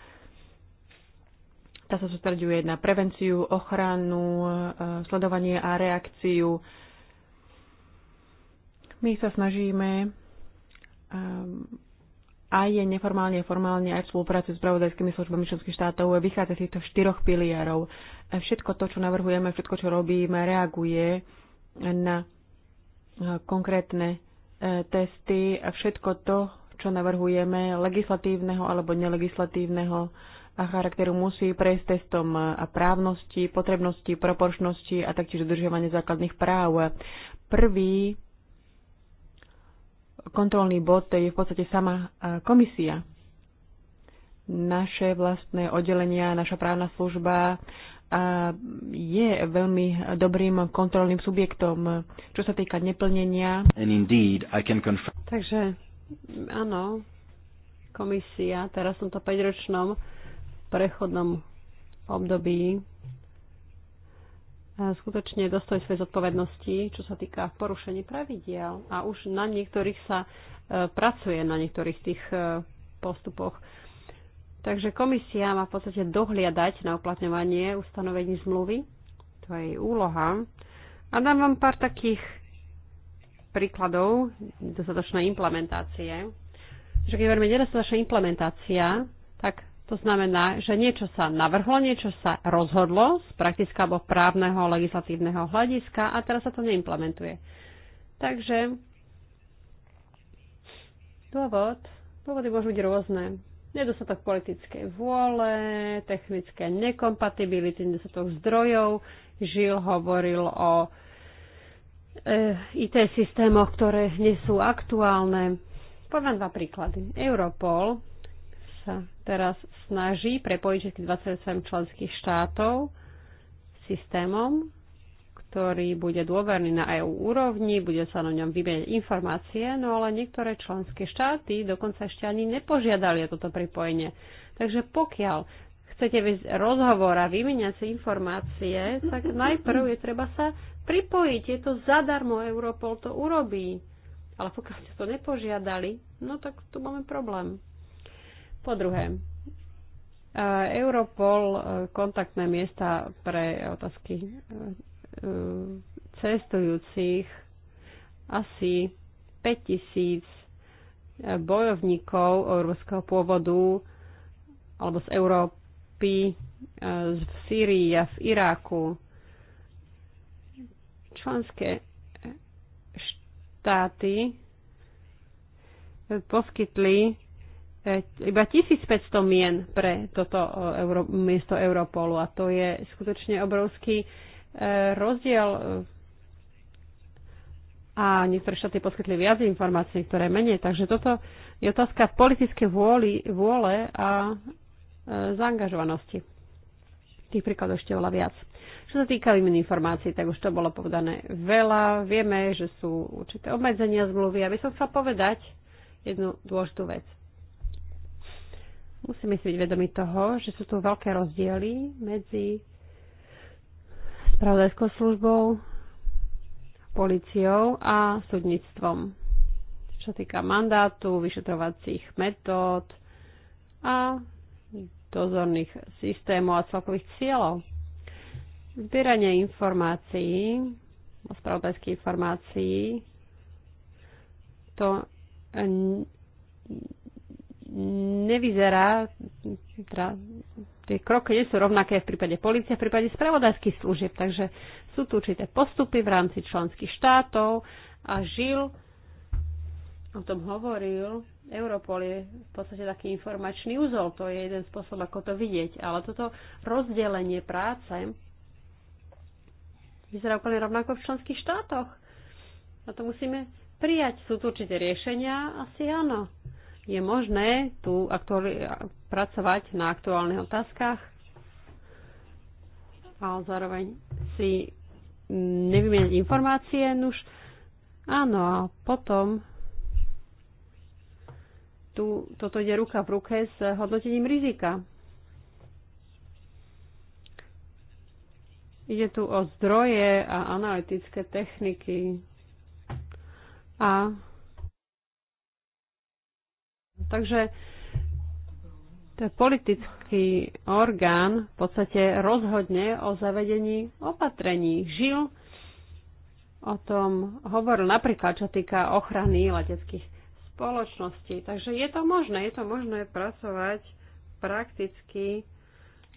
tá sa sústreďuje na prevenciu, ochranu, e, sledovanie a reakciu. My sa snažíme aj neformálne a formálne aj v spolupráci s pravodajskými službami členských štátov vychádza z týchto štyroch pilierov. E, všetko to, čo navrhujeme, všetko, čo robíme, reaguje na e, konkrétne e, testy a všetko to, čo navrhujeme legislatívneho alebo nelegislatívneho a charakteru musí prejsť testom a právnosti, potrebnosti, proporčnosti a taktiež dodržovanie základných práv. Prvý kontrolný bod je v podstate sama e, komisia. Naše vlastné oddelenia, naša právna služba e, je veľmi dobrým kontrolným subjektom, čo sa týka neplnenia. Indeed, Takže áno, komisia, teraz som to 5-ročnom prechodnom období skutočne dostali svoje zodpovednosti, čo sa týka porušení pravidiel. A už na niektorých sa e, pracuje, na niektorých tých e, postupoch. Takže komisia má v podstate dohliadať na uplatňovanie ustanovení zmluvy. To je jej úloha. A dám vám pár takých príkladov dostatočnej implementácie. Že keď hovoríme nedostatočná implementácia, tak to znamená, že niečo sa navrhlo, niečo sa rozhodlo z praktického alebo právneho legislatívneho hľadiska a teraz sa to neimplementuje. Takže dôvod, dôvody môžu byť rôzne. Nedostatok politickej vôle, technické nekompatibility, nedostatok zdrojov. Žil hovoril o e, IT systémoch, ktoré nie sú aktuálne. Poviem dva príklady. Europol sa teraz snaží prepojiť všetkých 27 členských štátov systémom, ktorý bude dôverný na EU úrovni, bude sa na ňom vymeniť informácie, no ale niektoré členské štáty dokonca ešte ani nepožiadali o toto pripojenie. Takže pokiaľ chcete viesť rozhovor a vymeniať si informácie, tak najprv je treba sa pripojiť. Je to zadarmo, Europol to urobí. Ale pokiaľ ste to nepožiadali, no tak tu máme problém. Po druhé, e, Europol e, kontaktné miesta pre otázky e, cestujúcich asi 5000 bojovníkov európskeho pôvodu alebo z Európy, v Sýrii a v Iráku. Členské štáty poskytli iba 1500 mien pre toto euro, miesto Europolu a to je skutočne obrovský e, rozdiel a niektoré štáty poskytli viac informácií, ktoré menej. Takže toto je otázka politické vôli, vôle a e, zaangažovanosti. Tých príkladov ešte veľa viac. Čo sa týka výmeny informácií, tak už to bolo povedané veľa. Vieme, že sú určité obmedzenia zmluvy. Aby som chcela povedať jednu dôležitú vec. Musíme si byť vedomi toho, že sú tu veľké rozdiely medzi spravodajskou službou, policiou a súdnictvom. Čo týka mandátu, vyšetrovacích metód a dozorných systémov a celkových cieľov. Zbieranie informácií, spravodajských informácií, to nevyzerá, teda tie kroky nie sú rovnaké v prípade policie, v prípade spravodajských služieb, takže sú tu určité postupy v rámci členských štátov a žil o tom hovoril, Europol je v podstate taký informačný úzol, to je jeden spôsob, ako to vidieť, ale toto rozdelenie práce vyzerá úplne rovnako v členských štátoch. A to musíme prijať. Sú tu určité riešenia? Asi áno je možné tu aktuali- pracovať na aktuálnych otázkach a zároveň si nevymeniť informácie, nuž áno, a potom tu, toto ide ruka v ruke s hodnotením rizika. Ide tu o zdroje a analytické techniky a Takže ten politický orgán v podstate rozhodne o zavedení opatrení. Žil o tom hovoril napríklad, čo týka ochrany leteckých spoločností. Takže je to možné, je to možné pracovať prakticky,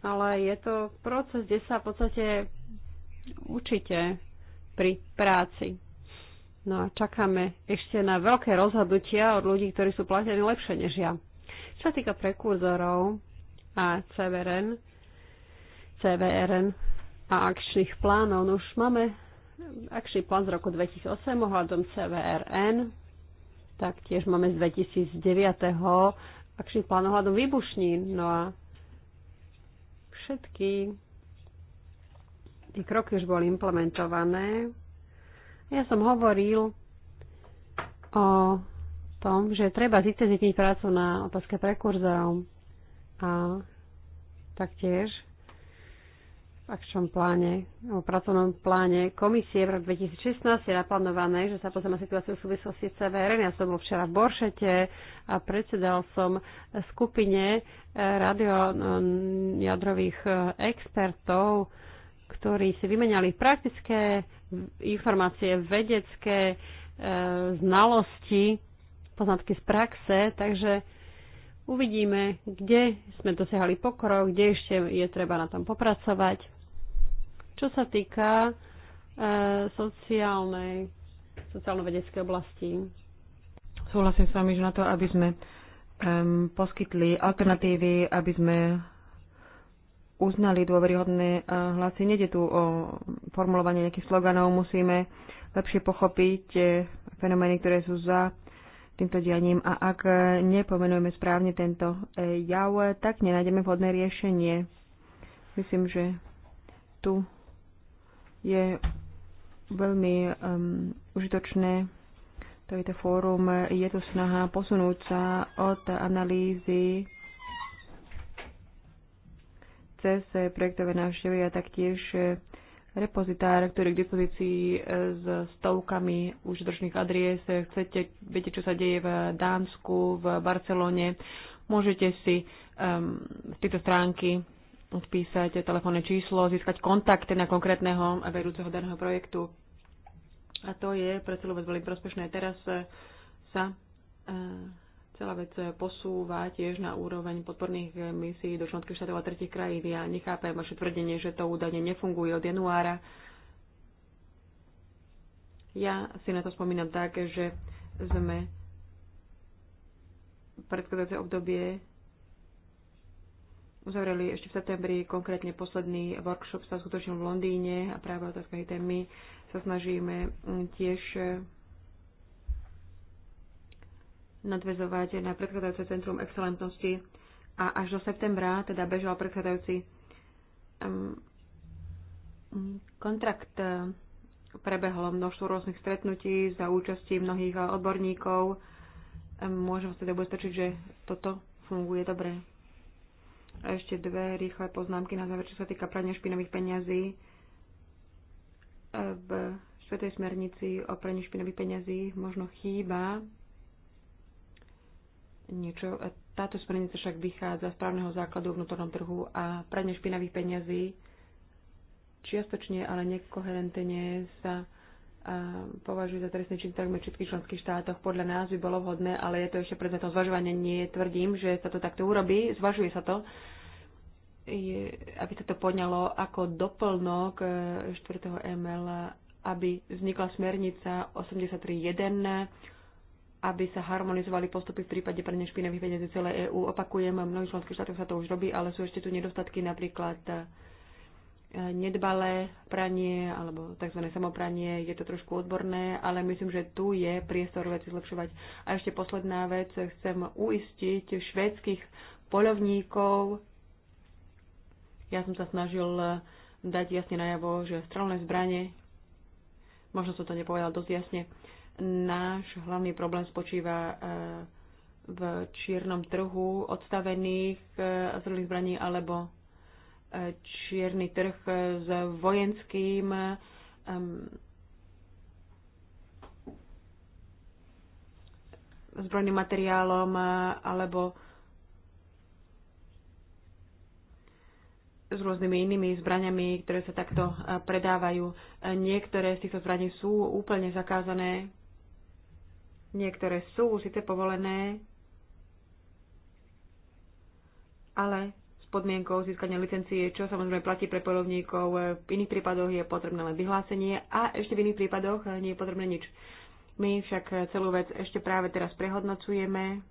ale je to proces, kde sa v podstate učite pri práci. No a čakáme ešte na veľké rozhodnutia od ľudí, ktorí sú platení lepšie než ja. Čo sa týka prekurzorov a CVRN, CVRN a akčných plánov, no už máme akčný plán z roku 2008 ohľadom CVRN, taktiež máme z 2009 akčný plán ohľadom výbušní. No a všetky tie kroky už boli implementované ja som hovoril o tom, že treba zintenzívniť prácu na otázke prekurzorov a taktiež v akčnom pláne, o pracovnom pláne komisie v roku 2016 je naplánované, že sa pozrieme situáciu v súvislosti s CVRN. Ja som bol včera v Boršete a predsedal som skupine eh, radiojadrových eh, expertov ktorí si vymenali praktické informácie, vedecké e, znalosti, poznatky z praxe, takže uvidíme, kde sme dosiahli pokrok, kde ešte je treba na tom popracovať. Čo sa týka e, sociálnej, sociálno-vedeckej oblasti. Súhlasím s vami, že na to, aby sme um, poskytli alternatívy, aby sme uznali dôveryhodné e, hlasy. Nede tu o formulovanie nejakých sloganov, musíme lepšie pochopiť e, fenomény, ktoré sú za týmto dianím a ak e, nepomenujeme správne tento jav, tak nenájdeme vhodné riešenie. Myslím, že tu je veľmi um, užitočné to je to fórum, je to snaha posunúť sa od analýzy cez projektové návštevy a taktiež e, repozitár, ktorý je k dispozícii e, s stovkami už držných adries. Chcete, viete, čo sa deje v Dánsku, v Barcelone, môžete si um, z tejto stránky odpísať telefónne číslo, získať kontakty na konkrétneho a vedúceho daného projektu. A to je pre celú vec veľmi prospešné. Teraz e, sa uh, celá vec posúva tiež na úroveň podporných misií do členských štátov a tretich krajín. Ja nechápem vaše tvrdenie, že to údajne nefunguje od januára. Ja si na to spomínam tak, že sme predchádzajúce obdobie uzavreli ešte v septembri, konkrétne posledný workshop sa skutočnil v Londýne a práve otázka tej témy sa snažíme tiež nadvezovať na predchádzajúce Centrum excelentnosti a až do septembra teda bežal predchádzajúci um, kontrakt prebehlo množstvo rôznych stretnutí za účasti mnohých odborníkov. Môžem sa teda ubezpečiť, že toto funguje dobre. A ešte dve rýchle poznámky na záver, čo sa týka prania špinových peňazí. E, v Svetej smernici o praní špinových peňazí možno chýba niečo. Táto smernica však vychádza z právneho základu v vnútornom trhu a pradne špinavých peňazí čiastočne, ale nekoherentne sa považujú za trestný čin takmer všetkých členských štátoch. Podľa nás by bolo vhodné, ale je to ešte predmetom zvažovania. Nie tvrdím, že sa to takto urobí, zvažuje sa to, je, aby sa to poňalo ako doplnok 4. E, ML, aby vznikla smernica 83.1 aby sa harmonizovali postupy v prípade pre špinavých peniazí celé EÚ. Opakujem, v mnohých členských štátoch sa to už robí, ale sú ešte tu nedostatky napríklad e, nedbalé pranie alebo tzv. samopranie. Je to trošku odborné, ale myslím, že tu je priestor veci zlepšovať. A ešte posledná vec, chcem uistiť švédskych polovníkov. Ja som sa snažil e, dať jasne najavo, že strelné zbranie, možno som to nepovedal dosť jasne, Náš hlavný problém spočíva e, v čiernom trhu odstavených e, azylových zbraní alebo e, čierny trh s vojenským zbrojným materiálom alebo s rôznymi inými zbraniami, ktoré sa takto predávajú. Niektoré z týchto zbraní sú úplne zakázané Niektoré sú síce povolené, ale s podmienkou získania licencie, čo samozrejme platí pre polovníkov. V iných prípadoch je potrebné len vyhlásenie a ešte v iných prípadoch eh, nie je potrebné nič. My však eh, celú vec ešte práve teraz prehodnocujeme.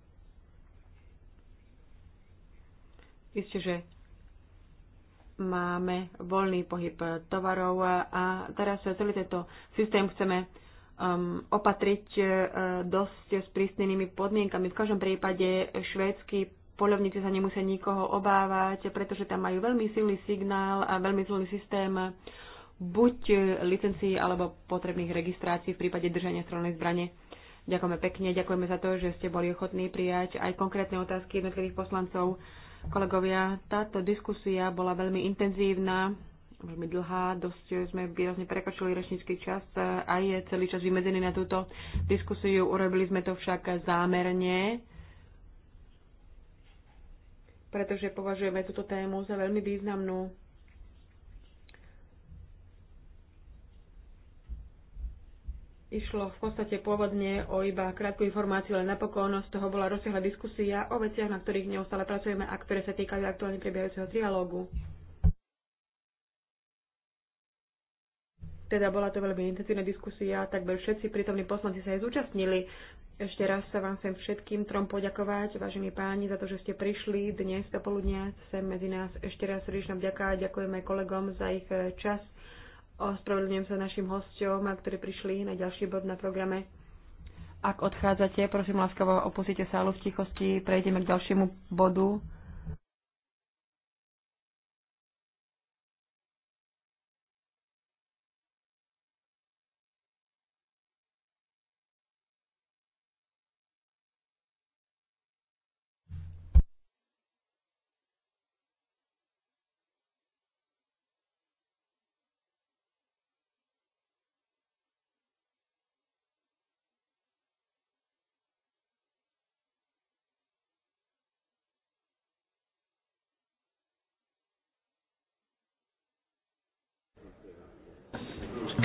Isté, že máme voľný pohyb eh, tovarov a teraz celý tento systém chceme um, opatriť uh, dosť s prísnenými podmienkami. V každom prípade švédsky polovníci sa nemusia nikoho obávať, pretože tam majú veľmi silný signál a veľmi silný systém buď licencií alebo potrebných registrácií v prípade držania strelnej zbrane. Ďakujeme pekne, ďakujeme za to, že ste boli ochotní prijať aj konkrétne otázky jednotlivých poslancov. Kolegovia, táto diskusia bola veľmi intenzívna veľmi dlhá, dosť sme výrazne prekočili rečnícky čas a je celý čas vymedzený na túto diskusiu. Urobili sme to však zámerne, pretože považujeme túto tému za veľmi významnú. Išlo v podstate pôvodne o iba krátku informáciu, ale napokon z toho bola rozsiahla diskusia o veciach, na ktorých neustále pracujeme a ktoré sa týkajú aktuálne prebiehajúceho trialógu. Teda bola to veľmi intenzívna diskusia, by všetci prítomní poslanci sa aj zúčastnili. Ešte raz sa vám chcem všetkým trom poďakovať, vážení páni, za to, že ste prišli dnes do poludnia sem medzi nás. Ešte raz srdečná vďaka, ďakujem aj kolegom za ich eh, čas. Ospravedlňujem sa našim hosťom, ktorí prišli na ďalší bod na programe. Ak odchádzate, prosím láskavo opustite sálu v tichosti, prejdeme k ďalšiemu bodu.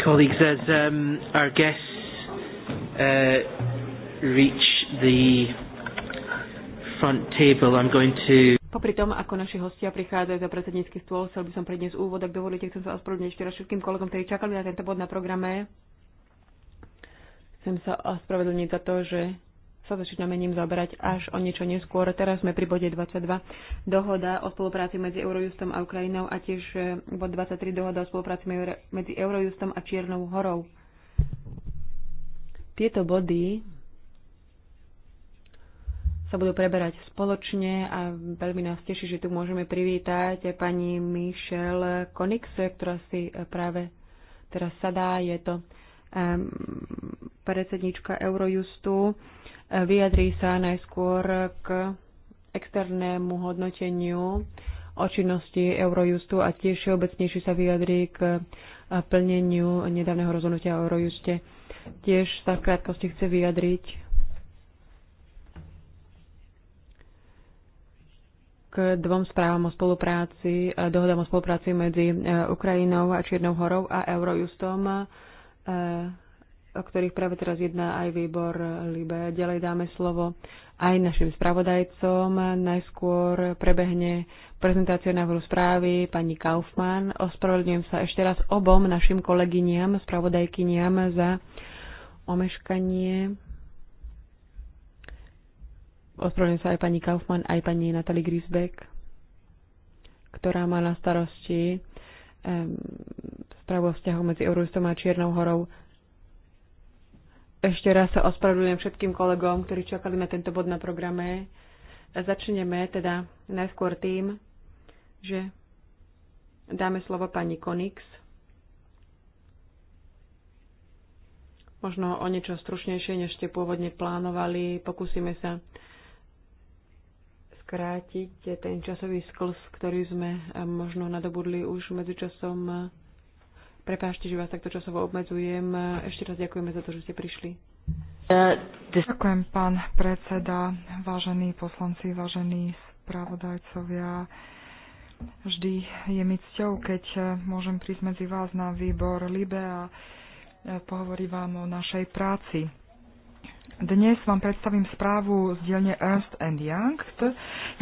Colleagues, as um, our guests uh, reach the front table, I'm going to Popri tom, ako naši hostia prichádzajú za predsednícky stôl, chcel by som predniesť úvod, ak dovolíte, chcem sa ospravedlniť ešte raz všetkým kolegom, ktorí čakali na tento bod na programe. Chcem sa ospravedlniť za to, že sa začíname ním zaoberať až o niečo neskôr. Teraz sme pri bode 22. Dohoda o spolupráci medzi Eurojustom a Ukrajinou a tiež eh, bod 23. Dohoda o spolupráci medzi Eurojustom a Čiernou horou. Tieto body sa budú preberať spoločne a veľmi nás teší, že tu môžeme privítať pani Michelle Konix, ktorá si eh, práve teraz sadá. Je to um, predsednička Eurojustu. Vyjadrí sa najskôr k externému hodnoteniu o činnosti Eurojustu a tiež všeobecnejšie sa vyjadrí k plneniu nedávneho rozhodnutia o Eurojuste. Tiež sa v krátkosti chce vyjadriť k dvom správam o spolupráci, dohodám o spolupráci medzi eh, Ukrajinou a Čiernou horou a Eurojustom eh, o ktorých práve teraz jedná aj výbor Libe. Ďalej dáme slovo aj našim spravodajcom. Najskôr prebehne prezentácia návrhu správy pani Kaufmann. Ospravedlňujem sa ešte raz obom našim kolegyniam, spravodajkyniam za omeškanie. Ospravedlňujem sa aj pani Kaufmann, aj pani Natalie Grisbeck, ktorá má na starosti um, správu o vzťahu medzi Eurostom a Čiernou horou ešte raz sa ospravedlňujem všetkým kolegom, ktorí čakali na tento bod na programe. Začneme teda najskôr tým, že dáme slovo pani Konix. Možno o niečo stručnejšie, než ste pôvodne plánovali. Pokúsime sa skrátiť ten časový sklz, ktorý sme možno nadobudli už medzičasom Prepášte, že vás takto časovo obmedzujem. Ešte raz ďakujeme za to, že ste prišli. Ďakujem, pán predseda, vážení poslanci, vážení spravodajcovia. Vždy je mi cťou, keď môžem prísť medzi vás na výbor Libe a pohovorí vám o našej práci. Dnes vám predstavím správu z dielne Ernst Young.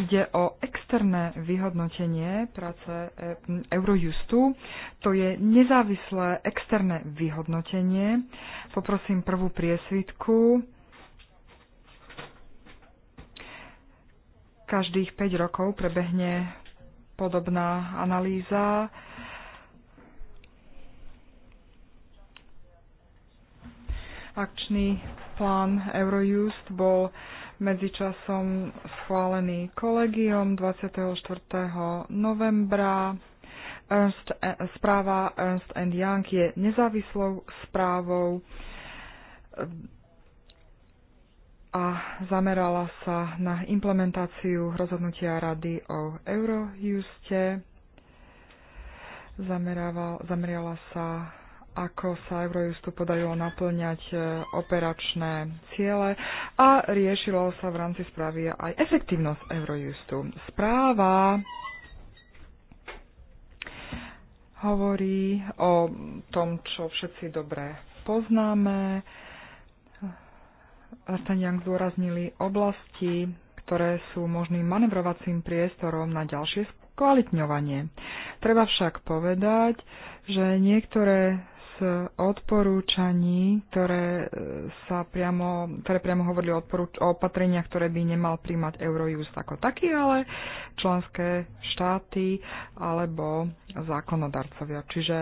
Ide o externé vyhodnotenie práce eh, Eurojustu. To je nezávislé externé vyhodnotenie. Poprosím prvú priesvitku. Každých 5 rokov prebehne podobná analýza. Akčný plán Eurojust bol medzičasom schválený kolegium 24. novembra. Ernst, e, správa Ernst Young je nezávislou správou a zamerala sa na implementáciu rozhodnutia Rady o Eurojuste. Zamerala sa ako sa Eurojustu podarilo naplňať e, operačné ciele a riešilo sa v rámci správy aj efektívnosť Eurojustu. Správa hovorí o tom, čo všetci dobre poznáme. Artanian zdôraznili oblasti, ktoré sú možným manevrovacím priestorom na ďalšie kvalitňovanie. Treba však povedať, že niektoré odporúčaní, ktoré, e, sa priamo, ktoré priamo hovorili o, o opatreniach, ktoré by nemal príjmať Eurojust ako taký, ale členské štáty alebo zákonodarcovia. Čiže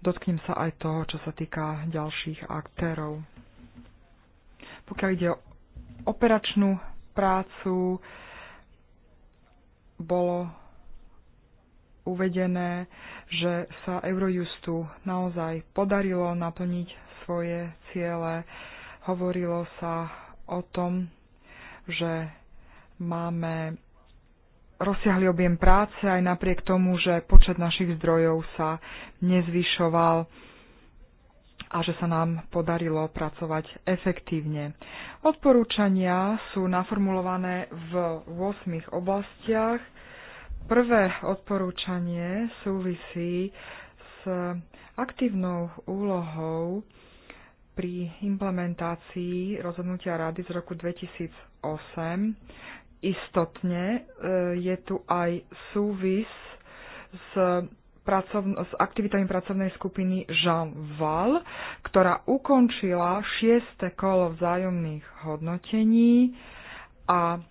dotknem sa aj toho, čo sa týka ďalších aktérov. Pokiaľ ide o operačnú prácu, bolo uvedené, že sa Eurojustu naozaj podarilo naplniť svoje ciele. Hovorilo sa o tom, že máme rozsiahli objem práce aj napriek tomu, že počet našich zdrojov sa nezvyšoval a že sa nám podarilo pracovať efektívne. Odporúčania sú naformulované v 8 oblastiach Prvé odporúčanie súvisí s aktívnou úlohou pri implementácii rozhodnutia Rady z roku 2008. Istotne e, je tu aj súvis s, pracovn- s aktivitami pracovnej skupiny Jean Val, ktorá ukončila šieste kolo vzájomných hodnotení a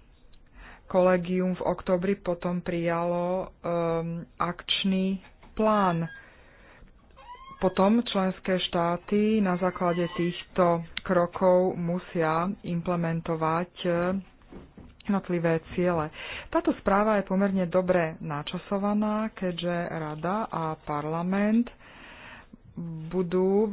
kolegium v oktobri potom prijalo um, akčný plán. Potom členské štáty na základe týchto krokov musia implementovať uh, jednotlivé ciele. Táto správa je pomerne dobre načasovaná, keďže Rada a parlament uh, budú,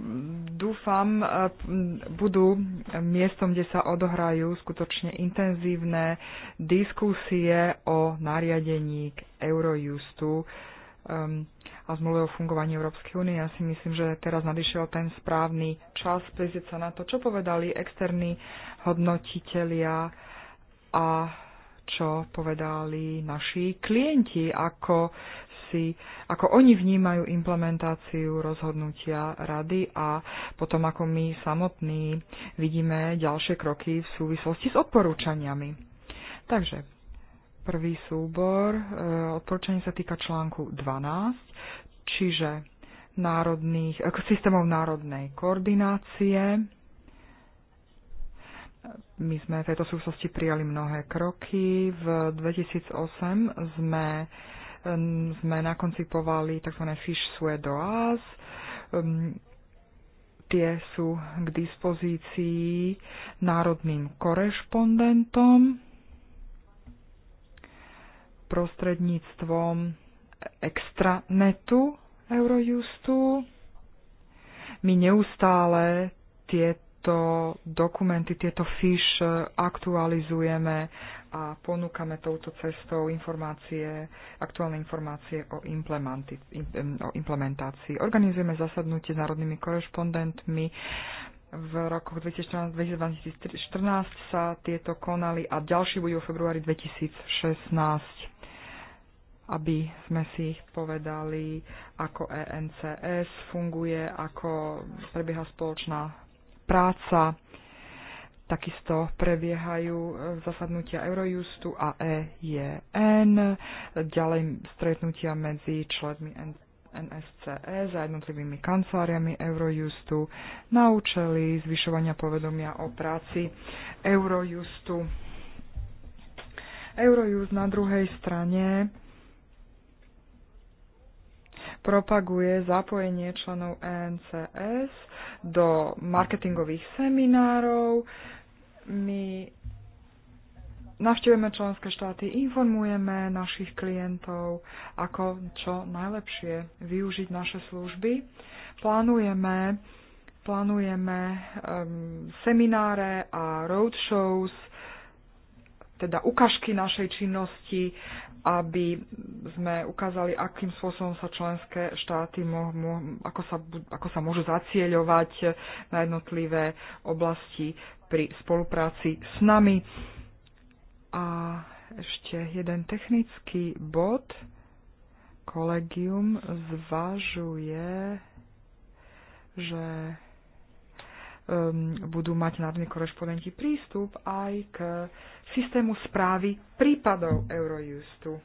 dúfam, e, budú miestom, kde sa odohrajú skutočne intenzívne diskusie o nariadení k Eurojustu a zmluve o fungovaní Európskej únie. Ja si myslím, že teraz nadišiel ten správny čas prezrieť sa na to, čo povedali externí hodnotitelia a čo povedali naši klienti, ako si, ako oni vnímajú implementáciu rozhodnutia rady a potom ako my samotní vidíme ďalšie kroky v súvislosti s odporúčaniami. Takže prvý súbor e, odporúčanie sa týka článku 12, čiže národných, e, systémov národnej koordinácie, my sme v tejto súvislosti prijali mnohé kroky. V 2008 sme Ehm, sme nakoncipovali tzv. Fish Suedoas. Ehm, tie sú k dispozícii národným korešpondentom prostredníctvom extranetu Eurojustu. My neustále tieto dokumenty, tieto fiš aktualizujeme a ponúkame touto cestou informácie, aktuálne informácie o, o implementácii. Organizujeme zasadnutie s národnými korešpondentmi. V rokoch 2014-2014 sa tieto konali a ďalší budú v februári 2016 aby sme si povedali, ako ENCS funguje, ako prebieha spoločná práca Takisto prebiehajú eh, zasadnutia Eurojustu a EJN, ďalej stretnutia medzi členmi NSCE za jednotlivými kanceláriami Eurojustu na účely zvyšovania povedomia o práci Eurojustu. Eurojust na druhej strane propaguje zapojenie členov ENCS do marketingových seminárov, my navštevujeme členské štáty, informujeme našich klientov, ako čo najlepšie využiť naše služby. Plánujeme, plánujeme um, semináre a roadshows, teda ukážky našej činnosti, aby sme ukázali, akým spôsobom sa členské štáty, mo- mo- ako, sa, ako sa môžu zacieľovať na jednotlivé oblasti pri spolupráci s nami. A ešte jeden technický bod. Kolegium zvažuje, že um, budú mať národní korešpondenti prístup aj k systému správy prípadov Eurojustu.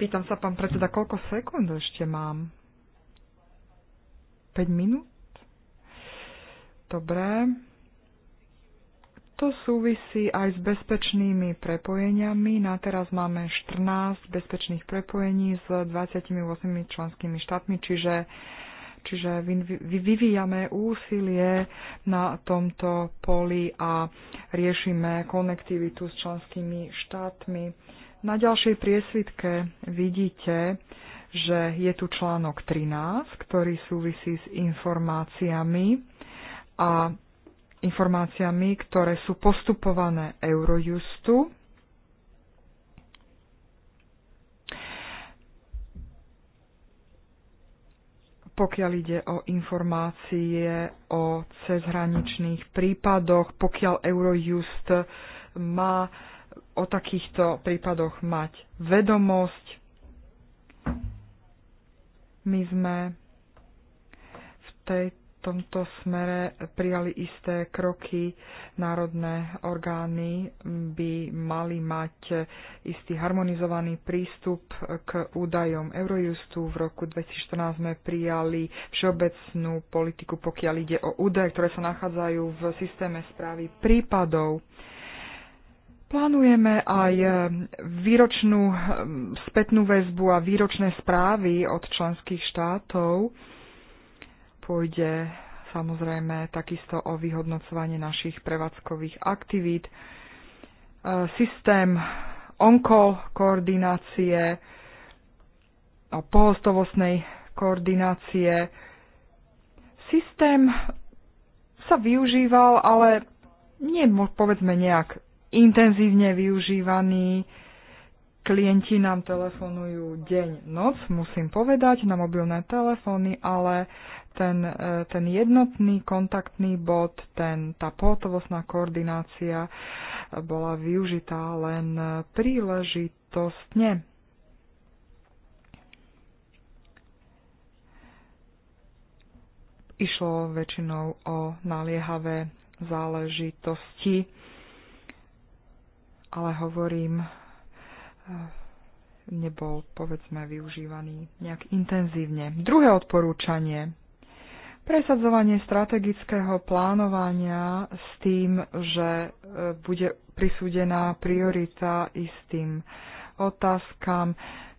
Pýtam sa, pán predseda, koľko sekúnd ešte mám? 5 minút? Dobre. To súvisí aj s bezpečnými prepojeniami. Na teraz máme 14 bezpečných prepojení s 28 členskými štátmi, čiže, čiže vyvíjame úsilie na tomto poli a riešime konektivitu s členskými štátmi. Na ďalšej priesvitke vidíte, že je tu článok 13, ktorý súvisí s informáciami a informáciami, ktoré sú postupované Eurojustu. pokiaľ ide o informácie o cezhraničných prípadoch, pokiaľ Eurojust má o takýchto prípadoch mať vedomosť. My sme v tejto tomto smere prijali isté kroky. Národné orgány by mali mať istý harmonizovaný prístup k údajom Eurojustu. V roku 2014 sme prijali všeobecnú politiku, pokiaľ ide o údaje, ktoré sa nachádzajú v systéme správy prípadov. Plánujeme aj výročnú ehm, spätnú väzbu a výročné správy od členských štátov Pôjde samozrejme takisto o vyhodnocovanie našich prevádzkových aktivít, e, systém onkol koordinácie, pohostovostnej koordinácie. Systém sa využíval, ale nie povedzme nejak intenzívne využívaný. Klienti nám telefonujú deň, noc, musím povedať, na mobilné telefóny, ale ten, e, ten jednotný kontaktný bod, ten, tá pohotovostná koordinácia e, bola využitá len príležitostne. Išlo väčšinou o naliehavé záležitosti, ale hovorím, e, nebol povedzme využívaný nejak intenzívne. Druhé odporúčanie. Presadzovanie strategického plánovania s tým, že e, bude prisúdená priorita istým otázkam.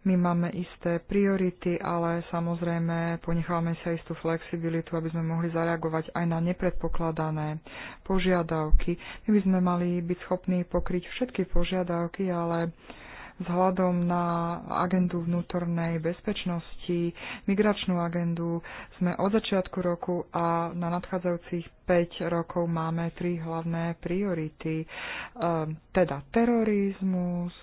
My máme isté priority, ale samozrejme ponechávame sa istú flexibilitu, aby sme mohli zareagovať aj na nepredpokladané požiadavky. My by sme mali byť schopní pokryť všetky požiadavky, ale vzhľadom na agendu vnútornej bezpečnosti, migračnú agendu. Sme od začiatku roku a na nadchádzajúcich 5 rokov máme tri hlavné priority. Ehm, teda terorizmus,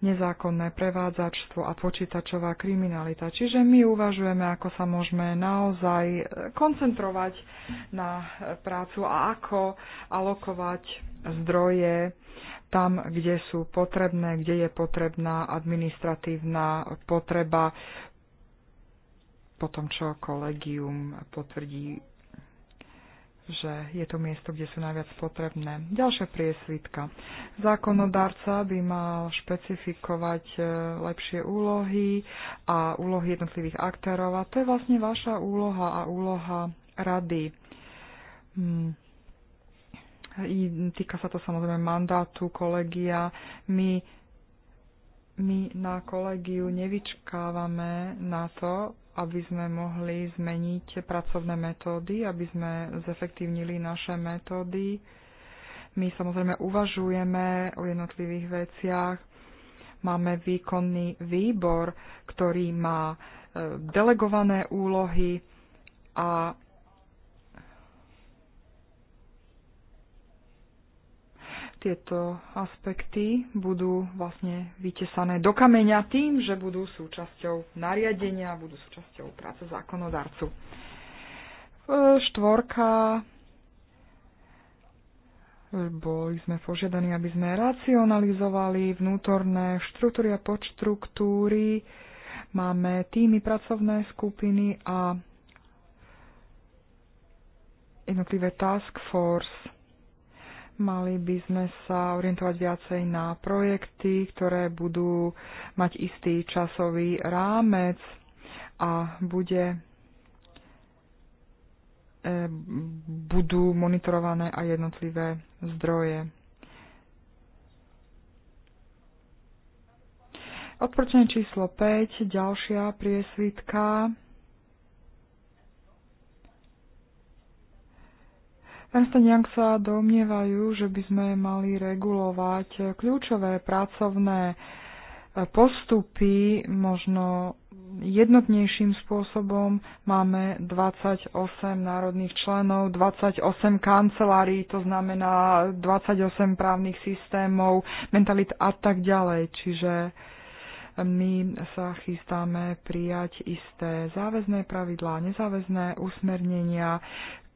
nezákonné prevádzačstvo a počítačová kriminalita. Čiže my uvažujeme, ako sa môžeme naozaj koncentrovať na prácu a ako alokovať zdroje tam, kde sú potrebné, kde je potrebná administratívna potreba po tom, čo kolegium potvrdí že je to miesto, kde sú najviac potrebné. Ďalšia priesvitka. Zákonodárca by mal špecifikovať e, lepšie úlohy a úlohy jednotlivých aktérov a to je vlastne vaša úloha a úloha rady. Hmm. Týka sa to samozrejme mandátu kolegia. My my na kolegiu nevyčkávame na to, aby sme mohli zmeniť pracovné metódy, aby sme zefektívnili naše metódy. My samozrejme uvažujeme o jednotlivých veciach. Máme výkonný výbor, ktorý má e, delegované úlohy a Tieto aspekty budú vlastne vytesané do kameňa tým, že budú súčasťou nariadenia, budú súčasťou práce zákonodarcu. E, štvorka boli sme požiadaní, aby sme racionalizovali vnútorné štruktúry a podštruktúry. Máme týmy, pracovné skupiny a jednotlivé task force. Mali by sme sa orientovať viacej na projekty, ktoré budú mať istý časový rámec a bude, e, budú monitorované aj jednotlivé zdroje. Odporčenie číslo 5, ďalšia priesvitka. Ernst Young sa domnievajú, že by sme mali regulovať kľúčové pracovné e, postupy možno jednotnejším spôsobom. Máme 28 národných členov, 28 kancelárií, to znamená 28 právnych systémov, mentalit a tak ďalej. Čiže my sa chystáme prijať isté záväzné pravidlá, nezáväzné usmernenia,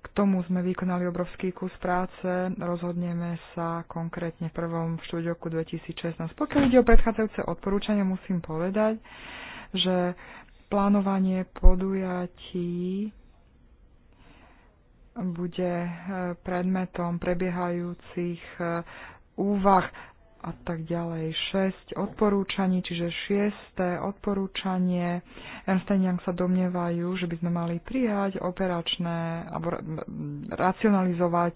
k tomu sme vykonali obrovský kus práce. Rozhodneme sa konkrétne v prvom štúdiu roku 2016. Pokiaľ ide o predchádzajúce odporúčania, musím povedať, že plánovanie podujatí bude eh, predmetom prebiehajúcich eh, úvah a tak ďalej. 6 odporúčaní, čiže 6. odporúčanie. Ernst Young sa domnievajú, že by sme mali prijať operačné, alebo racionalizovať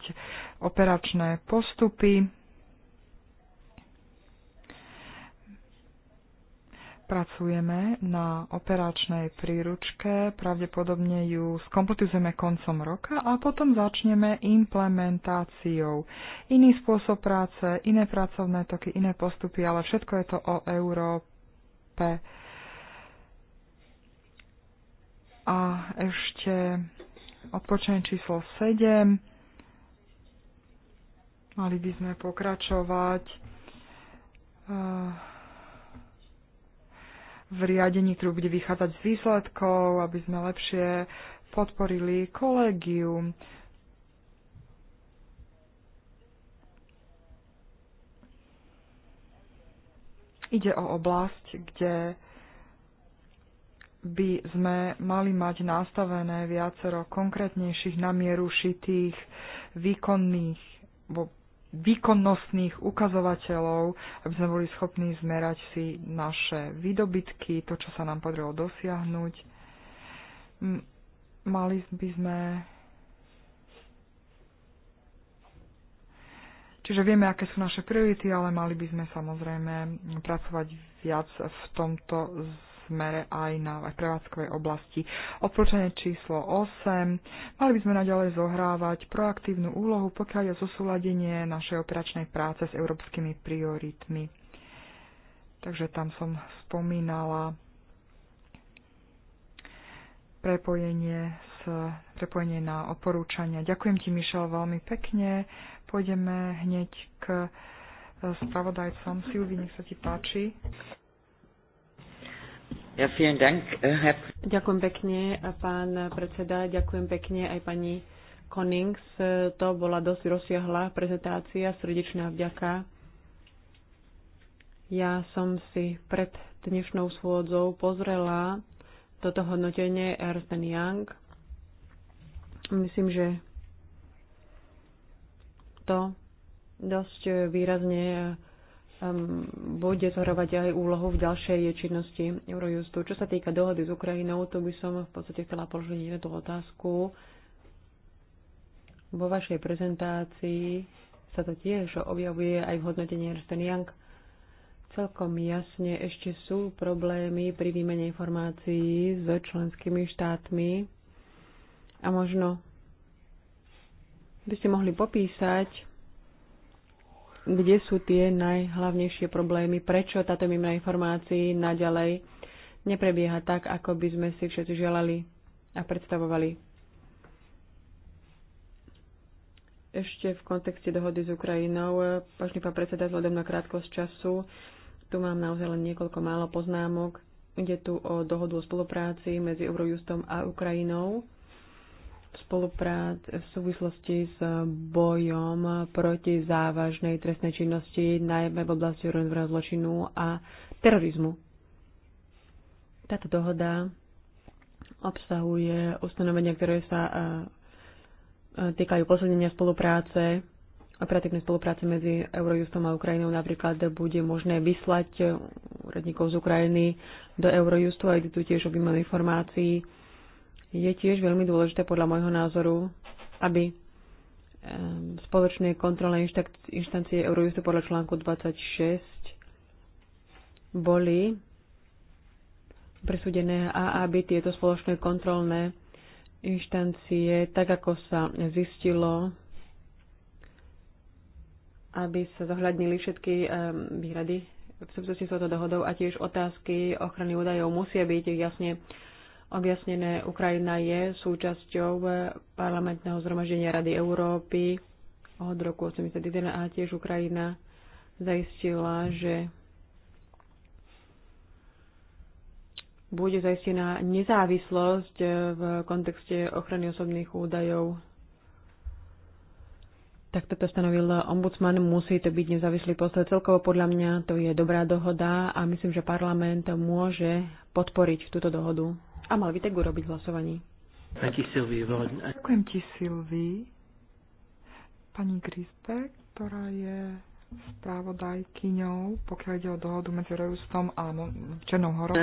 operačné postupy pracujeme na operačnej príručke, pravdepodobne ju skompletizujeme koncom roka a potom začneme implementáciou. Iný spôsob práce, iné pracovné toky, iné postupy, ale všetko je to o Európe. A ešte odpočenie číslo 7. Mali by sme pokračovať. Uh, v riadení, ktorú bude vychádzať z výsledkov, aby sme lepšie podporili kolegiu. Ide o oblasť, kde by sme mali mať nastavené viacero konkrétnejších namierušitých, šitých výkonných výkonnostných ukazovateľov, aby sme boli schopní zmerať si naše výdobytky, to, čo sa nám podarilo dosiahnuť. Mali by sme... Čiže vieme, aké sú naše priority, ale mali by sme samozrejme pracovať viac v tomto smere aj na prevádzkovej oblasti. Odporúčanie číslo 8. Mali by sme naďalej zohrávať proaktívnu úlohu, pokiaľ je zosúladenie našej operačnej práce s európskymi prioritmi. Takže tam som spomínala prepojenie, s, prepojenie na odporúčania. Ďakujem ti, Mišel, veľmi pekne. Pôjdeme hneď k e, spravodajcom. Silvi, nech sa ti páči. Ja, vielen Dank. Äh, ďakujem pekne, pán predseda. Ďakujem pekne aj pani Konings. To bola dosť rozsiahla prezentácia. Srdečná vďaka. Ja som si pred dnešnou schôdzou pozrela toto hodnotenie Ernst Young. Myslím, že to dosť výrazne bude zohrávať aj úlohu v ďalšej činnosti Eurojustu. Čo sa týka dohody s Ukrajinou, tu by som v podstate chcela položiť jednu otázku. Vo vašej prezentácii sa to tiež objavuje aj v hodnotení Ersten Young. Celkom jasne ešte sú problémy pri výmene informácií s členskými štátmi a možno by ste mohli popísať kde sú tie najhlavnejšie problémy, prečo táto mimo informácií naďalej neprebieha tak, ako by sme si všetci želali a predstavovali. Ešte v kontexte dohody s Ukrajinou, vážny pán predseda, vzhľadom na krátkosť času, tu mám naozaj len niekoľko málo poznámok. Ide tu o dohodu o spolupráci medzi Eurojustom a Ukrajinou spoluprác v súvislosti s bojom proti závažnej trestnej činnosti, najmä v oblasti organizovaného zločinu a terorizmu. Táto dohoda obsahuje ustanovenia, ktoré sa e, e, týkajú posledenia spolupráce, operatívnej spolupráce medzi Eurojustom a Ukrajinou. Napríklad bude možné vyslať úradníkov z Ukrajiny do Eurojustu a tu tiež o informácií je tiež veľmi dôležité podľa môjho názoru, aby eh, spoločné kontrolné inštancie Eurojustu podľa článku 26 boli presúdené a aby tieto spoločné kontrolné inštancie, tak ako sa zistilo, aby sa zohľadnili všetky eh, výhrady v súvislosti s touto dohodou a tiež otázky ochrany údajov musia byť jasne objasnené. Ukrajina je súčasťou eh, parlamentného zhromaždenia Rady Európy od roku 1981 a tiež Ukrajina zaistila, že bude zaistená nezávislosť eh, v kontexte ochrany osobných údajov. Tak toto stanovil ombudsman, musí to byť nezávislý postoj. Celkovo podľa mňa to je dobrá dohoda a myslím, že parlament môže podporiť túto dohodu a mal by tak urobiť v hlasovaní. Ďakujem ti, Silvi. Pani Grisbeck, ktorá je správodajkyňou, pokiaľ ide o dohodu medzi Reustom a Černou horou.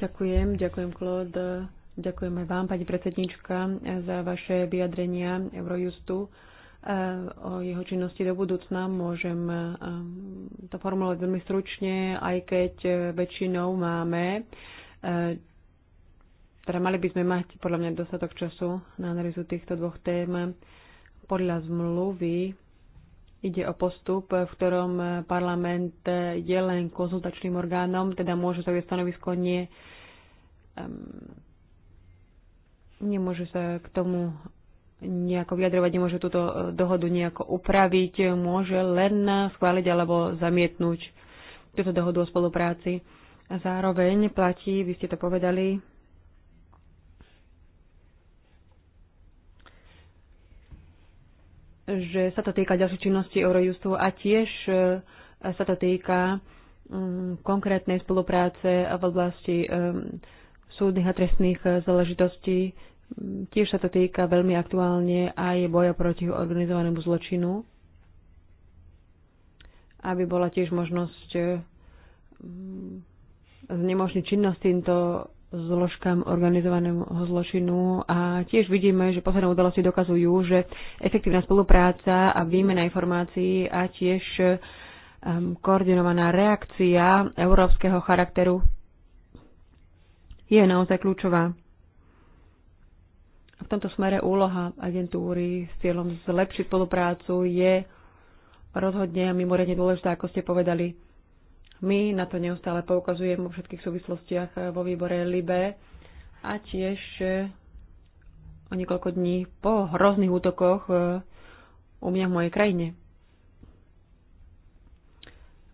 Ďakujem, ďakujem, Claude. Ďakujem aj vám, pani predsednička, za vaše vyjadrenia Eurojustu e, o jeho činnosti do budúcna. Môžem e, to formulovať veľmi stručne, aj keď e, väčšinou máme teda mali by sme mať podľa mňa dostatok času na analýzu týchto dvoch tém. Podľa zmluvy ide o postup, v ktorom parlament je len konzultačným orgánom, teda môže zaujať stanovisko, nie, um, nemôže sa k tomu nejako vyjadrovať, nemôže túto e, dohodu nejako upraviť, môže len schváliť alebo zamietnúť túto dohodu o spolupráci. A zároveň platí, vy ste to povedali, že sa to týka ďalšej činnosti Eurojustu a tiež e, sa to týka mm, konkrétnej spolupráce v oblasti e, súdnych a trestných e, záležitostí. Tiež sa to týka veľmi aktuálne aj boja proti organizovanému zločinu, aby bola tiež možnosť znemožniť činnosť týmto zložkám organizovaného zločinu a tiež vidíme, že posledné udalosti dokazujú, že efektívna spolupráca a výmena informácií a tiež um, koordinovaná reakcia európskeho charakteru je naozaj kľúčová. V tomto smere úloha agentúry s cieľom zlepšiť spoluprácu je rozhodne a mimoriadne dôležitá, ako ste povedali. My na to neustále poukazujeme vo všetkých súvislostiach eh, vo výbore LIBE a tiež eh, o niekoľko dní po hrozných útokoch eh, u mňa v mojej krajine.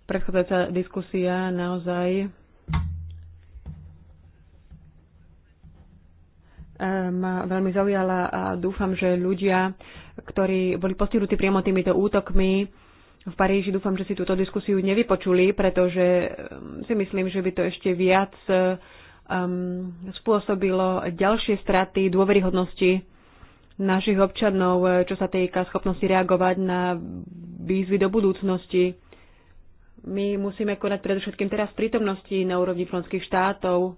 Predchádzajúca diskusia naozaj ma veľmi zaujala a dúfam, že ľudia, ktorí boli postihnutí priamo týmito útokmi, v Paríži. Dúfam, že si túto diskusiu nevypočuli, pretože um, si myslím, že by to ešte viac um, spôsobilo ďalšie straty dôveryhodnosti našich občanov, čo sa týka schopnosti reagovať na výzvy do budúcnosti. My musíme konať predovšetkým teraz v prítomnosti na úrovni členských štátov,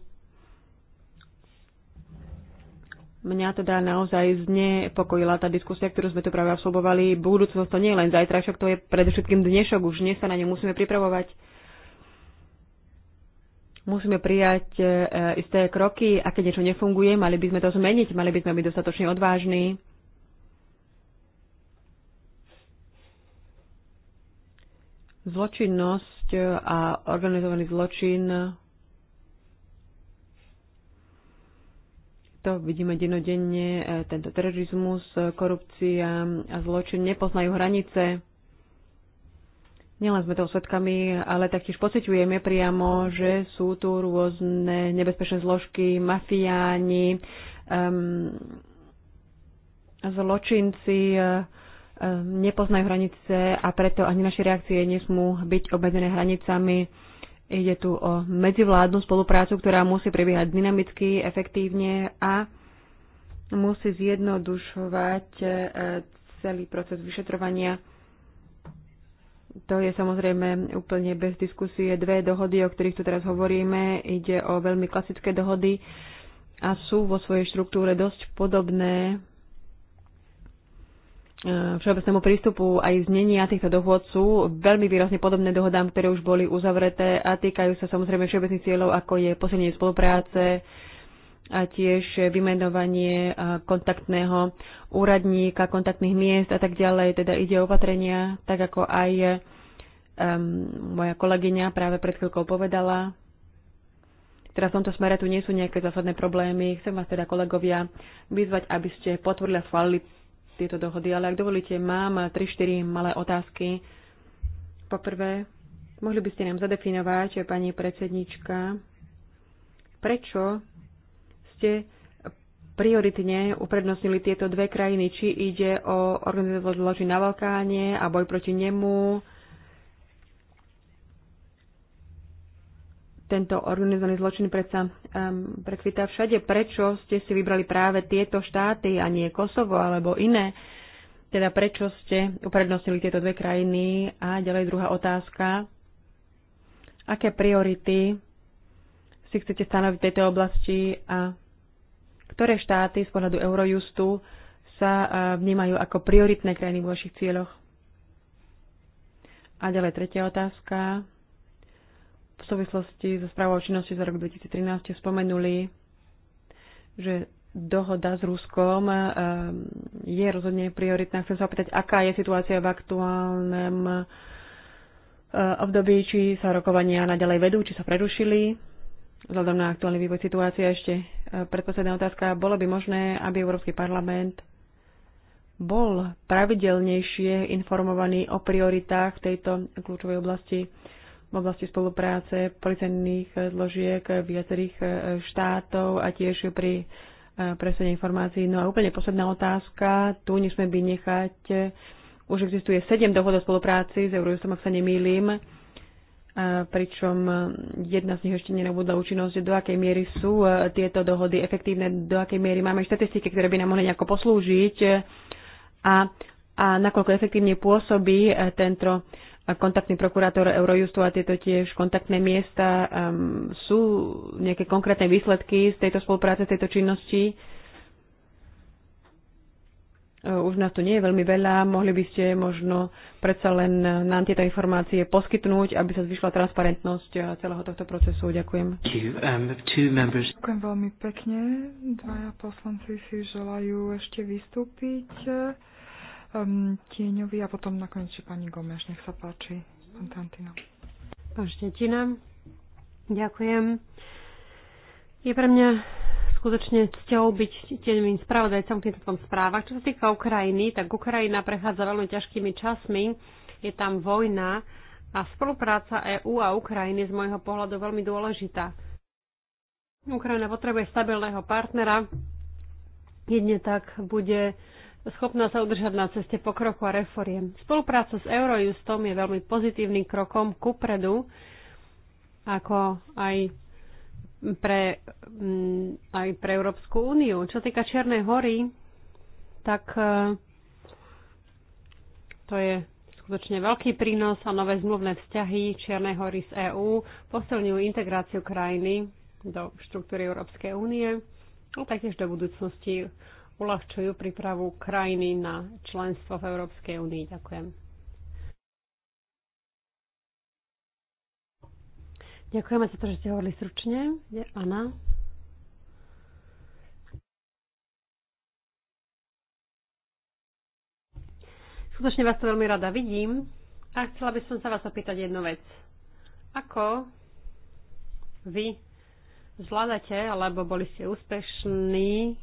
Mňa teda naozaj znepokojila tá diskusia, ktorú sme tu práve absolvovali. Budúcnosť to nie je len zajtra, však to je predovšetkým dnešok, už dnes sa na ňu musíme pripravovať. Musíme prijať e, isté kroky a keď niečo nefunguje, mali by sme to zmeniť, mali by sme byť dostatočne odvážni. Zločinnosť a organizovaný zločin To vidíme denodenne. E, tento terorizmus, e, korupcia a zločin nepoznajú hranice. Nielen sme to svetkami, ale taktiež pociťujeme priamo, že sú tu rôzne nebezpečné zložky, mafiáni, um, zločinci um, nepoznajú hranice a preto ani naše reakcie nesmú byť obmedzené hranicami Ide tu o medzivládnu spoluprácu, ktorá musí prebiehať dynamicky, efektívne a musí zjednodušovať e, celý proces vyšetrovania. To je samozrejme úplne bez diskusie. Dve dohody, o ktorých tu teraz hovoríme, ide o veľmi klasické dohody a sú vo svojej štruktúre dosť podobné všeobecnému prístupu aj znenia týchto dohôd sú veľmi výrazne podobné dohodám, ktoré už boli uzavreté a týkajú sa samozrejme všeobecných cieľov, ako je posilnenie spolupráce a tiež vymenovanie kontaktného úradníka, kontaktných miest a tak ďalej. Teda ide o opatrenia, tak ako aj um, moja kolegyňa práve pred chvíľkou povedala. Teda v tomto smere tu nie sú nejaké zásadné problémy. Chcem vás teda kolegovia vyzvať, aby ste potvrdili a schválili tieto dohody, ale ak dovolíte, mám 3-4 malé otázky. Poprvé, mohli by ste nám zadefinovať, pani predsednička, prečo ste prioritne uprednostnili tieto dve krajiny, či ide o organizovaný zloží na Balkáne a boj proti nemu, tento organizovaný zločin predsa um, prekvita všade. Prečo ste si vybrali práve tieto štáty a nie Kosovo alebo iné? Teda prečo ste uprednostnili tieto dve krajiny? A ďalej druhá otázka. Aké priority si chcete stanoviť v tejto oblasti a ktoré štáty z pohľadu Eurojustu sa uh, vnímajú ako prioritné krajiny v vašich cieľoch? A ďalej tretia otázka v súvislosti so správou činnosti za rok 2013 spomenuli, že dohoda s Ruskom eh, je rozhodne prioritná. Chcem sa opýtať, aká je situácia v aktuálnom eh, období, či sa rokovania naďalej vedú, či sa prerušili. Vzhľadom na aktuálny vývoj situácie ešte eh, predposledná otázka. Bolo by možné, aby Európsky parlament bol pravidelnejšie informovaný o prioritách v tejto kľúčovej oblasti v oblasti spolupráce policajných zložiek viacerých e, štátov a tiež pri e, presune informácií. No a úplne posledná otázka, tu nesme by nechať, e, už existuje 7 dohod o spolupráci s Eurojustom, ak sa nemýlim, pričom jedna z nich ešte nenabudla účinnosť, do akej miery sú tieto dohody efektívne, do akej miery máme štatistiky, ktoré by nám mohli nejako poslúžiť a, a nakoľko efektívne pôsobí tento kontaktný prokurátor Eurojustu a tieto tiež kontaktné miesta. Um, sú nejaké konkrétne výsledky z tejto spolupráce, z tejto činnosti? E, už nás tu nie je veľmi veľa. Mohli by ste možno predsa len nám tieto informácie poskytnúť, aby sa zvyšla transparentnosť e, celého tohto procesu. Ďakujem. Um, Ďakujem veľmi pekne. Dvaja poslanci si želajú ešte vystúpiť um, Tieňovi a potom nakoniec pani Gomeš. Nech sa páči, pán Tantino. Pán Štetina, ďakujem. Je pre mňa skutočne cťou byť tieňovým spravodajcom v týmto správach. Čo sa týka Ukrajiny, tak Ukrajina prechádza veľmi ťažkými časmi. Je tam vojna a spolupráca EÚ a Ukrajiny z môjho pohľadu veľmi dôležitá. Ukrajina potrebuje stabilného partnera. Jedne tak bude schopná sa udržať na ceste pokroku a reforiem. Spolupráca s Eurojustom je veľmi pozitívnym krokom kupredu, ako aj pre, mm, aj pre Európsku úniu. Čo týka Čiernej hory, tak e, to je skutočne veľký prínos a nové zmluvné vzťahy Čiernej hory z EÚ posilňujú integráciu krajiny do štruktúry Európskej únie a taktiež do budúcnosti uľahčujú prípravu krajiny na členstvo v Európskej únii. Ďakujem. Ďakujeme za to, že ste hovorili stručne. Je Anna. Skutočne vás to veľmi rada vidím a chcela by som sa vás opýtať jednu vec. Ako vy zvládate, alebo boli ste úspešní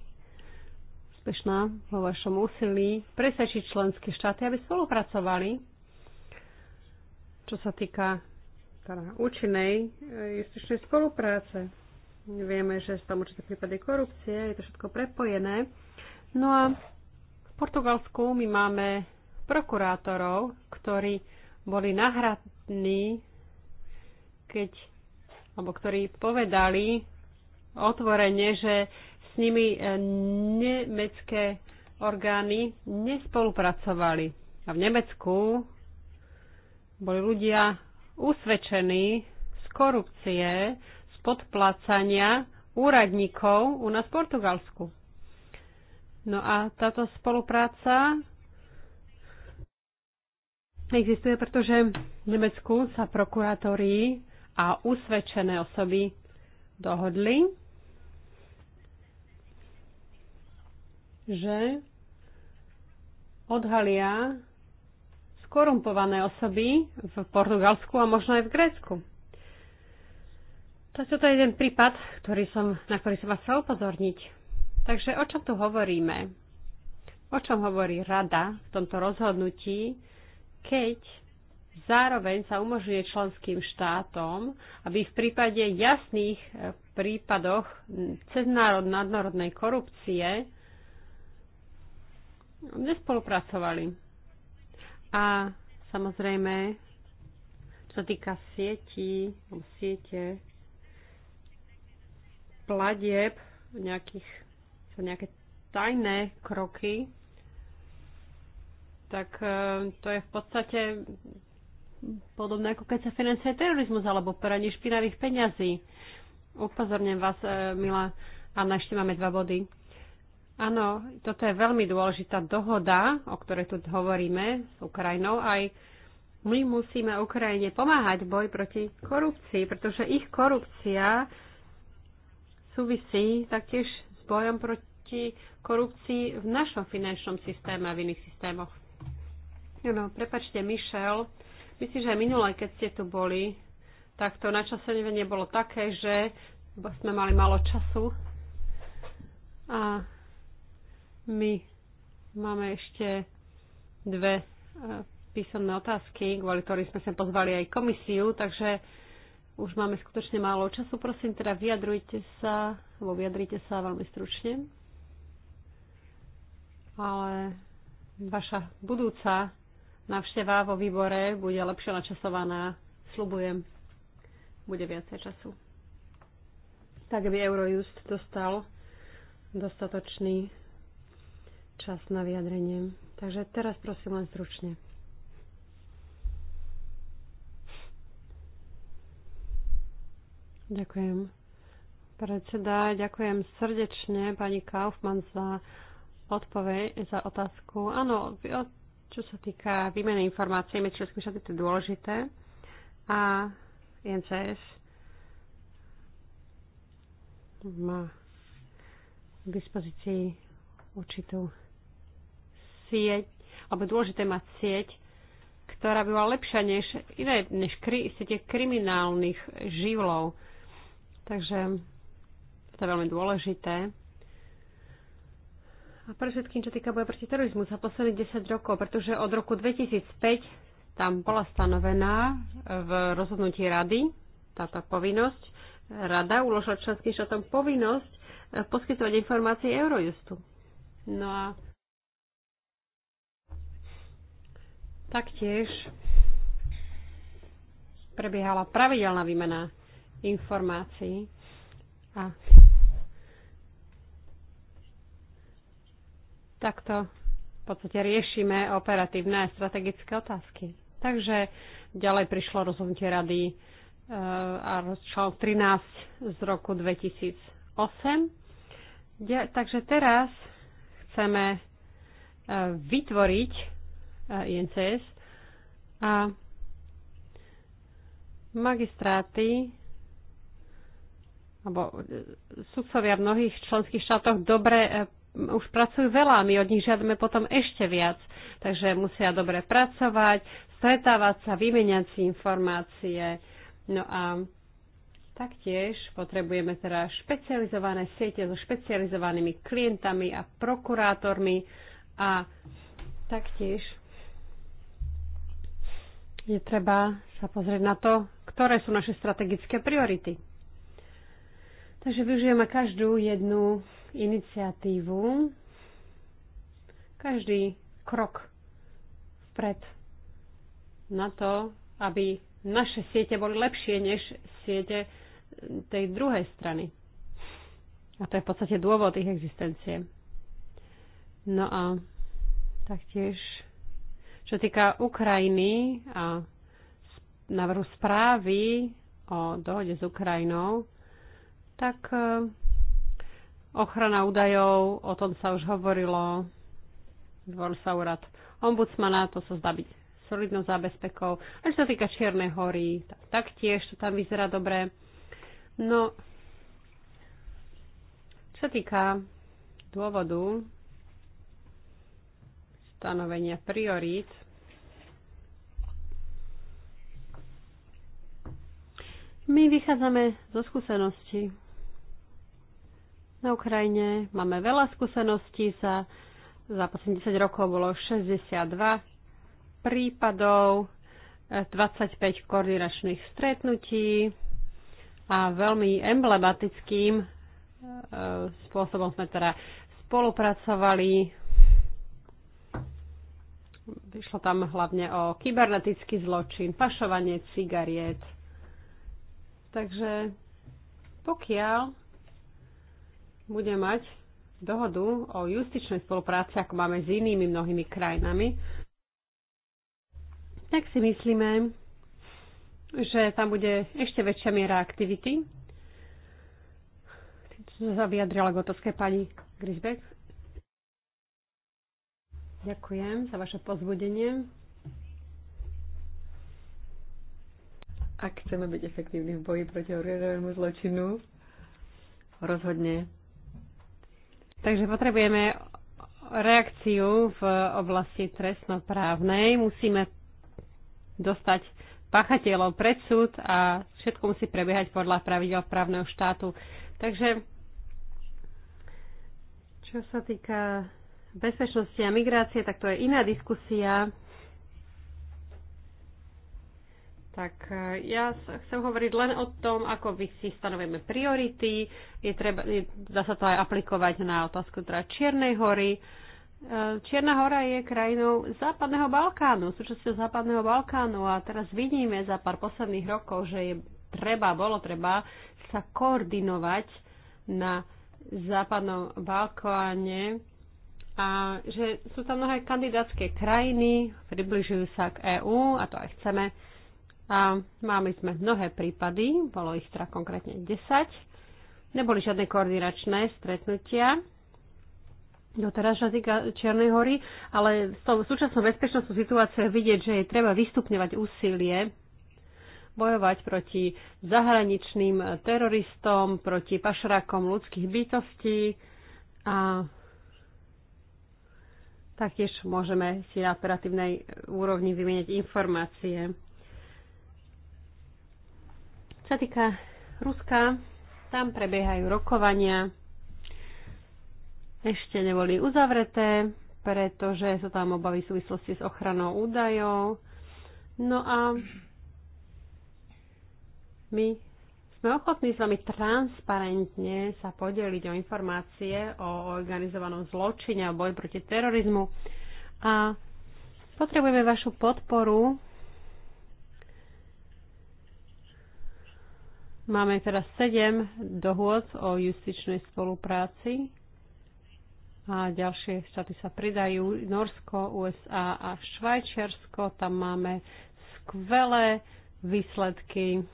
úspešná vo vašom úsilí presvedčiť členské štáty, aby spolupracovali, čo sa týka teda účinnej e, justičnej spolupráce. Vieme, že sú tam určité prípady korupcie, je to všetko prepojené. No a v Portugalsku my máme prokurátorov, ktorí boli nahradní, keď, alebo ktorí povedali otvorene, že nimi e, nemecké orgány nespolupracovali. A v Nemecku boli ľudia usvedčení z korupcie, z podplácania úradníkov u nás v Portugalsku. No a táto spolupráca existuje, pretože v Nemecku sa prokurátori a usvedčené osoby dohodli že odhalia skorumpované osoby v Portugalsku a možno aj v Grécku. je toto je jeden prípad, ktorý som, na ktorý som vás chcel upozorniť. Takže o čom tu hovoríme? O čom hovorí rada v tomto rozhodnutí, keď zároveň sa umožňuje členským štátom, aby v prípade jasných prípadoch národ nadnárodnej korupcie nespolupracovali. A samozrejme, čo sa týka sieti, siete, pladieb, nejakých, sú nejaké tajné kroky, tak e, to je v podstate podobné ako keď sa financuje terorizmus alebo peranie špinavých peňazí. Upozorňujem vás, e, milá Anna, ešte máme dva body. Áno, toto je veľmi dôležitá dohoda, o ktorej tu hovoríme s Ukrajinou. Aj my musíme Ukrajine pomáhať boj proti korupcii, pretože ich korupcia súvisí taktiež s bojom proti korupcii v našom finančnom systéme a v iných systémoch. No, prepačte, Michel, myslím, že aj minule, keď ste tu boli, tak to načasenie bolo také, že sme mali málo času a my máme ešte dve e, písomné otázky, kvôli ktorým sme sem pozvali aj komisiu, takže už máme skutočne málo času. Prosím, teda vyjadrujte sa, alebo vyjadrite sa veľmi stručne. Ale vaša budúca návšteva vo výbore bude lepšie načasovaná, slubujem. Bude viacej času. Tak by Eurojust dostal dostatočný čas na vyjadrenie. Takže teraz prosím len stručne. Ďakujem. Predseda, ďakujem srdečne pani Kaufmann za odpoveď, za otázku. Áno, čo sa týka výmeny informácií medzi členskými štátmi, to je dôležité. A INCS má k dispozícii určitú sieť, alebo dôležité mať sieť, ktorá by bola lepšia než iné, než kri, siete kriminálnych živlov. Takže to je veľmi dôležité. A pre všetkým, čo týka boja proti terorizmu, za posledných 10 rokov, pretože od roku 2005 tam bola stanovená e, v rozhodnutí rady táto povinnosť. Rada uložila členským štátom povinnosť e, poskytovať informácie Eurojustu. No a Taktiež prebiehala pravidelná výmena informácií a takto v podstate riešime operatívne a strategické otázky. Takže ďalej prišlo rozhodnutie rady e, a rozčal 13 z roku 2008. takže teraz chceme e, vytvoriť Eh, INCS. A magistráty alebo eh, sudcovia v mnohých členských štátoch dobre eh, už pracujú veľa, my od nich žiadame potom ešte viac. Takže musia dobre pracovať, stretávať sa, vymeniať si informácie. No a taktiež potrebujeme teda špecializované siete so špecializovanými klientami a prokurátormi a taktiež je treba sa pozrieť na to, ktoré sú naše strategické priority. Takže využijeme každú jednu iniciatívu, každý krok vpred na to, aby naše siete boli lepšie než siete tej druhej strany. A to je v podstate dôvod ich existencie. No a taktiež čo týka Ukrajiny a návrhu správy o dohode s Ukrajinou, tak e, ochrana údajov, o tom sa už hovorilo, dvor sa úrad ombudsmana, to sa zdá byť solidnou zábezpekou. A čo sa týka Čiernej hory, tak taktiež to tam vyzerá dobre. No, čo sa týka dôvodu, stanovenia priorít. My vychádzame zo skúseností. Na Ukrajine máme veľa skúseností. Za, za posledných 10 rokov bolo 62 prípadov, 25 koordinačných stretnutí a veľmi emblematickým e, spôsobom sme teda spolupracovali Išlo tam hlavne o kybernetický zločin, pašovanie cigariet. Takže pokiaľ bude mať dohodu o justičnej spolupráci, ako máme s inými mnohými krajinami, tak si myslíme, že tam bude ešte väčšia miera aktivity. Čo sa vyjadrila k otázke pani Grisbeck. Ďakujem za vaše pozbudenie. Ak chceme byť efektívni v boji proti organizovanému zločinu, rozhodne. Takže potrebujeme reakciu v oblasti trestnoprávnej. Musíme dostať pachateľov pred súd a všetko musí prebiehať podľa pravidel právneho štátu. Takže čo sa týka bezpečnosti a migrácie, tak to je iná diskusia. Tak e, ja chcem hovoriť len o tom, ako by si stanovíme priority. Je treba, je, dá sa to aj aplikovať na otázku teda Čiernej hory. E, Čierna hora je krajinou Západného Balkánu, súčasťou Západného Balkánu a teraz vidíme za pár posledných rokov, že je treba, bolo treba sa koordinovať na Západnom Balkáne a že sú tam mnohé kandidátske krajiny, približujú sa k EÚ a to aj chceme. A máme sme mnohé prípady, bolo ich teda konkrétne 10. Neboli žiadne koordinačné stretnutia doteraz týka Čiernej hory, ale s tou súčasnou bezpečnostnou situáciou je vidieť, že je treba vystupňovať úsilie bojovať proti zahraničným teroristom, proti pašrakom ľudských bytostí a Taktiež môžeme si na operatívnej úrovni vymeniť informácie. Čo sa týka Ruska, tam prebiehajú rokovania. Ešte neboli uzavreté, pretože sú tam obavy v súvislosti s ochranou údajov. No a my sme ochotní s vami transparentne sa podeliť o informácie o organizovanom zločine, o boj proti terorizmu a potrebujeme vašu podporu. Máme teraz 7 dohôd o justičnej spolupráci a ďalšie štáty sa pridajú. Norsko, USA a Švajčiarsko. Tam máme skvelé výsledky.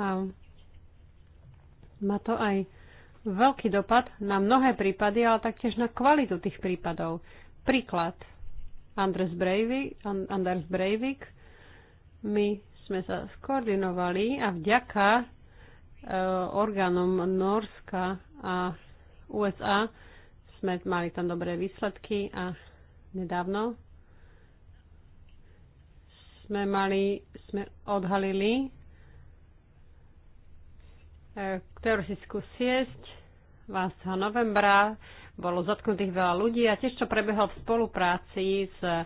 A má to aj veľký dopad na mnohé prípady, ale taktiež na kvalitu tých prípadov. Príklad. Anders Breivik, Anders Breivik my sme sa skoordinovali a vďaka e, orgánom Norska a USA sme mali tam dobré výsledky a nedávno sme mali, sme odhalili E, teroristickú siesť 12. novembra. Bolo zatknutých veľa ľudí a tiež čo prebehlo v spolupráci s e,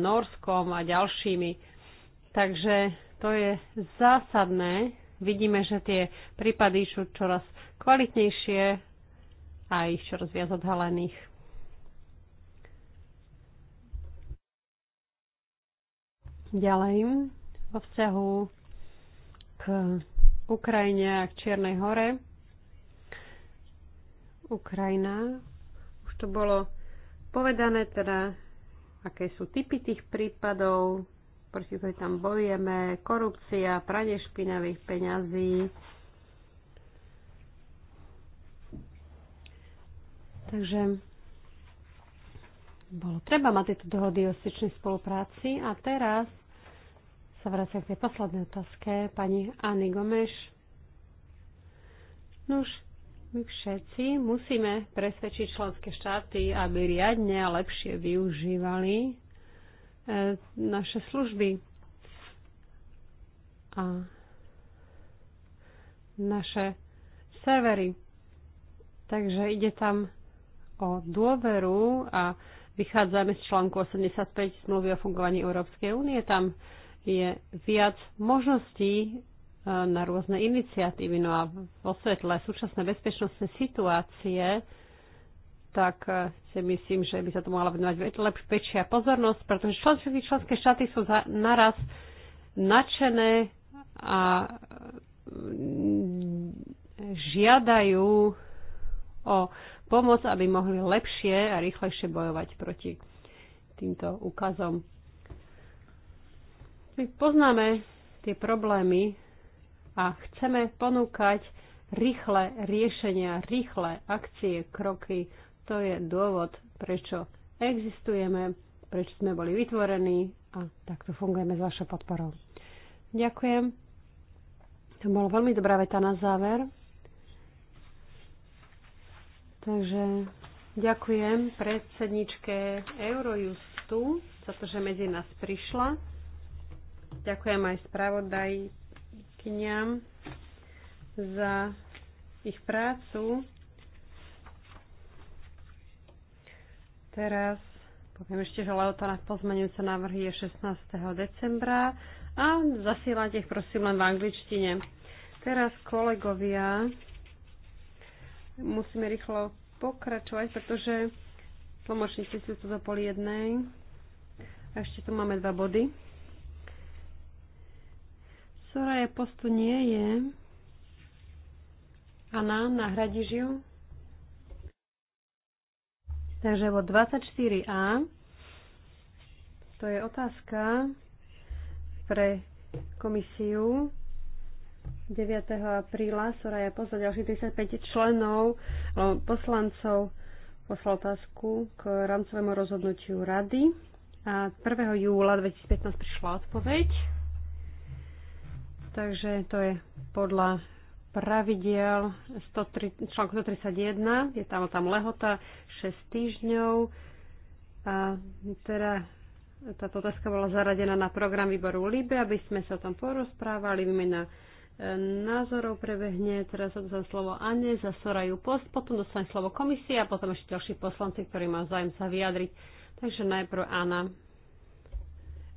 Norskom a ďalšími. Takže to je zásadné. Vidíme, že tie prípady sú čoraz kvalitnejšie a ich čoraz viac odhalených. Ďalej, vo vzťahu k Ukrajine a k Čiernej hore. Ukrajina, už to bolo povedané, teda aké sú typy tých prípadov, proti ktorým tam bojujeme, korupcia, pranie špinavých peňazí. Takže bolo treba mať tieto dohody o styčnej spolupráci a teraz sa vracia k tej poslednej otázke pani Anny Gomeš. Nuž, my všetci musíme presvedčiť členské štáty, aby riadne a lepšie využívali e, naše služby a naše servery. Takže ide tam o dôveru a vychádzame z článku 85 zmluvy o fungovaní Európskej únie. Tam je viac možností e, na rôzne iniciatívy. No a vo svetle súčasnej bezpečnostnej situácie, tak e, si myslím, že by sa to mohla venovať väčšia pozornosť, pretože členské, členské štáty sú za, naraz nadšené a mm, žiadajú o pomoc, aby mohli lepšie a rýchlejšie bojovať proti týmto úkazom my poznáme tie problémy a chceme ponúkať rýchle riešenia, rýchle akcie, kroky. To je dôvod, prečo existujeme, prečo sme boli vytvorení a takto fungujeme s vašou podporou. Ďakujem. To bola veľmi dobrá veta na záver. Takže ďakujem predsedničke Eurojustu za to, že medzi nás prišla. Ďakujem aj spravodajkyňam za ich prácu. Teraz poviem ešte, že lehota na pozmenujúce návrhy je 16. decembra a zasielať ich prosím len v angličtine. Teraz kolegovia, musíme rýchlo pokračovať, pretože tlmočníci sú tu za pol jednej. A ešte tu máme dva body. Soraya postu nie je. Ana, nahradíš ju? Takže vo 24a to je otázka pre komisiu 9. apríla Soraya pozvať ďalších 35 členov poslancov poslal otázku k rámcovému rozhodnutiu rady a 1. júla 2015 prišla odpoveď. Takže to je podľa pravidiel 103, článku 131, je tam, tam lehota 6 týždňov. A teda táto otázka bola zaradená na program výboru LIBE, aby sme sa tam porozprávali, výmena e, názorov prebehne, teraz odozvem slovo Ane, za Soraju Post, potom dostane slovo komisia a potom ešte ďalší poslanci, ktorí má zájem sa vyjadriť. Takže najprv Ana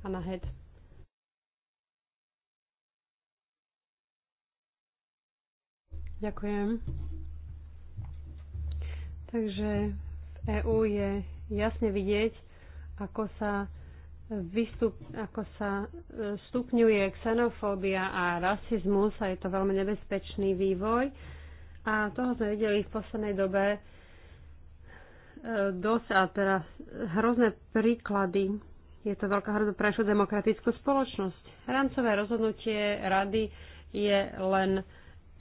Ana Head. Ďakujem. Takže v EÚ je jasne vidieť, ako sa vystup, ako sa e, stupňuje xenofóbia a rasizmus a je to veľmi nebezpečný vývoj. A toho sme videli v poslednej dobe e, dosť a teraz hrozné príklady. Je to veľká hrozba pre demokratickú spoločnosť. Rámcové rozhodnutie rady je len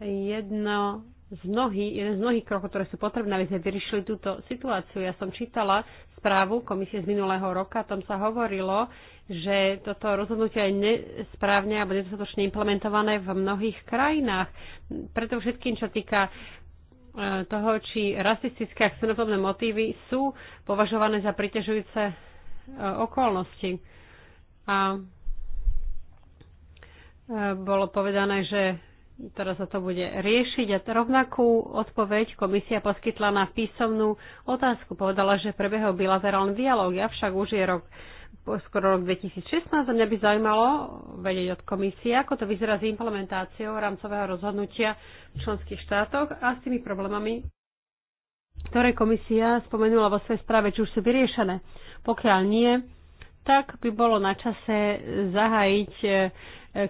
jedno z mnohých, jeden z mnohých krokov, ktoré sú potrebné, aby sme vyriešili túto situáciu. Ja som čítala správu komisie z minulého roka, tam sa hovorilo, že toto rozhodnutie je nesprávne alebo nedostatočne implementované v mnohých krajinách. Preto všetkým, čo týka e, toho, či rasistické a xenofobné motívy sú považované za priťažujúce e, okolnosti. A e, bolo povedané, že teraz sa to bude riešiť. A rovnakú odpoveď komisia poskytla na písomnú otázku. Povedala, že prebehol bilaterálny dialog, avšak už je rok skoro rok 2016 a mňa by zaujímalo vedieť od komisie, ako to vyzerá s implementáciou rámcového rozhodnutia v členských štátoch a s tými problémami, ktoré komisia spomenula vo svojej správe, či už sú vyriešené. Pokiaľ nie, tak by bolo na čase zahájiť e,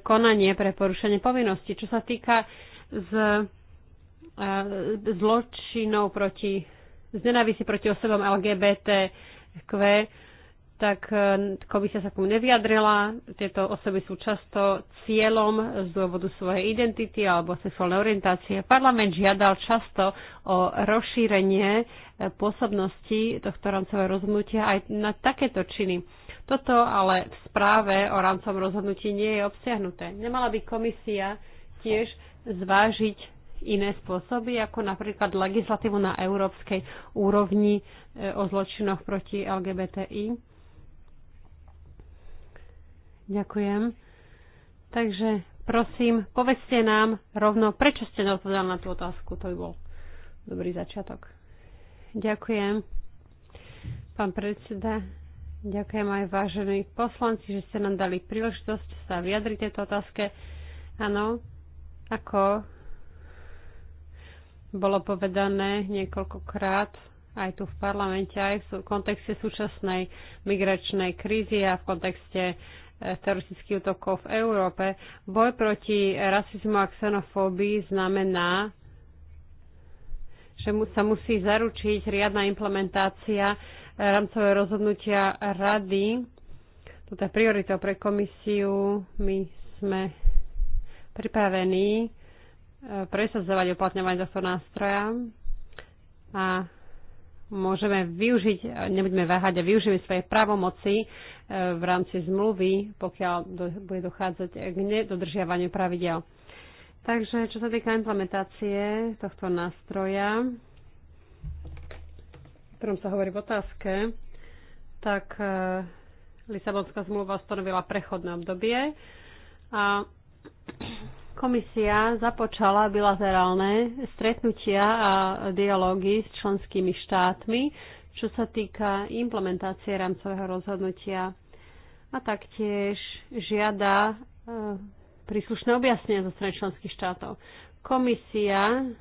konanie pre porušenie povinnosti. Čo sa týka z e, zločinov proti, z nenávisí proti osobom LGBTQ, tak e, komisia sa k tomu nevyjadrila. Tieto osoby sú často cieľom z dôvodu svojej identity alebo sexuálnej orientácie. Parlament žiadal často o rozšírenie pôsobnosti tohto rámcového rozhodnutia aj na takéto činy. Toto ale v správe o rámcom rozhodnutí nie je obsiahnuté. Nemala by komisia tiež zvážiť iné spôsoby, ako napríklad legislatívu na európskej úrovni e, o zločinoch proti LGBTI. Ďakujem. Takže prosím, povedzte nám rovno, prečo ste neodpovedali na tú otázku. To by bol dobrý začiatok. Ďakujem. Pán predseda, Ďakujem aj vážení poslanci, že ste nám dali príležitosť sa vyjadriť tejto otázke. Áno, ako bolo povedané niekoľkokrát aj tu v parlamente, aj v kontexte súčasnej migračnej krízy a v kontexte e, teroristických útokov v Európe. Boj proti rasizmu a xenofóbii znamená, že mu sa musí zaručiť riadna implementácia rámcové rozhodnutia rady. Toto je priorita pre komisiu. My sme pripravení eh, presadzovať uplatňovanie tohto nástroja a môžeme využiť, nebudeme váhať a využijeme svoje právomoci eh, v rámci zmluvy, pokiaľ do, bude dochádzať k nedodržiavaniu pravidel. Takže čo sa týka implementácie tohto nástroja, ktorom sa hovorí v otázke, tak e, Lisabonská zmluva stanovila prechodné obdobie a komisia započala bilaterálne stretnutia a dialógy s členskými štátmi, čo sa týka implementácie rámcového rozhodnutia a taktiež žiada e, príslušné objasnenie zo strany členských štátov. Komisia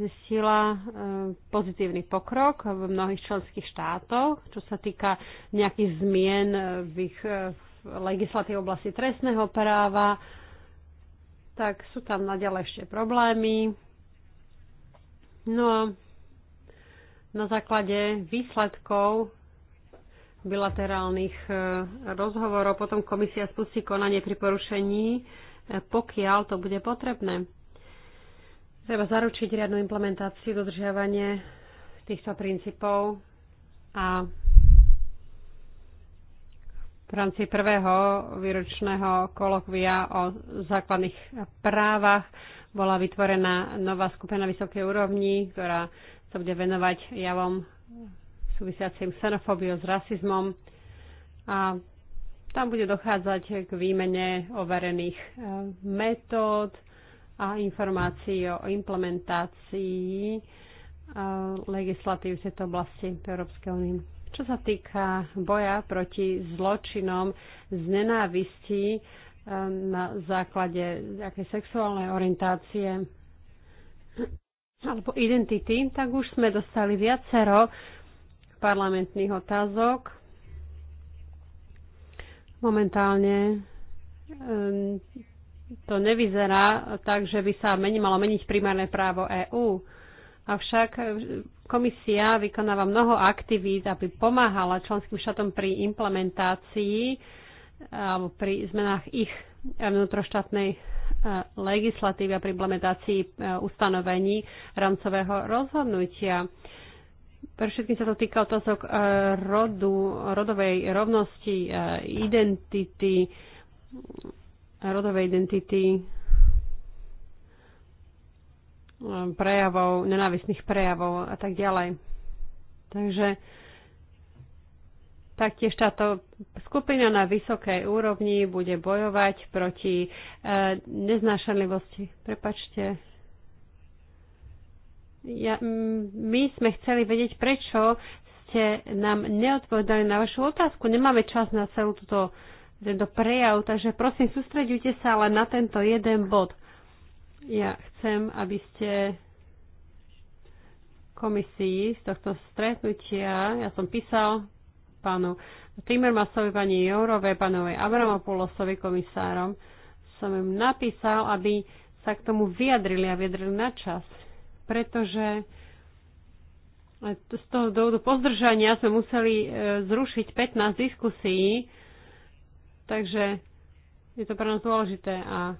zistila e, pozitívny pokrok v mnohých členských štátoch, čo sa týka nejakých zmien e, v ich e, legislatív oblasti trestného práva, tak sú tam naďalej ešte problémy. No a na základe výsledkov bilaterálnych rozhovorov potom komisia spustí konanie pri porušení, pokiaľ to bude potrebné. Treba zaručiť riadnu implementáciu, dodržiavanie týchto princípov a v rámci prvého výročného kolokvia o základných právach bola vytvorená nová skupina vysokej úrovni, ktorá sa bude venovať javom súvisiacim xenofóbiou s rasizmom a tam bude dochádzať k výmene overených e, metód, a informácií o implementácii legislatív v tejto oblasti Európskej únie. Čo sa týka boja proti zločinom z nenávisti e, na základe nejakej sexuálnej orientácie alebo identity, tak už sme dostali viacero parlamentných otázok. Momentálne to nevyzerá tak, že by sa meni, malo meniť primárne právo EÚ. Avšak e, komisia vykonáva mnoho aktivít, aby pomáhala členským štátom pri implementácii e, alebo pri zmenách ich vnútroštátnej e, legislatívy a pri implementácii ustanovení rámcového rozhodnutia. Pre všetkým sa to týka otázok rodu, rodovej rovnosti, identity, rodovej identity, um, prejavov, nenávisných prejavov a tak ďalej. Takže taktiež táto skupina na vysokej úrovni bude bojovať proti e, neznášanlivosti. Prepačte. Ja, my sme chceli vedieť, prečo ste nám neodpovedali na vašu otázku. Nemáme čas na celú túto tento prejav, takže prosím, sústredujte sa ale na tento jeden bod. Ja chcem, aby ste komisii z tohto stretnutia, ja som písal pánu Timmermasovi, pani Jourovej, pánovi Abramopulosovi, komisárom, som im napísal, aby sa k tomu vyjadrili a vyjadrili na čas, pretože z toho dôvodu pozdržania sme museli e, zrušiť 15 diskusí Takže je to pre nás dôležité a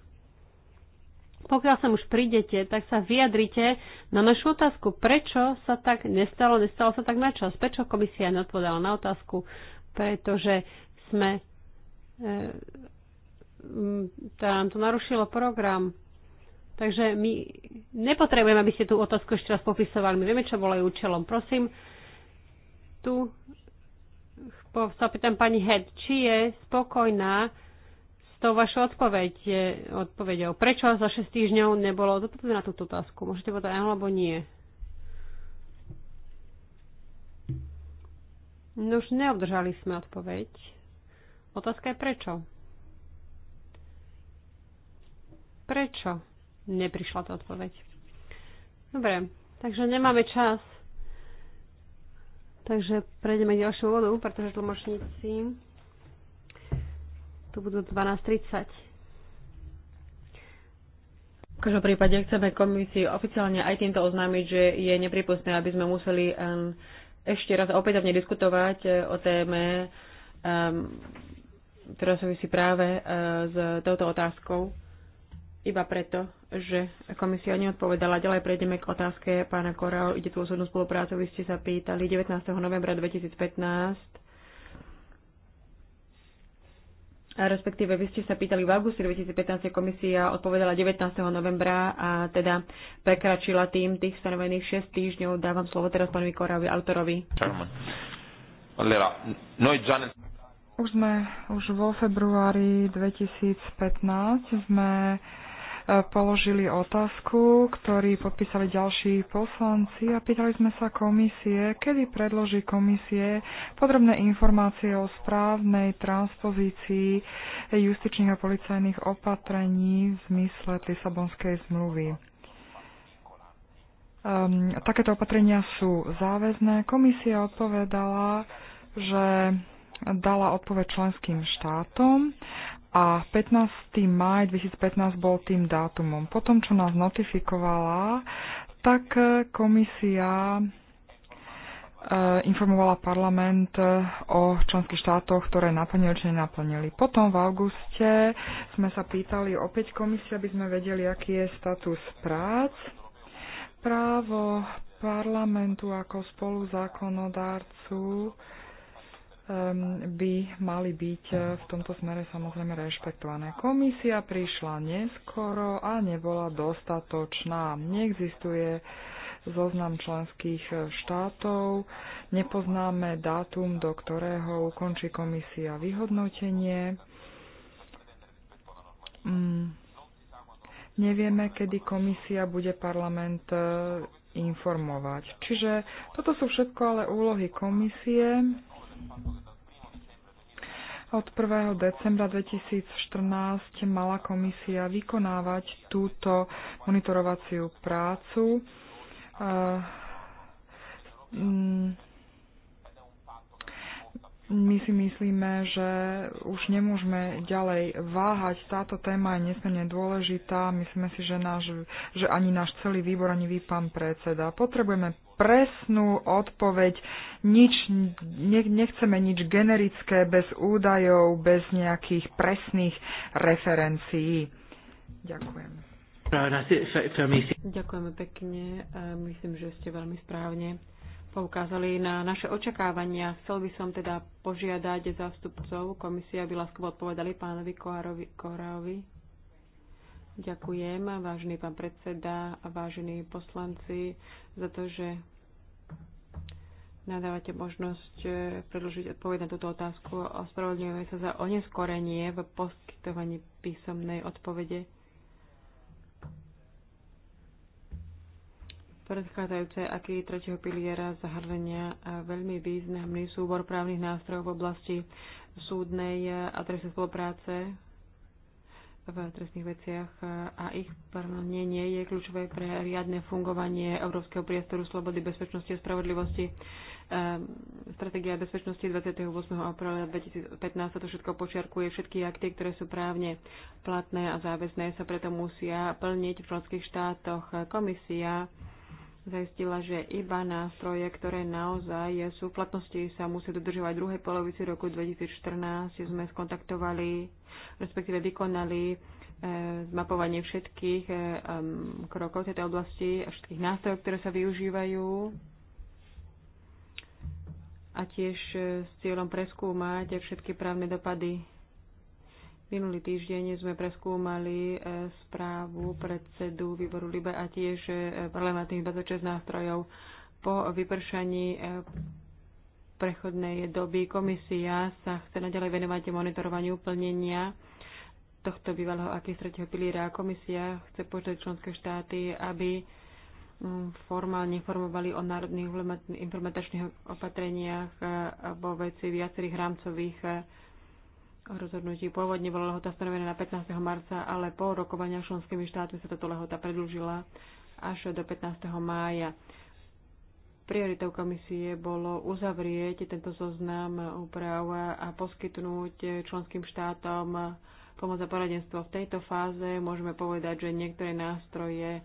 pokiaľ sa už prídete, tak sa vyjadrite na našu otázku, prečo sa tak nestalo, nestalo sa tak na čas, prečo komisia neodpovedala na otázku, pretože sme e, teda nám to narušilo program. Takže my nepotrebujeme, aby ste tú otázku ešte raz popisovali. My vieme, čo bolo jej účelom. Prosím, tu sa pýtam pani Head, či je spokojná s tou vašou odpoveď, odpovedou. Prečo za 6 týždňov nebolo odpovedať na túto otázku? Môžete povedať áno alebo nie? No už neobdržali sme odpoveď. Otázka je prečo. Prečo neprišla tá odpoveď? Dobre, takže nemáme čas Takže prejdeme k ďalšiemu bodu, pretože tlmočníci tu budú 12.30. V každom prípade chceme komisii oficiálne aj týmto oznámiť, že je nepripustné, aby sme museli um, ešte raz opätovne diskutovať uh, o téme, um, ktorá súvisí práve uh, s touto otázkou iba preto, že komisia neodpovedala. Ďalej prejdeme k otázke pána Korál. Ide tu o súdnu spoluprácu. Vy ste sa pýtali 19. novembra 2015. A respektíve vy ste sa pýtali v auguste 2015, komisia odpovedala 19. novembra a teda prekračila tým tých stanovených 6 týždňov. Dávam slovo teraz pánovi Korávi, autorovi. Už sme už vo februári 2015 sme E, položili otázku, ktorý podpísali ďalší poslanci a pýtali sme sa komisie, kedy predloží komisie podrobné informácie o správnej transpozícii justičných a policajných opatrení v zmysle Lisabonskej zmluvy. Um, takéto opatrenia sú záväzné. Komisia odpovedala, že dala odpoveď členským štátom a 15. maj 2015 bol tým dátumom. Potom, čo nás notifikovala, tak e, komisia e, informovala parlament e, o členských štátoch, ktoré naplnili či nenaplnili. Potom v auguste sme sa pýtali opäť komisie, aby sme vedeli, aký je status prác. Právo parlamentu ako spoluzákonodárcu by mali byť e, v tomto smere samozrejme rešpektované. Komisia prišla neskoro a nebola dostatočná. Neexistuje zoznam členských e, štátov, nepoznáme dátum, do ktorého ukončí komisia vyhodnotenie. Mm. Nevieme, kedy komisia bude parlament e, informovať. Čiže toto sú všetko ale úlohy komisie od 1. decembra 2014 mala komisia vykonávať túto monitorovaciu prácu. Uh, my si myslíme, že už nemôžeme ďalej váhať. Táto téma je nesmierne dôležitá. Myslíme si, že, náš, že ani náš celý výbor, ani vy, pán predseda. Potrebujeme presnú odpoveď. Nič, ne, nechceme nič generické, bez údajov, bez nejakých presných referencií. Ďakujem. Ďakujeme pekne. Myslím, že ste veľmi správne poukázali na naše očakávania. Chcel by som teda požiadať zástupcov komisie, aby láskovo odpovedali pánovi Korárovi. Ďakujem, vážený pán predseda a vážení poslanci, za to, že nadávate možnosť eh, predložiť odpoveď na túto otázku. Ospravedlňujeme sa za oneskorenie v poskytovaní písomnej odpovede. predchádzajúce aký tretieho piliera zahrania veľmi významný súbor právnych nástrojov v oblasti súdnej a trestnej spolupráce v trestných veciach a ich plnenie je kľúčové pre riadne fungovanie Európskeho priestoru slobody, bezpečnosti a spravodlivosti. Ehm, stratégia bezpečnosti 28. apríla 2015 sa to všetko počiarkuje. Všetky akty, ktoré sú právne platné a záväzné, sa preto musia plniť v členských štátoch. Komisia zaistila, že iba nástroje, ktoré naozaj sú v platnosti, sa musia dodržovať v druhej polovici roku 2014. Sme skontaktovali, respektíve vykonali e, zmapovanie všetkých e, krokov tejto oblasti a všetkých nástrojov, ktoré sa využívajú a tiež e, s cieľom preskúmať všetky právne dopady Minulý týždeň sme preskúmali e, správu predsedu výboru LIBE a tiež parlamentných e, 26 nástrojov. Po vypršaní e, prechodnej doby komisia sa chce naďalej venovať monitorovaniu plnenia tohto bývalého akých tretieho piliera. Komisia chce požiadať členské štáty, aby mm, formálne informovali o národných implementačných opatreniach vo veci viacerých rámcových rozhodnutí. Pôvodne bola lehota stanovená na 15. marca, ale po rokovania členskými štátmi sa táto lehota predlžila až do 15. mája. Prioritou komisie bolo uzavrieť tento zoznam úprav a poskytnúť členským štátom pomoc a poradenstvo. V tejto fáze môžeme povedať, že niektoré nástroje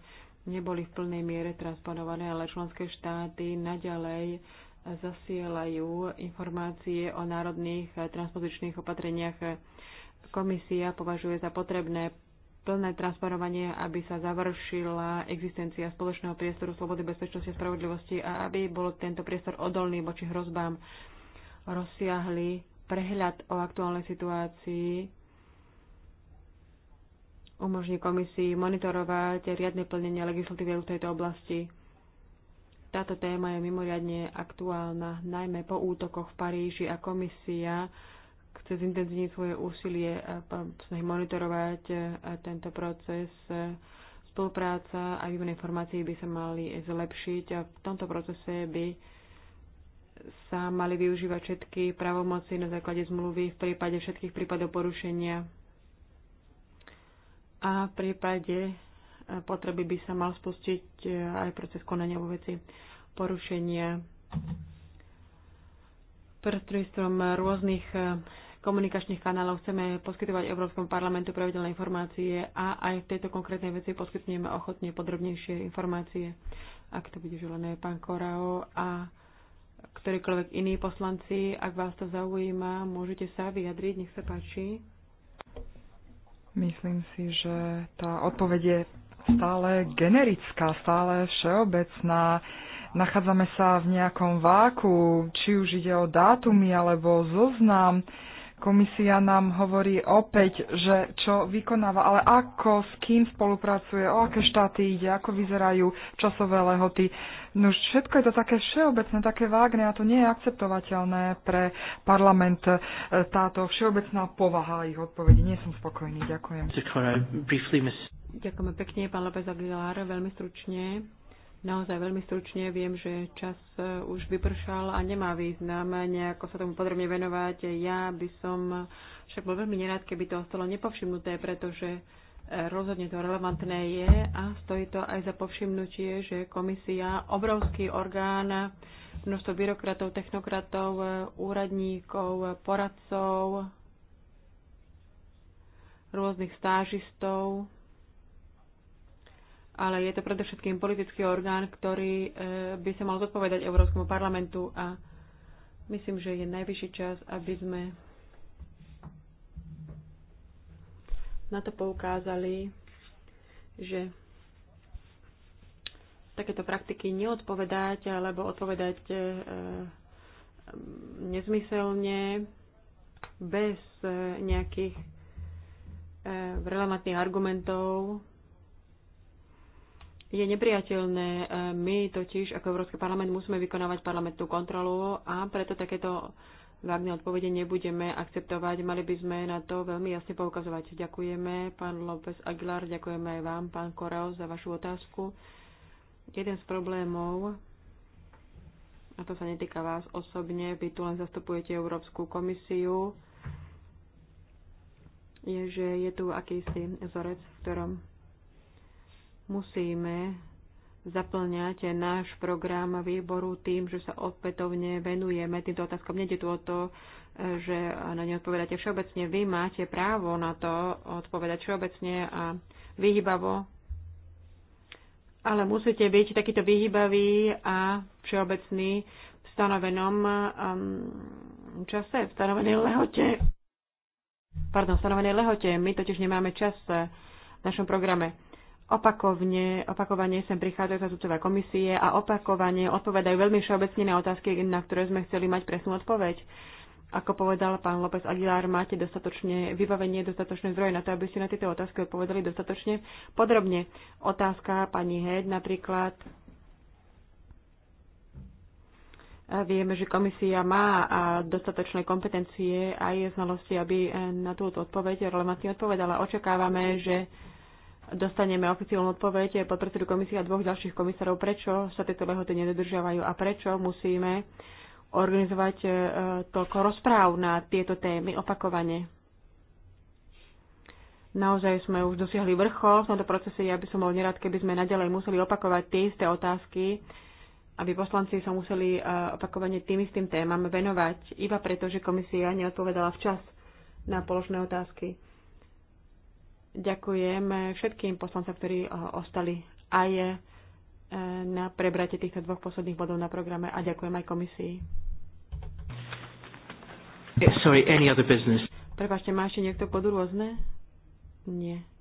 neboli v plnej miere transponované, ale členské štáty naďalej zasielajú informácie o národných eh, transpozičných opatreniach. Komisia považuje za potrebné plné transparovanie, aby sa završila existencia spoločného priestoru slobody, bezpečnosti a spravodlivosti a aby bol tento priestor odolný voči hrozbám rozsiahly prehľad o aktuálnej situácii umožní komisii monitorovať riadne plnenie legislatívy v tejto oblasti. Táto téma je mimoriadne aktuálna, najmä po útokoch v Paríži a komisia chce zintenzívniť svoje úsilie a snahy monitorovať e, tento proces. Spolupráca a výmena informácií by sa mali zlepšiť a v tomto procese by sa mali využívať všetky pravomoci na základe zmluvy v prípade všetkých prípadov porušenia a v prípade potreby by sa mal spustiť e, aj proces konania vo veci porušenia prostredstvom rôznych e, komunikačných kanálov chceme poskytovať Európskom parlamentu pravidelné informácie a aj v tejto konkrétnej veci poskytneme ochotne podrobnejšie informácie, ak to bude želené pán Korao a ktorýkoľvek iní poslanci, ak vás to zaujíma, môžete sa vyjadriť, nech sa páči. Myslím si, že tá odpoveď je stále generická, stále všeobecná. Nachádzame sa v nejakom váku, či už ide o dátumy alebo zoznam. Komisia nám hovorí opäť, že čo vykonáva, ale ako, s kým spolupracuje, o aké štáty ide, ako vyzerajú časové lehoty. No už všetko je to také všeobecné, také vágne a to nie je akceptovateľné pre parlament e, táto všeobecná povaha ich odpovedí. Nie som spokojný. Ďakujem. Ďakujeme pekne, pán López Aguilar, veľmi stručne. Naozaj veľmi stručne viem, že čas eh, už vypršal a nemá význam nejako sa tomu podrobne venovať. Ja by som však bol veľmi nerád, keby to ostalo nepovšimnuté, pretože eh, rozhodne to relevantné je a stojí to aj za povšimnutie, že komisia, obrovský orgán, množstvo byrokratov, technokratov, eh, úradníkov, poradcov, rôznych stážistov, ale je to predovšetkým politický orgán, ktorý e, by sa mal zodpovedať Európskemu parlamentu a myslím, že je najvyšší čas, aby sme na to poukázali, že takéto praktiky neodpovedať alebo odpovedať e, e, nezmyselne bez nejakých relevantných argumentov je nepriateľné. E, my totiž ako Európsky parlament musíme vykonávať parlamentnú kontrolu a preto takéto vágne odpovede nebudeme akceptovať. Mali by sme na to veľmi jasne poukazovať. Ďakujeme, pán López Aguilar, ďakujeme aj vám, pán Koreo, za vašu otázku. Jeden z problémov, a to sa netýka vás osobne, vy tu len zastupujete Európsku komisiu, je, že je tu akýsi vzorec, v ktorom musíme zaplňať náš program výboru tým, že sa opätovne venujeme týmto otázkom. Nede tu o to, že na ne odpovedáte všeobecne. Vy máte právo na to odpovedať všeobecne a vyhybavo. Ale musíte byť takýto vyhybavý a všeobecný v stanovenom um, čase, v stanovenej lehote. Pardon, v stanovenej lehote. My totiž nemáme čas v našom programe. Opakovne, opakovane sem prichádzajú zastupcovia komisie a opakovane odpovedajú veľmi všeobecne na otázky, na ktoré sme chceli mať presnú odpoveď. Ako povedal pán López Aguilar, máte dostatočne vybavenie, dostatočné zdroje na to, aby ste na tieto otázky odpovedali dostatočne podrobne. Otázka pani Head napríklad. Vieme, že komisia má dostatočné kompetencie a aj znalosti, aby na túto odpoveď relevantne odpovedala. Očakávame, že dostaneme oficiálnu odpoveď pod predsedu komisie a dvoch ďalších komisárov, prečo sa tieto lehoty nedodržiavajú a prečo musíme organizovať e, toľko rozpráv na tieto témy opakovane. Naozaj sme už dosiahli vrchol v tomto procese. Ja by som bol nerad, keby sme naďalej museli opakovať tie isté otázky, aby poslanci sa museli e, opakovane tým istým témam venovať, iba preto, že komisia neodpovedala včas na položné otázky. Ďakujem všetkým poslancom, ktorí eh, ostali aj eh, na prebratie týchto dvoch posledných bodov na programe a ďakujem aj komisii. Eh, sorry, any other business? Prepašte, má ešte niekto podrôzne? rôzne? Nie.